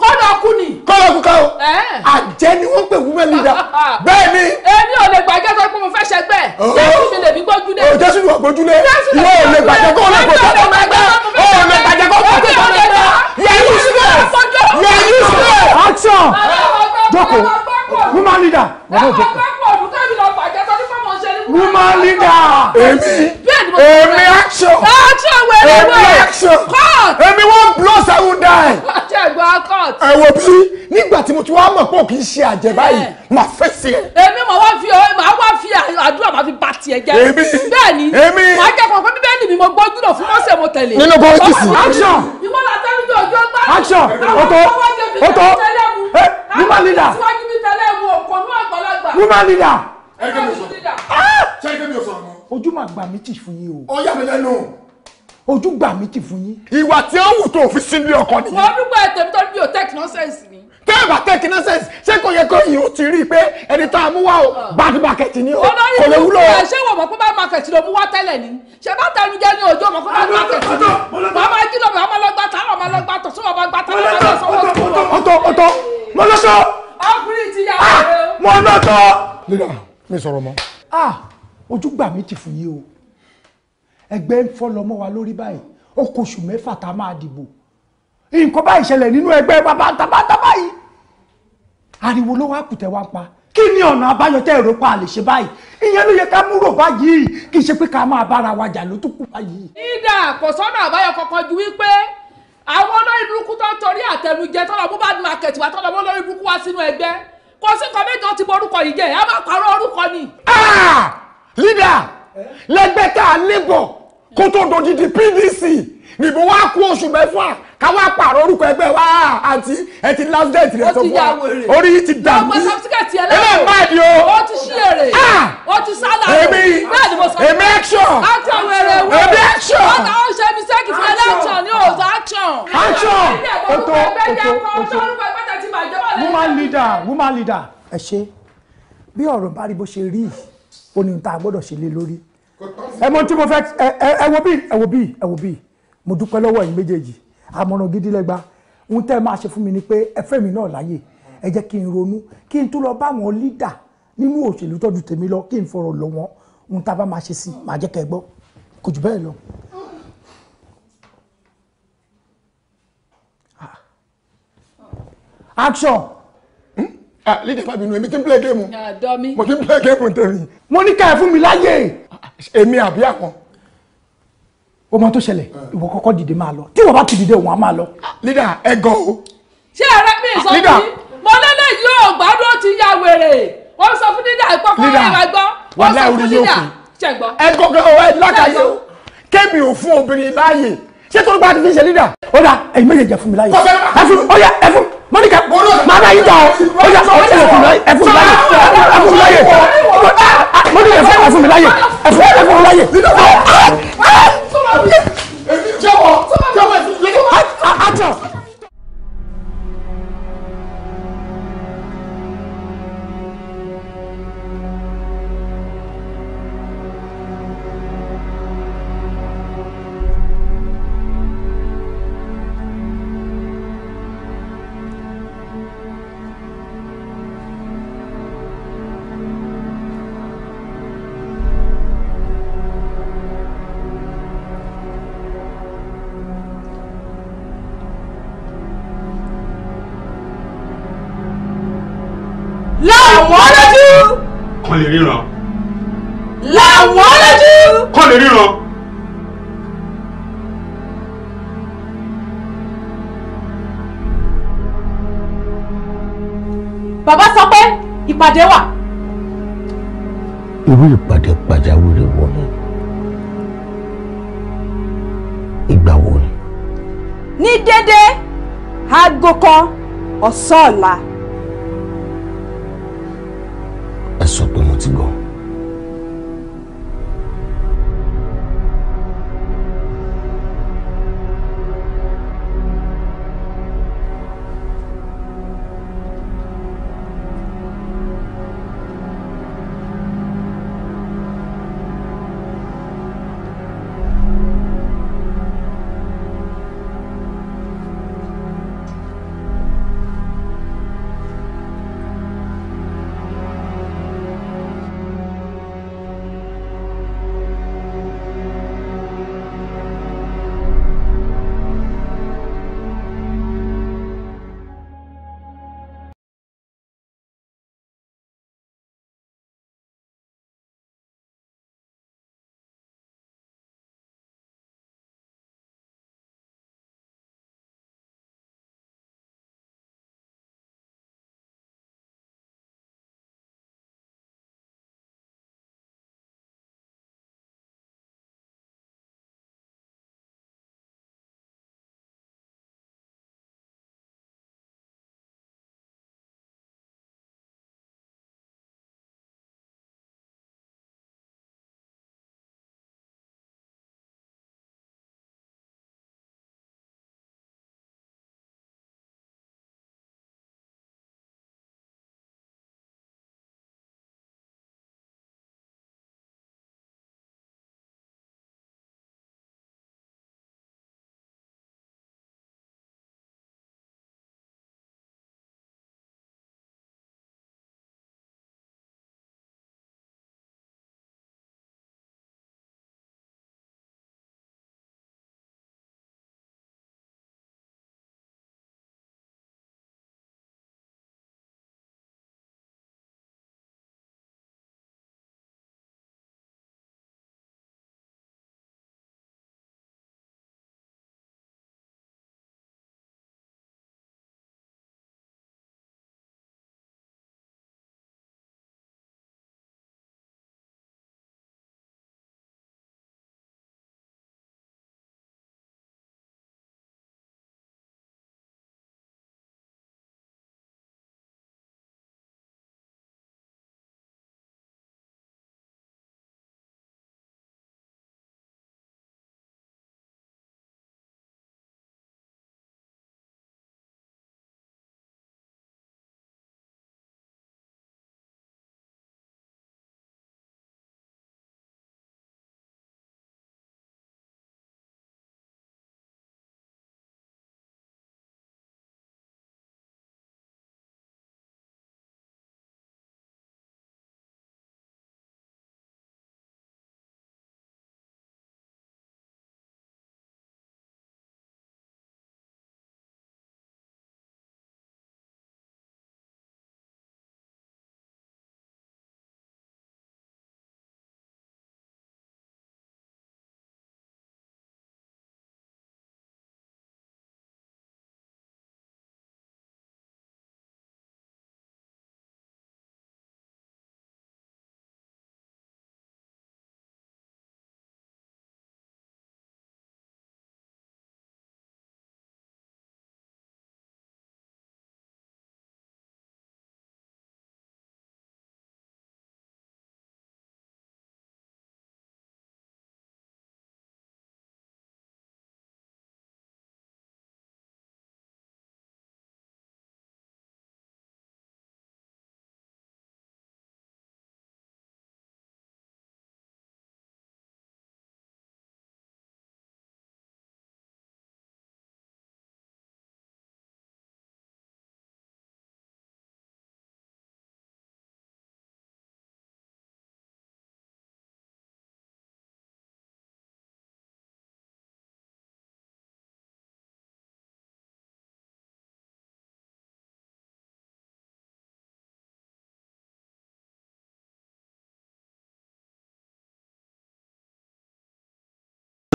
Speaker 3: kọ́dọ̀ kú ni. kọ́dọ̀ kú ká o. àjẹ́
Speaker 1: ni wọ́n pè women leader. bẹ́ẹ̀ ni.
Speaker 3: èmi ò lè gbàjẹ́ sọ pé mo fẹ́ ṣẹgbẹ́. Oh. jésù mi lè mi
Speaker 4: gbójúlé. o oh, jésù mi wà gbójúlé. ìwọ ò lè gbàjẹ́ kó o lè gbòtò tó máa gbà. o ò lè gbàjẹ́ kó o gbòtò tó máa gbà. yẹ useless. yẹ useless. action. jókòó Woman leader. ẹ máa pọ̀ woman leader. èmi èmi action. action wẹ̀rẹ̀ èmi action. court. èmi
Speaker 3: one blows I will die. àjẹgbà court. ẹ wo bí nígbà tí mo ti wá mọ̀ pé kì í ṣe àjẹ báyìí màá fẹ́ sí ẹ. èmi mo wá fi màá wá fi àdúrà màá fi bà tiẹ̀ jẹ́. èmi bẹ́ẹ̀ni èmi màá
Speaker 4: jẹ́ kàn pé bíbélì mi mo gbójú lò fún mọ́sẹ̀ mo tẹ̀lé. nínú bọ́ action. ojú ọgbà. action ọ̀tọ̀ ọ̀tọ̀ ẹ woman leader. woman leader ẹ kẹ́ mi sọ ṣe kẹ́ mi sọ ọ̀nà.
Speaker 3: ojú mà gbà mí tì fún yín o. ó yà mí lẹ́nu. ojú gbà mí tì fún yín. ìwà tí ó wù tó fi sílé ọkọ nìyẹn. wọ́n
Speaker 4: dúpọ̀ ètò mi tó ní bí o tech nonsense ni.
Speaker 3: tẹ́ẹ̀bà tech nonsense ṣé kò yẹ kó yìí ó ti rí i pé ẹni tá a mú wá o ah. bad market ni o kò lè wúlò o.
Speaker 4: ṣé wọ́n mọ̀ pé bad
Speaker 3: market ló mú wá tẹ́lẹ̀ ni ṣe bá tẹnu jẹ́ ní ojú ọmọ kó bad market ni wọ́n máa jí lọ́mọ ọmọ lọ́gbà tá ọmọ lọ́gbà tó sọ́wọ́ ọmọ gbà tá ọmọ lọ́gbà sọ́wọ́ tó kúrò. ọ̀tọ̀ ọ̀tọ̀ mọ́lọ́tọ̀. ọkùnrin ti yà ah! wọ́n. mọ́lọ́tọ̀ mi sọ̀rọ̀ mọ́. ah ojúgbà mi ti fún yín o ẹgbẹ́ ń fọ́ lọ́mọ́ wa lórí báyìí ó kó oṣù mẹ́fà tá a máa dìbò nǹkan báyìí ṣẹlẹ̀ nínú ẹgbẹ́ bàbá tabata báyìí ariwo ló wá kùtẹ̀ wá pa kí ni ọ̀nà àbáyọ tẹ́ èrò pa àlè ṣe báyìí ìyẹn ló yẹ ká múrò báyìí kì í ṣe pé ká máa bára wa jà ló tún kù báyìí. ìdá kò sọ́nà àbáyọ kankan ju wípé àwọn olórí burúkú tó ń torí àtẹnujẹ tọ́lọ́ mú market wá tọ́lọ́ mú olórí burúkú wá sínú ẹgbẹ́ kò sí nǹkan méjì ti borúkọ yìí jẹ́ ẹ má parọ́ orúkọ ni. Ah! leader lẹgbẹ́ tá a labour kó tó dòdìdì PDC nìbò wá kú oṣù mẹ́fà káwá pààrọ̀ orúkọ ẹgbẹ́ wa ah, àǹtí ẹ ti lásìdẹ̀t rẹ̀ tó fún wa orí yìí ti dà mí
Speaker 4: ẹ lè má di o ó ti ṣí èrè ah! ó ti sálà rẹ̀ bẹ́ẹ̀ ni mo sọ èmi action àti àwọn èrè wo èmi action ọ̀tà ó ṣe mistake fún election ní òòtù action action ọ̀tọ̀ ọ̀tọ̀ ọ̀tọ̀
Speaker 3: woman leader woman leader ẹ ṣe bí ọ̀rọ̀ bá rí bó ṣe rí ó ní ta gbọ́dọ̀ ṣe lé lórí
Speaker 5: ẹ mọ tí mo fẹ́
Speaker 3: ẹ wo bí ẹ wo bí ẹ wo bí mo dúpẹ́ lọ́wọ́ yín méjèèjì àmọ̀ràn gidi lẹ́gba ohun tẹ́ ẹ máa ṣe fún mi ni pé ẹ fẹ́ mi náà láàyè ẹ jẹ́ kí n ronú kí n tó lọ bá wọn leader nínú òṣèlú tọ́jú tèmi lọ kí n fọ̀rọ̀ lọ wọn ohun tá a bá máa ṣe sí màá jẹ́ kẹ́ ẹ gbọ́ kò jù bẹ́ẹ̀ lọ. action. lídìí pàbí inú èmi ti ń play game ah, mo ti ń play game tèmi. mo ní ká ẹ fún mi láyè. èmi àbí àkàn. o mọ tó ṣẹlẹ̀ ah. ìwọ kọ́kọ́ dìde máa lọ tí ìwọ bá ti dìde òun á máa lọ. lídà ẹ gan o. ṣé ẹrẹ mi sọ fún mi mo lélẹ̀ yóò gbádùn ó ti ya wèrè wọ́n sọ fún dídà ìpọ́kọ́ rẹ̀ wá gbọ́ wọ́n sọ fún dídà ṣẹ̀gbọ́n. ẹ gọ́gọ́ ọ ẹ lákàyè o kémi ò fún obìnrin láàyè ṣé tó ń bá ti fi ṣe lídà. ó dà ẹ̀yin méjèèjì ẹ fún mi láàyè. ẹ mọ́ni máa bá yín jà ọ́ yà ọ́ ẹ fún
Speaker 4: mi láyè ẹ fún mi láyè ẹ fún mi láyè mọ́ni kẹ́ ẹ fún mi láyè ẹ fún ẹ fún mi láyè. àjọ.
Speaker 3: sola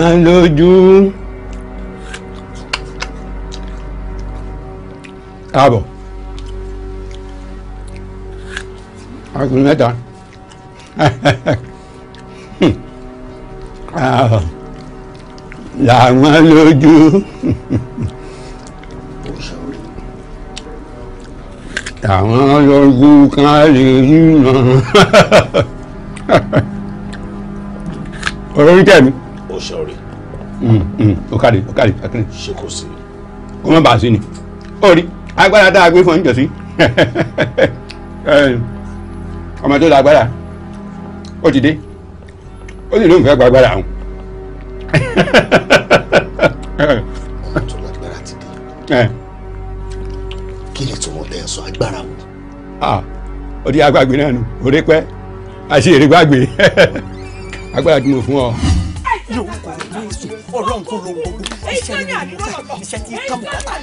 Speaker 5: lójú.
Speaker 3: káàbọ̀
Speaker 1: ọkùnrin mẹ́ta làwọn lójú. àwọn lójú
Speaker 5: kan lè rí nà.
Speaker 3: orí tẹ̀mí ó ṣe ọ̀rẹ́. ọ̀kadì ọ̀kadì ọ̀kadì. ṣé kò sí. kó má bàa sí ni orí agbára tá a gbé fún ìjọsí ọmọ tó lágbára ó ti dé ó sì lóun fẹ́ gba agbára àwọn. tó lágbára ti dé kí ni tòun tẹ̀ sọ agbára wò. ó di agbágbé náà nù orí pẹ́ àti èrè gbàgbé agbára tí mo fún ọ
Speaker 4: lórúkọ Jésù ọ̀rọ̀ nǹkan ló ń gbogbo iṣẹ́ rere ni mo fẹ́ iṣẹ́ tí ká bùkátà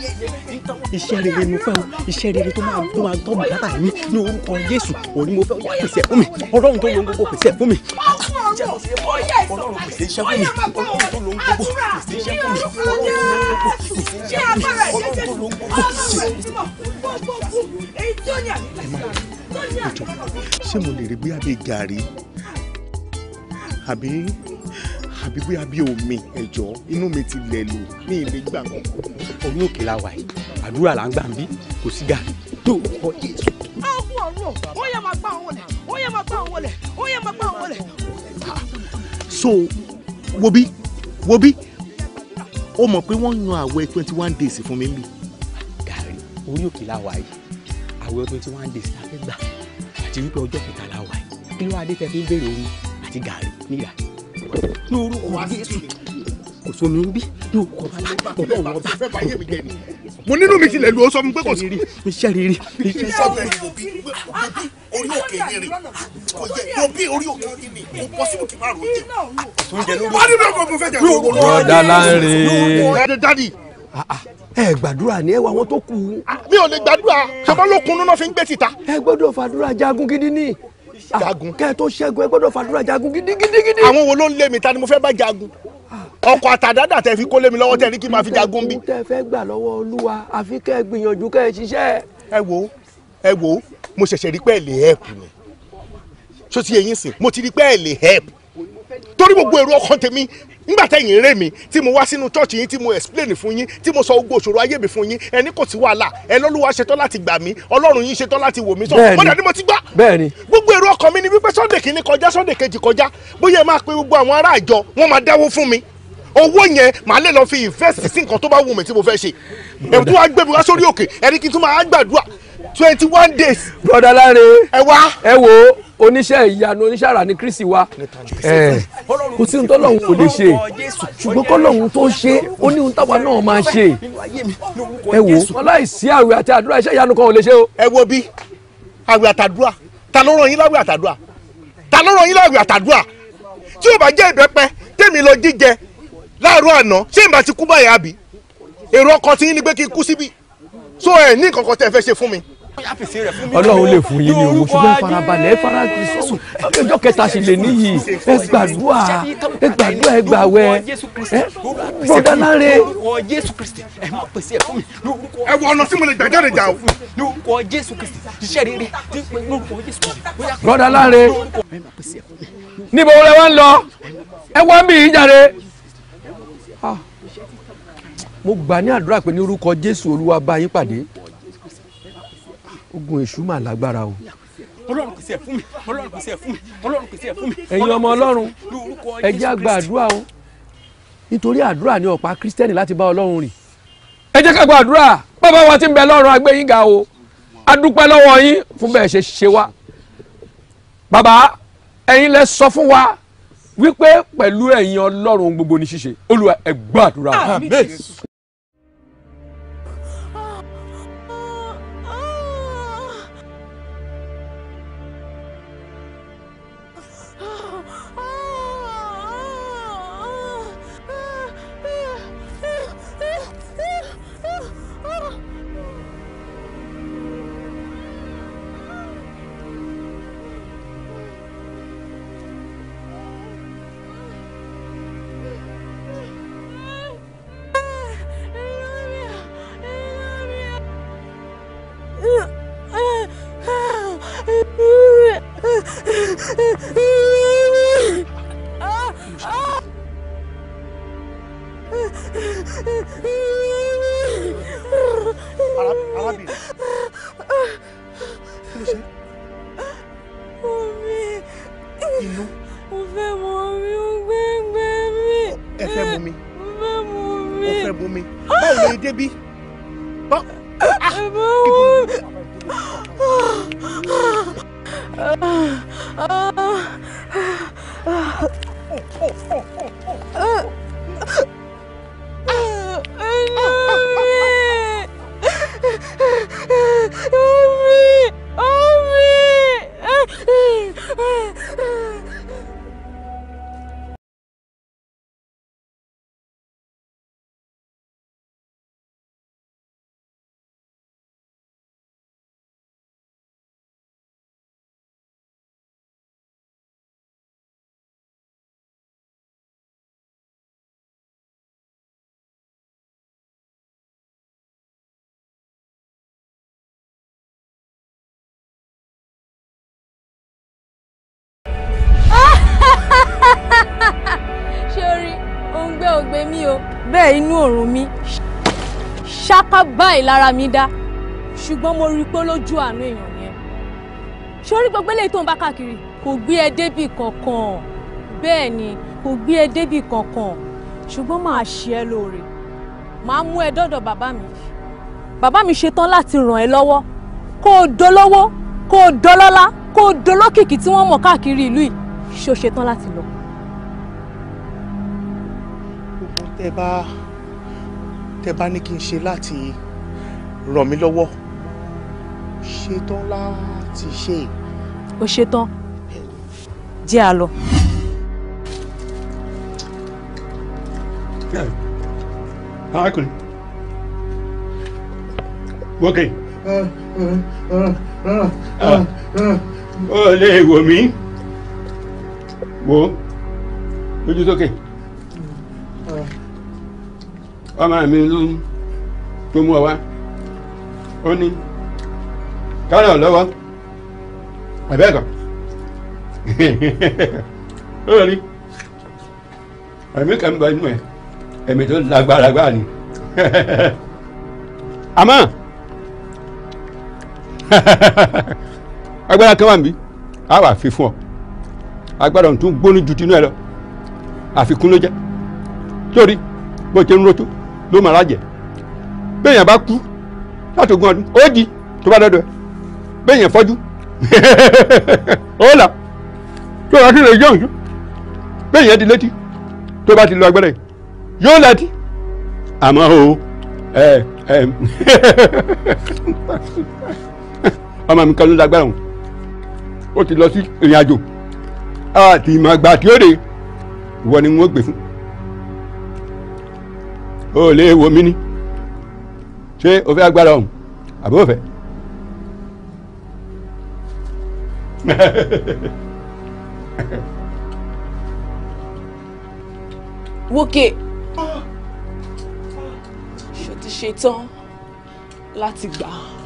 Speaker 3: iṣẹ́ rere ni mo fẹ́ o iṣẹ́ rere tó máa tó máa tọ́ bùkátà mi ní orúkọ Jésù òní mo fẹ́ wá pèsè fún mi ọ̀rọ̀ nǹkan ló ń gbogbo pèsè fún mi
Speaker 4: ọlọ́run pèsè iṣẹ́ fún mi ọlọ́run tó ló ń gbogbo pèsè iṣẹ́ fún
Speaker 3: mi mo lè rí bí abẹ́ gàrí àbí àbí bóyá bí omi ẹ̀jọ̀ inú mi ti lẹ̀ lò ní ilé gbà kan. orí òkè la wà yìí àdúrà là ń gbà ń bí kò sí gàrí tó kọ Jésù.
Speaker 4: ọ̀hún ọ̀run ó yẹ máa gbá òun lẹ̀ ó yẹ máa gbá òun lẹ̀ ó yẹ máa gbá òun lẹ̀.
Speaker 3: so wobi wobi ó mọ̀ pé wọ́n yan àwẹ̀ twenty one days fún mi bí. gàrí orí òkè la wà yìí àwẹ̀ twenty one days la fẹ́ gbà àti wípé ọjọ́ kẹta la wà yìí kí ló adé tẹ fi ń béèrè omi àti gàrí nígbà ní orúkọ Jésù kò sómi ń bí ní orúkọ bàbá ọ̀pọ̀ wọn bá mo nínú mi tilẹ̀ lu o sọ fún pé kò sí. iṣẹ́ rere iṣẹ́ rere. orí òkè ni rè kò yẹ kó orí òkè ni kò bọ́ sí òkè márùn jẹ. wọ́n ní bẹ́ẹ̀ kó fẹ́ jẹ. lọ́dà láńre. dadi ẹ gbàdúrà ni ẹ wá wọn tó kù. mi ò lè gbàdúrà ṣọlá ló kun nínú fi ń gbé síta. ẹ gbọ́dọ̀ fàdúrà jagun gidi ni jagun. kẹ́ ẹ tó ṣẹ́gun ẹ gbọ́dọ̀ fàdúrà jagun gidigidigidi. àwọn wo ló ń lé mi ta ni mo fẹ́ bá jagun ọkọ̀ àtàdádà tẹ fi kó lé mi lọ́wọ́ tẹ ní kí n máa fi jagun bí. tẹ fẹ́ gbà lọ́wọ́ olúwa àfi kẹ́ gbìyànjú kẹ́ ẹ ẹ wo ẹ wo mo ṣẹ̀ṣẹ̀ rí pé lè help mi ṣó ti yẹ sìn mo ti rí pé lè help torí gbogbo èrò ọkàn tèmi nígbà tẹ́yìn rè mí tí mo wá sínú church yín tí mo explain fún yín tí mo sọ gbogbo òṣòro ayé mi fún yín ẹni kò sí wàhálà ẹ lọ́lúwa ṣetán láti gbà mí ọlọ́run yín ṣetán láti wò mí sọ mo dàdí mo ti gbà bẹ́ẹ̀ni gbogbo èrò ọkàn mi ni wípé sunday kìíní kọjá sunday kejì kọjá bóyá ẹ máa pe gbogbo àwọn ará àjọ wọn máa dáwó fún mi owó yẹn màá lè lọ fi invest sí nǹkan tó bá wù mí tí mo fẹ́ ṣe ẹ̀rù twenty one days. broda Lanre ẹ wá ẹ wo oníṣẹ́ ìyanu oníṣẹ́ àrà ni kristi wa
Speaker 1: kò sí
Speaker 3: ohun tó lọ́hùn kò lè ṣe ṣùgbọ́n kọ́ lọ́hùn tó ṣe ó ní ohun táwa náà máa ṣe ẹ wo aláìsí àwẹ̀ àti àdúrà iṣẹ́ ìyanu kan ò lè ṣe o. ẹ wo bí àwẹ̀ àtàdúrà ta ló ràn yín láwẹ̀ àtàdúrà ta ló ràn yín láwẹ̀ àtàdúrà tí ó bá jẹ́ ìbẹ́pẹ tèmi lọ jíjẹ láàárọ̀ àná ṣé ìbá ti kú báyà àbí èrò ọkọ ti yín ni pé kí n kú síbí so ẹ ní nǹkan kan tẹ́ fẹ́ ṣe fún mi ọlọ́run lè fún yín ní owó ṣùgbọ́n ẹ farabalẹ̀ ẹ farabalẹ̀ sọ́sùn ọjọ́ kẹta sì lè níyì ẹ gbàdúrà ẹ gbàdúrà ẹ gbàwẹ̀ ẹ
Speaker 1: bọ́dá láre.
Speaker 3: ẹ wọ ọ̀nà tí mo lè gbà jáde jà o. bọ́dá láre níbo lẹ wá ń lọ ẹ wá ń bì í jáde ah. mo gbà ní àdúrà pé ní orúkọ Jésù Olúwa bá yín pàdé ogun èṣù mà lágbára o. ọlọ́run kò sí ẹ̀ fún mi ọlọ́run kò sí ẹ̀ fún mi ọlọ́run kò sí ẹ̀ fún mi. ẹ̀yin ọmọ ọlọ́run ẹ jẹ́ á gba àdúrà o nítorí àdúrà ni ọ̀pá kírísítẹ́nì láti bá ọlọ́run rìn. ẹ jẹ́ ká gba àdúrà bàbá wa ti ń bẹ lọ́run agbẹ́yìn ga o a dúpẹ́ lọ́wọ́ yín fún bẹ́ẹ̀ ṣe ṣe wá. bàbá ẹ̀yin lẹ sọ fún wa wípé pẹ̀lú ẹ̀yin ọlọ́run gbogbo ní ṣíṣe olúwa ẹ àdúrà.
Speaker 4: bẹ́ẹ̀ inú òrùn mi ṣáká báyìí lára mi dá ṣùgbọ́n mo rí i pé lójú àánú èèyàn yẹn
Speaker 3: sórí gbogbo eléyìí tó ń bá káàkiri kò gbé ẹ débì kankan bẹ́ẹ̀ ni kò gbé ẹ débì kankan ṣùgbọ́n màá ṣe ẹ lóore màá mú ẹ dọ́dọ̀ bàbá mi bàbá mi ṣetán láti ràn ẹ lọ́wọ́ kó o dolówó kó o dolọ́lá kó o dolókìkí tí wọ́n mọ̀ káàkiri ìlú yìí ṣó ṣetán láti lọ. tẹ́ bá tẹ́ bá ní kí n ṣe láti ràn mí lọ́wọ́ ṣetán láti ṣe.
Speaker 4: o ṣetán jẹ́ a lọ.
Speaker 3: wọ́kẹ́. ó lè wò mí lójú sókè. Okay ọmọ mi ló tó mú ọ wá ó ní kárọ̀ lọ́wọ́ ẹ̀bẹ́ kan ó rí ẹ̀mí kan bá inú ẹ̀ ẹ̀mí tó lágbára gbáà ni àmọ́ agbára kan wà níbí á wà fi fún ọ agbára ọ̀hún tún gbóni ju tinú ẹ lọ àfikún ló jẹ́ sórí bó ṣe ń rotó ló máa rájẹ béèyàn bá kú láti ogún ọdún ó di tó bá dọdọ ẹ béèyàn fọjú ó là tó bá ti lè yọ òyìn béèyàn di létí tó bá ti lọ agbẹ́rẹ́ yóò láti àmọ́ o ẹ ẹ ọmọ mi kan ló lágbára òun ó ti lọ sí ìrìn àjò àti ìmọ̀ àgbà tí ó rè wọ ni wọ́n gbé fún o lè wo mí ní ṣé o fẹ́ agbára ọ̀hún àbí o fẹ́.
Speaker 4: wókè ṣe
Speaker 2: láti gbà á.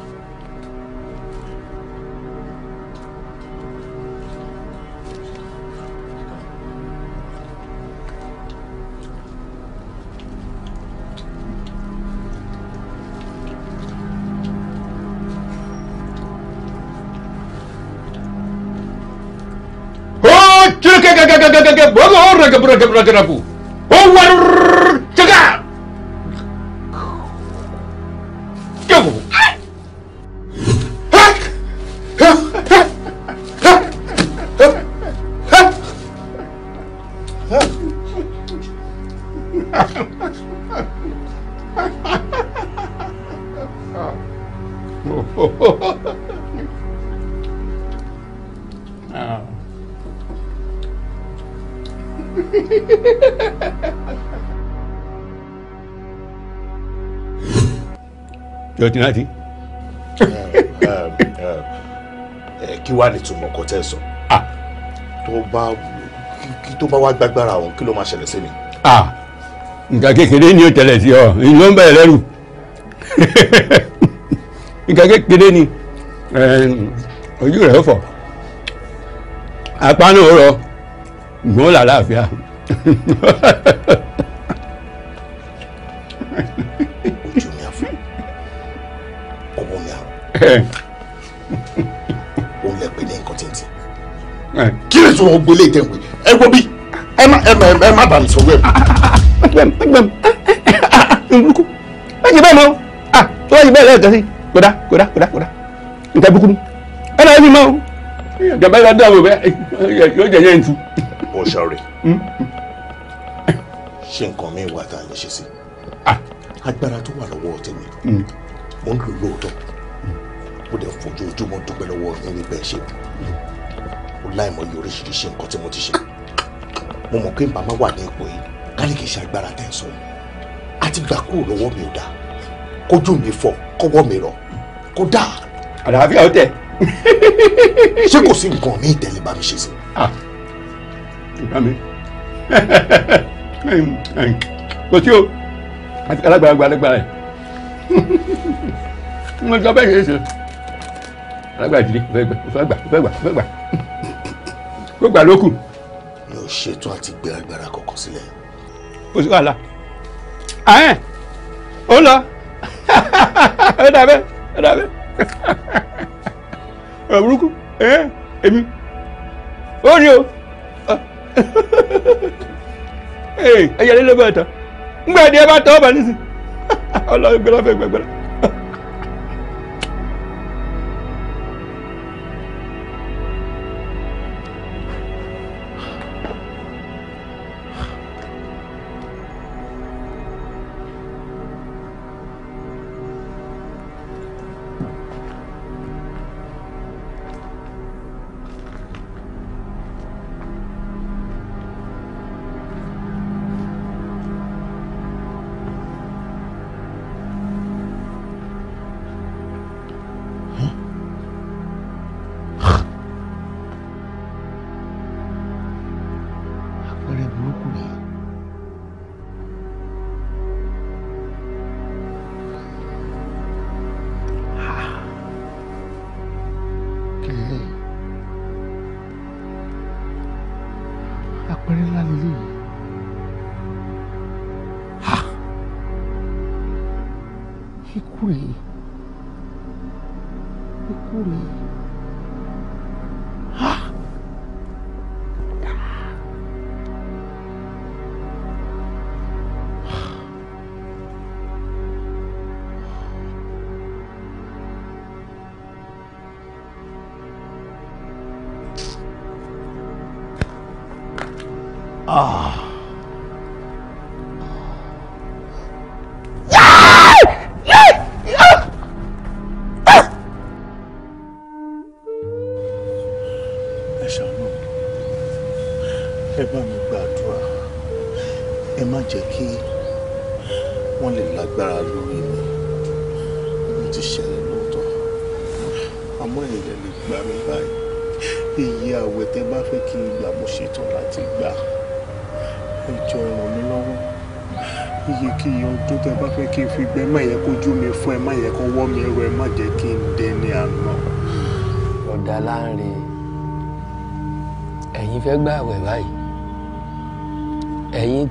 Speaker 1: beraga beraga beraga
Speaker 4: aku. Oh,
Speaker 3: yóò ti náà ti. kí wàá nìtumọ̀ kọ́ tẹ́ sọ. Ah. tó bá tó bá wá gbàgbára òun kí ló máa ṣẹlẹ̀ sí mi. Ah. nǹkan kékeré ni ó tẹ̀lẹ̀ sí ọ ìlú ń bẹ̀rẹ̀ lẹ́rù nǹkan kékeré ni um, ojú rẹ̀ ó fọ̀ apá náà rọ gbọ́n làlàáfíà.
Speaker 5: òun
Speaker 3: lè pèlè nǹkan tẹ̀ntì kí lè tún wọn gbélé ìtẹ̀wé ẹ wo bí ẹ má ẹ má bàa sọ wẹ́ẹ̀mù. gbẹ̀m gbẹ̀m nbuluku báyìí bẹ́ẹ̀ mọ́ ah tó báyìí bẹ́ẹ̀ lẹ́ẹ̀kan sí kódà kódà kódà kódà nǹkan burúkú ni ẹ náà ẹbí mọ́ o jàmbá yóò dáàbò bẹ́ẹ̀ yóò jẹ̀yẹ́ ẹ̀ ń tu. o ṣọ̀rẹ́ ṣé nǹkan mi wà tá a lè ṣe sí agbára tó wà lọ́wọ́ tèmi mo ń lò lóòótọ́ mo dẹ̀ fojoojúmọ́ dúpẹ́ lọ́wọ́ yín ní bẹ́ẹ̀ ṣe mo láìmọye oríṣiríṣi nǹkan tí mo ti ṣe mo mọ̀ pé màmá wà ní ipò yìí kálíkì ṣe agbára tẹ̀ ń sọ àti gbà kúrò lọ́wọ́ mi ò dáa kójú mi fọ́ kọ́wọ́ mi rọ̀ kó dáa. àlàáfíà ó tẹ. ṣé kò sí nǹkan mi ìtẹ̀lé bá mi ṣe sí. ìgbà ah. mi kò sí o àti alágbára gba alágbára jọ bẹ́ẹ̀ ṣe ṣe alágbàdìrí fẹ́gbà fẹ́gbà fẹ́gbà gbogbo àlókù. mi ò ṣètò àti gbé agbára kankan sílẹ̀. kò sí wàhálà ààyè ó lọ ó dàbẹ́ ó dàbẹ́ ọ̀rọ̀ burúkú èmi ó rí o ẹ̀yà lé lọ́gbọ̀n ẹ̀tàn ńgbà ẹ̀dí ẹ bá tọ́ ọ̀bà nísìn ọlọ́run gbẹ́lá fẹ́ gbẹ́gbẹ́lá.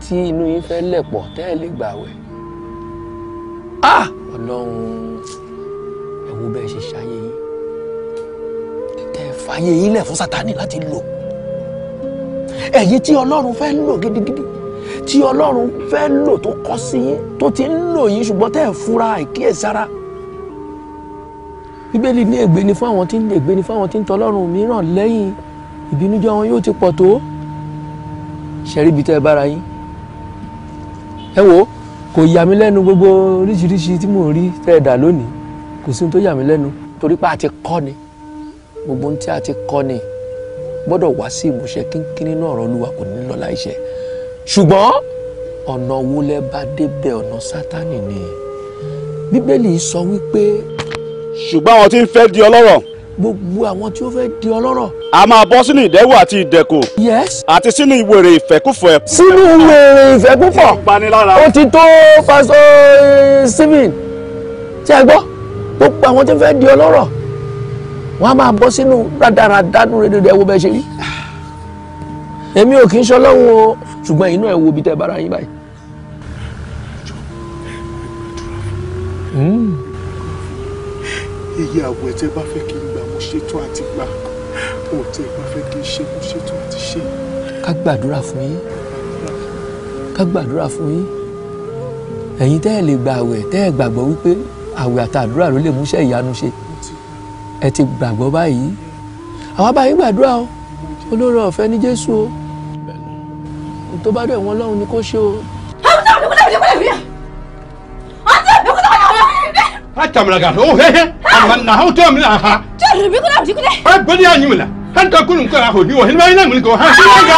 Speaker 3: tí inú yín fẹ́ lẹ̀ pọ̀ tẹ́ ẹ lè gbàwẹ̀ ah! ọlọ́run ẹ wo bẹ́ẹ̀ ṣe ṣayé yín tẹ́ ẹ fàyè yín lẹ̀ fún sátani láti lò èyí tí ọlọ́run fẹ́ lò gidigidi tí ọlọ́run fẹ́ lò tó kọ́ sí yín tó ti ń lò yín ṣùgbọ́n tẹ́ ẹ fura àìkíyèsára bíbélì ní ègbé ni fún àwọn tí ń ègbé ni fún àwọn tí ń tọlọ́run mìíràn lẹ́yìn ìbínújẹ́ wọn yóò ti pọ̀ tó ṣẹ́ríbi tẹ́ ẹ bára yín ẹ wo kò yà mí lẹ́nu gbogbo oríṣiríṣi tí mò rí tẹ́ ẹ dà lónìí kò sí ohun tó yà mí lẹ́nu torí pé a ti kọ́ ni gbogbo ohun tí a ti kọ́ ni gbọ́dọ̀ wá sí ìmúṣẹ kínkín nínú ọ̀rọ̀ Olúwa kò ní lọ láìṣẹ ṣùgbọ́n ọ̀nà wo lẹ bá débẹ̀ ọ̀nà Sátánì ni Bíbélì sọ wípé. ṣùgbọ́n àwọn tí ń fẹ́ di ọlọ́rọ̀ gbogbo àwọn tí ó fẹ́ di ọlọ́rọ̀. a máa bọ́ sínú ìdẹ́wò àti ìdẹ̀kò. yes. àti sínú ìwèrè ìfẹ́kùfọ̀. sínú ìwèrè ìfẹ́kùfọ̀ ó ti tó pásọ simin tí a gbọ́ gbogbo àwọn tí ó fẹ́ di ọlọ́rọ̀ wọ́n á máa bọ́ sínú rádaràdánù rẹ̀ dédé ẹ̀wọ̀ bẹ́ẹ̀ ṣe rí. èmi ò kì í ṣọlọ́run o ṣùgbọ́n inú ẹ̀ wo ibi tẹ́ bára yín báyìí. èyí hmm. àwọ̀ ẹ̀ tẹ́ bá fẹ́ kí ṣètò àti gbà ó tẹ ìgbà fẹ́ kí n ṣe mo ṣètò àti ṣe. ká gbàdúrà fún yín ká gbàdúrà fún yín ẹ̀yin tẹ́ ẹ̀ lè gba àwẹ̀ tẹ́ ẹ̀ gbàgbọ́ wípé àwẹ̀ àtàdúrà ló lè múṣẹ́ ìyanu ṣe ẹ ti gbàgbọ́ báyìí àwa bá gbàdúrà o olóore ọ̀fẹ́ ní Jésù o tó bá dẹ̀ wọ́n lọ́hùn ni kó ṣe o tamla ga o he he amma na hauta mun ha to rubi kuna ji kuna ai bani ya nyimla han ta kunun ka ho ni wa hin mai na mun ko ha shi ga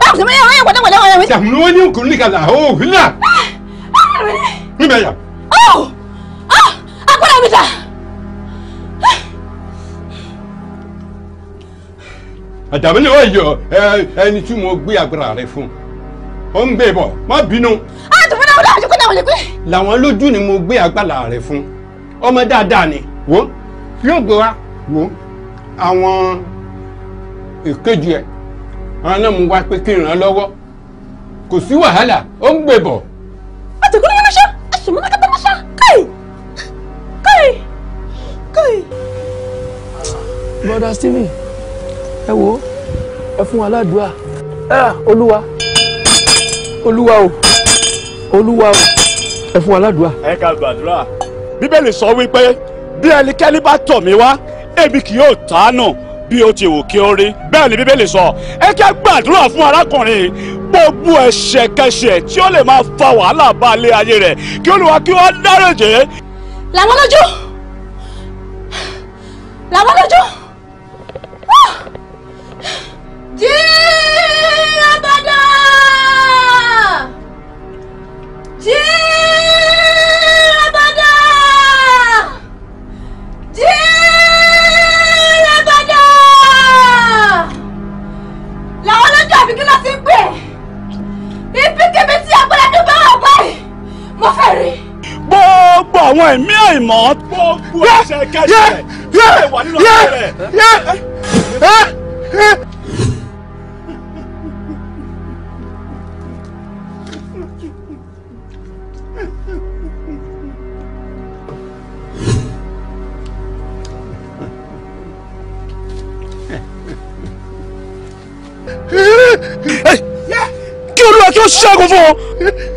Speaker 3: ba zama ya waya gwada gwada waya ta mun wani kun ni ka la ho hilla ni ba ya
Speaker 4: oh ah akwara bita
Speaker 3: àtàbí ni wọ́n yọ ẹni tí mo gbé agbára o fún ó ń gbé bọ̀ má bínú. àtùmọ̀
Speaker 4: náà wọ́n dàbí kó dàbí
Speaker 3: pé. làwọn lójú ni mo gbé agbára rẹ fún ọmọ dáadáa ni wò yóò gbé wa wò àwọn èkejì ẹ àwọn náà mú wa pé kí n ràn án lọ́wọ́ kò sí wàhálà ó ń gbé bọ̀.
Speaker 4: àtẹ̀kùn ní mọ́ṣá àṣùmọ́ náà kẹta mọ́ṣá káì káì káì. broda Stephen
Speaker 3: ẹ wo ẹ fún wa ládùúrà ah, olúwa olúwa o olúwa o ẹ fún wa ládùúrà.
Speaker 6: ẹ ká gbàdúrà
Speaker 3: bíbélì sọ wípé bí ẹnikẹ́ni bá tọ̀ mí wá èmi kì yóò tà á nù bí ó ti wù kí ó rí bẹ́ẹ̀ ni bíbélì sọ ẹ jẹ́ gbàdúrà fún arákùnrin gbogbo ẹ̀ṣẹ̀kẹṣẹ̀ tí ó lè máa fa wàhálà bá ilé ayé rẹ̀ kí olúwa kí wọ́n dárèjé.
Speaker 4: làwọn lójú làwọn lójú jí abada jí. mo fẹ́ rí.
Speaker 1: gbogbo àwọn ẹ̀mí
Speaker 3: àìmọ́. gbogbo ẹ̀ṣẹ̀ kẹsẹ̀ yẹ wà nínú ọ̀rẹ́ rẹ̀.
Speaker 1: kí olúwa kí
Speaker 4: ṣẹ́gun fún ọ.